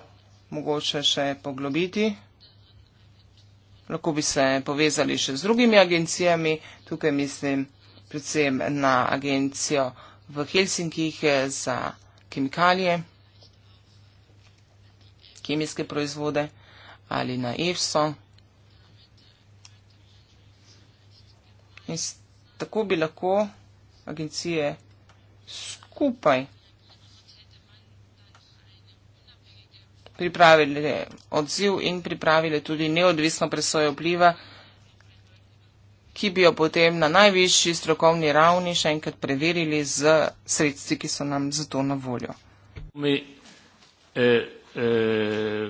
mogoče še poglobiti. Lahko bi se povezali še z drugimi agencijami, tukaj mislim predvsem na agencijo v Helsinkih za kemikalije, kemijske proizvode ali na EFSO. In tako bi lahko agencije skupaj. pripravile odziv in pripravile tudi neodvisno presojo vpliva, ki bi jo potem na najvišji strokovni ravni še enkrat preverili z sredstvi, ki so nam za to na voljo. Mi, eh, eh,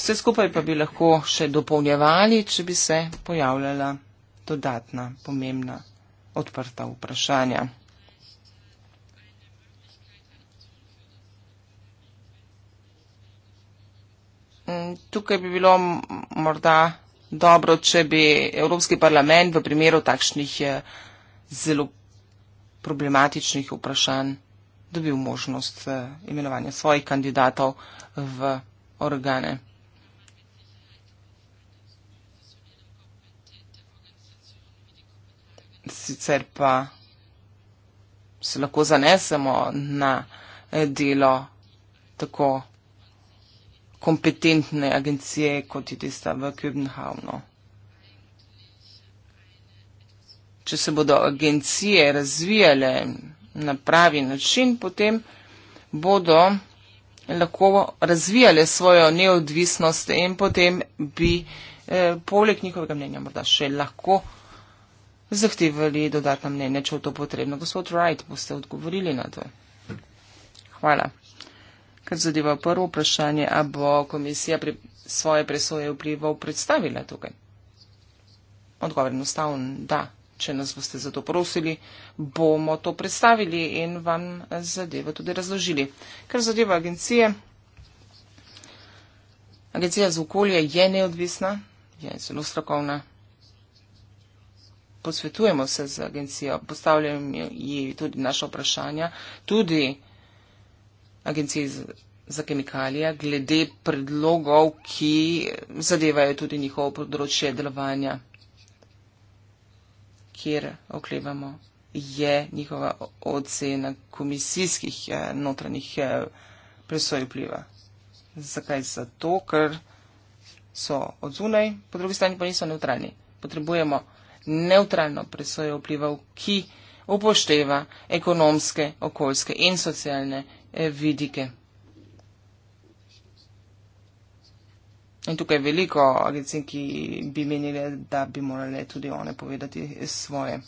Vse skupaj pa bi lahko še dopolnjevali, če bi se pojavljala dodatna pomembna odprta vprašanja. Mm, tukaj bi bilo morda dobro, če bi Evropski parlament v primeru takšnih eh, zelo problematičnih vprašanj dobil možnost eh, imenovanja svojih kandidatov v organe. Sicer pa se lahko zanesemo na eh, delo tako kompetentne agencije, kot je tista v Kübenhavnu. Če se bodo agencije razvijale na pravi način, potem bodo lahko razvijale svojo neodvisnost in potem bi eh, poleg njihovega mnenja morda še lahko zahtevali dodatna mnenja, če je to potrebno. Gospod Wright, boste odgovorili na to. Hvala kar zadeva prvo vprašanje, a bo komisija pri svoje presoje vplivov predstavila tukaj. Odgovor je enostavn, da. Če nas boste za to prosili, bomo to predstavili in vam zadevo tudi razložili. Kar zadeva agencije, agencija za okolje je neodvisna, je zelo strokovna. Posvetujemo se z agencijo, postavljamo ji tudi naše vprašanja, tudi agencije za kemikalije glede predlogov, ki zadevajo tudi njihovo področje delovanja, kjer oklevamo je njihova ocena komisijskih eh, notranjih eh, presoj vpliva. Zakaj? Zato, ker so odzunaj, po drugi strani pa niso neutralni. Potrebujemo neutralno presojo vplivov, ki upošteva ekonomske, okoljske in socialne Eh, vidike. In tukaj je veliko agencij, ki bi menili, da bi morale tudi one povedati svoje.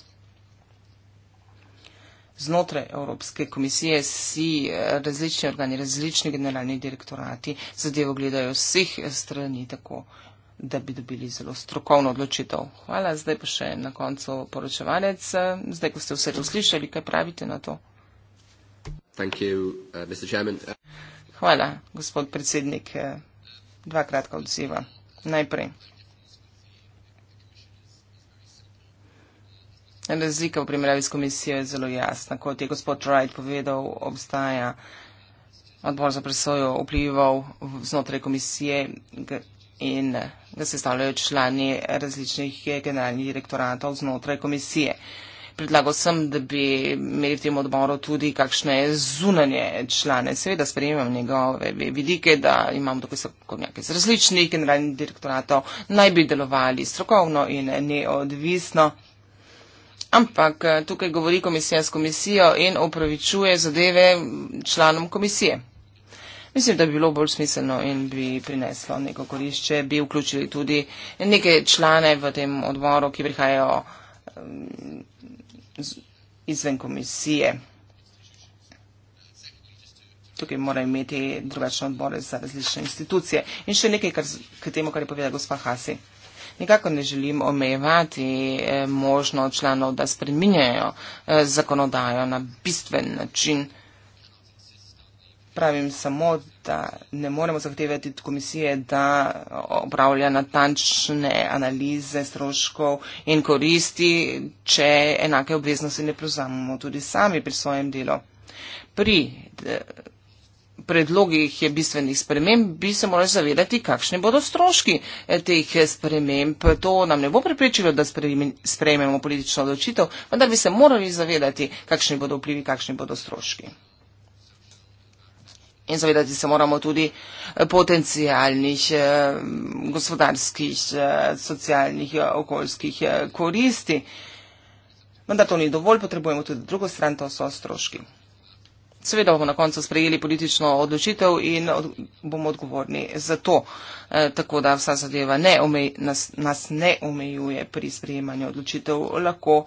Znotraj Evropske komisije si eh, različni organi, različni generalni direktorati zadevo gledajo vseh strani tako, da bi dobili zelo strokovno odločitev. Hvala, zdaj pa še na koncu poročevalec. Zdaj, ko ste vse to slišali, kaj pravite na to? Thank you, uh, Hvala, gospod predsednik. Eh, dva kratka odziva. Najprej. Razlika v primerjavi s komisijo je zelo jasna. Kot je gospod Wright povedal, obstaja odbor za presojo vplival znotraj komisije in ga sestavljajo člani različnih eh, generalnih direktoratov znotraj komisije predlagal sem, da bi imeli v tem odboru tudi kakšne zunanje člane. Seveda sprejemam njegove vidike, da imam tukaj strokovnjake z različnih generalnih direktoratov, naj bi delovali strokovno in neodvisno. Ampak eh, tukaj govori komisija s komisijo in opravičuje zadeve članom komisije. Mislim, da bi bilo bolj smiselno in bi prineslo neko korišče, bi vključili tudi neke člane v tem odboru, ki prihajajo izven komisije. Tukaj mora imeti drugačne odbore za različne institucije. In še nekaj kar, k temu, kar je povedala gospa Hasi. Nikako ne želim omejevati eh, možno članov, da spreminjajo eh, zakonodajo na bistven način. Pravim samo, da ne moremo zahtevati od komisije, da opravlja natančne analize stroškov in koristi, če enake obveznosti ne prevzamemo tudi sami pri svojem delu. Pri eh, predlogih je bistvenih sprememb, bi se morali zavedati, kakšni bodo stroški eh, teh eh, sprememb. To nam ne bo prepričilo, da sprejmemo politično odločitev, vendar bi se morali zavedati, kakšni bodo vplivi, kakšni bodo stroški in zavedati se moramo tudi eh, potencijalnih eh, gospodarskih, eh, socialnih, okoljskih koristi. Vendar to ni dovolj, potrebujemo tudi drugo stran, to so stroški. Seveda bomo na koncu sprejeli politično odločitev in od, bomo odgovorni za to, e, tako da vsa zadeva ne omej, nas, nas ne omejuje pri sprejemanju odločitev, lahko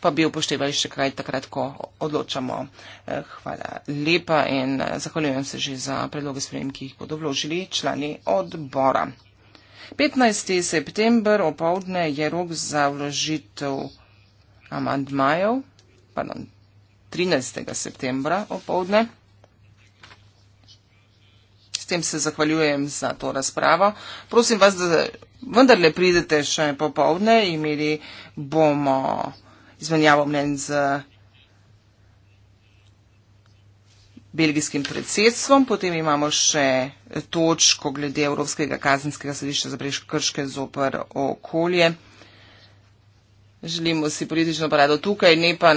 pa bi upoštevali še kaj takrat, ko odločamo. Eh, hvala lepa in eh, zahvaljujem se že za predloge sprejem, ki jih bodo vložili člani odbora. 15. september opovdne je rok za vložitev amandmajev, pardon, 13. septembra opovdne. S tem se zahvaljujem za to razpravo. Prosim vas, da vendarle pridete še popovdne, imeli bomo izmenjavo mnen z belgijskim predsedstvom. Potem imamo še točko glede Evropskega kazenskega sodišča za prekrške zopr okolje. Želimo si politično parado tukaj, ne pa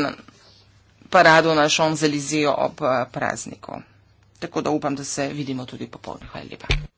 parado na Šon Zelizijo ob eh, prazniku. Tako da upam, da se vidimo tudi popoldne. Hvala lepa.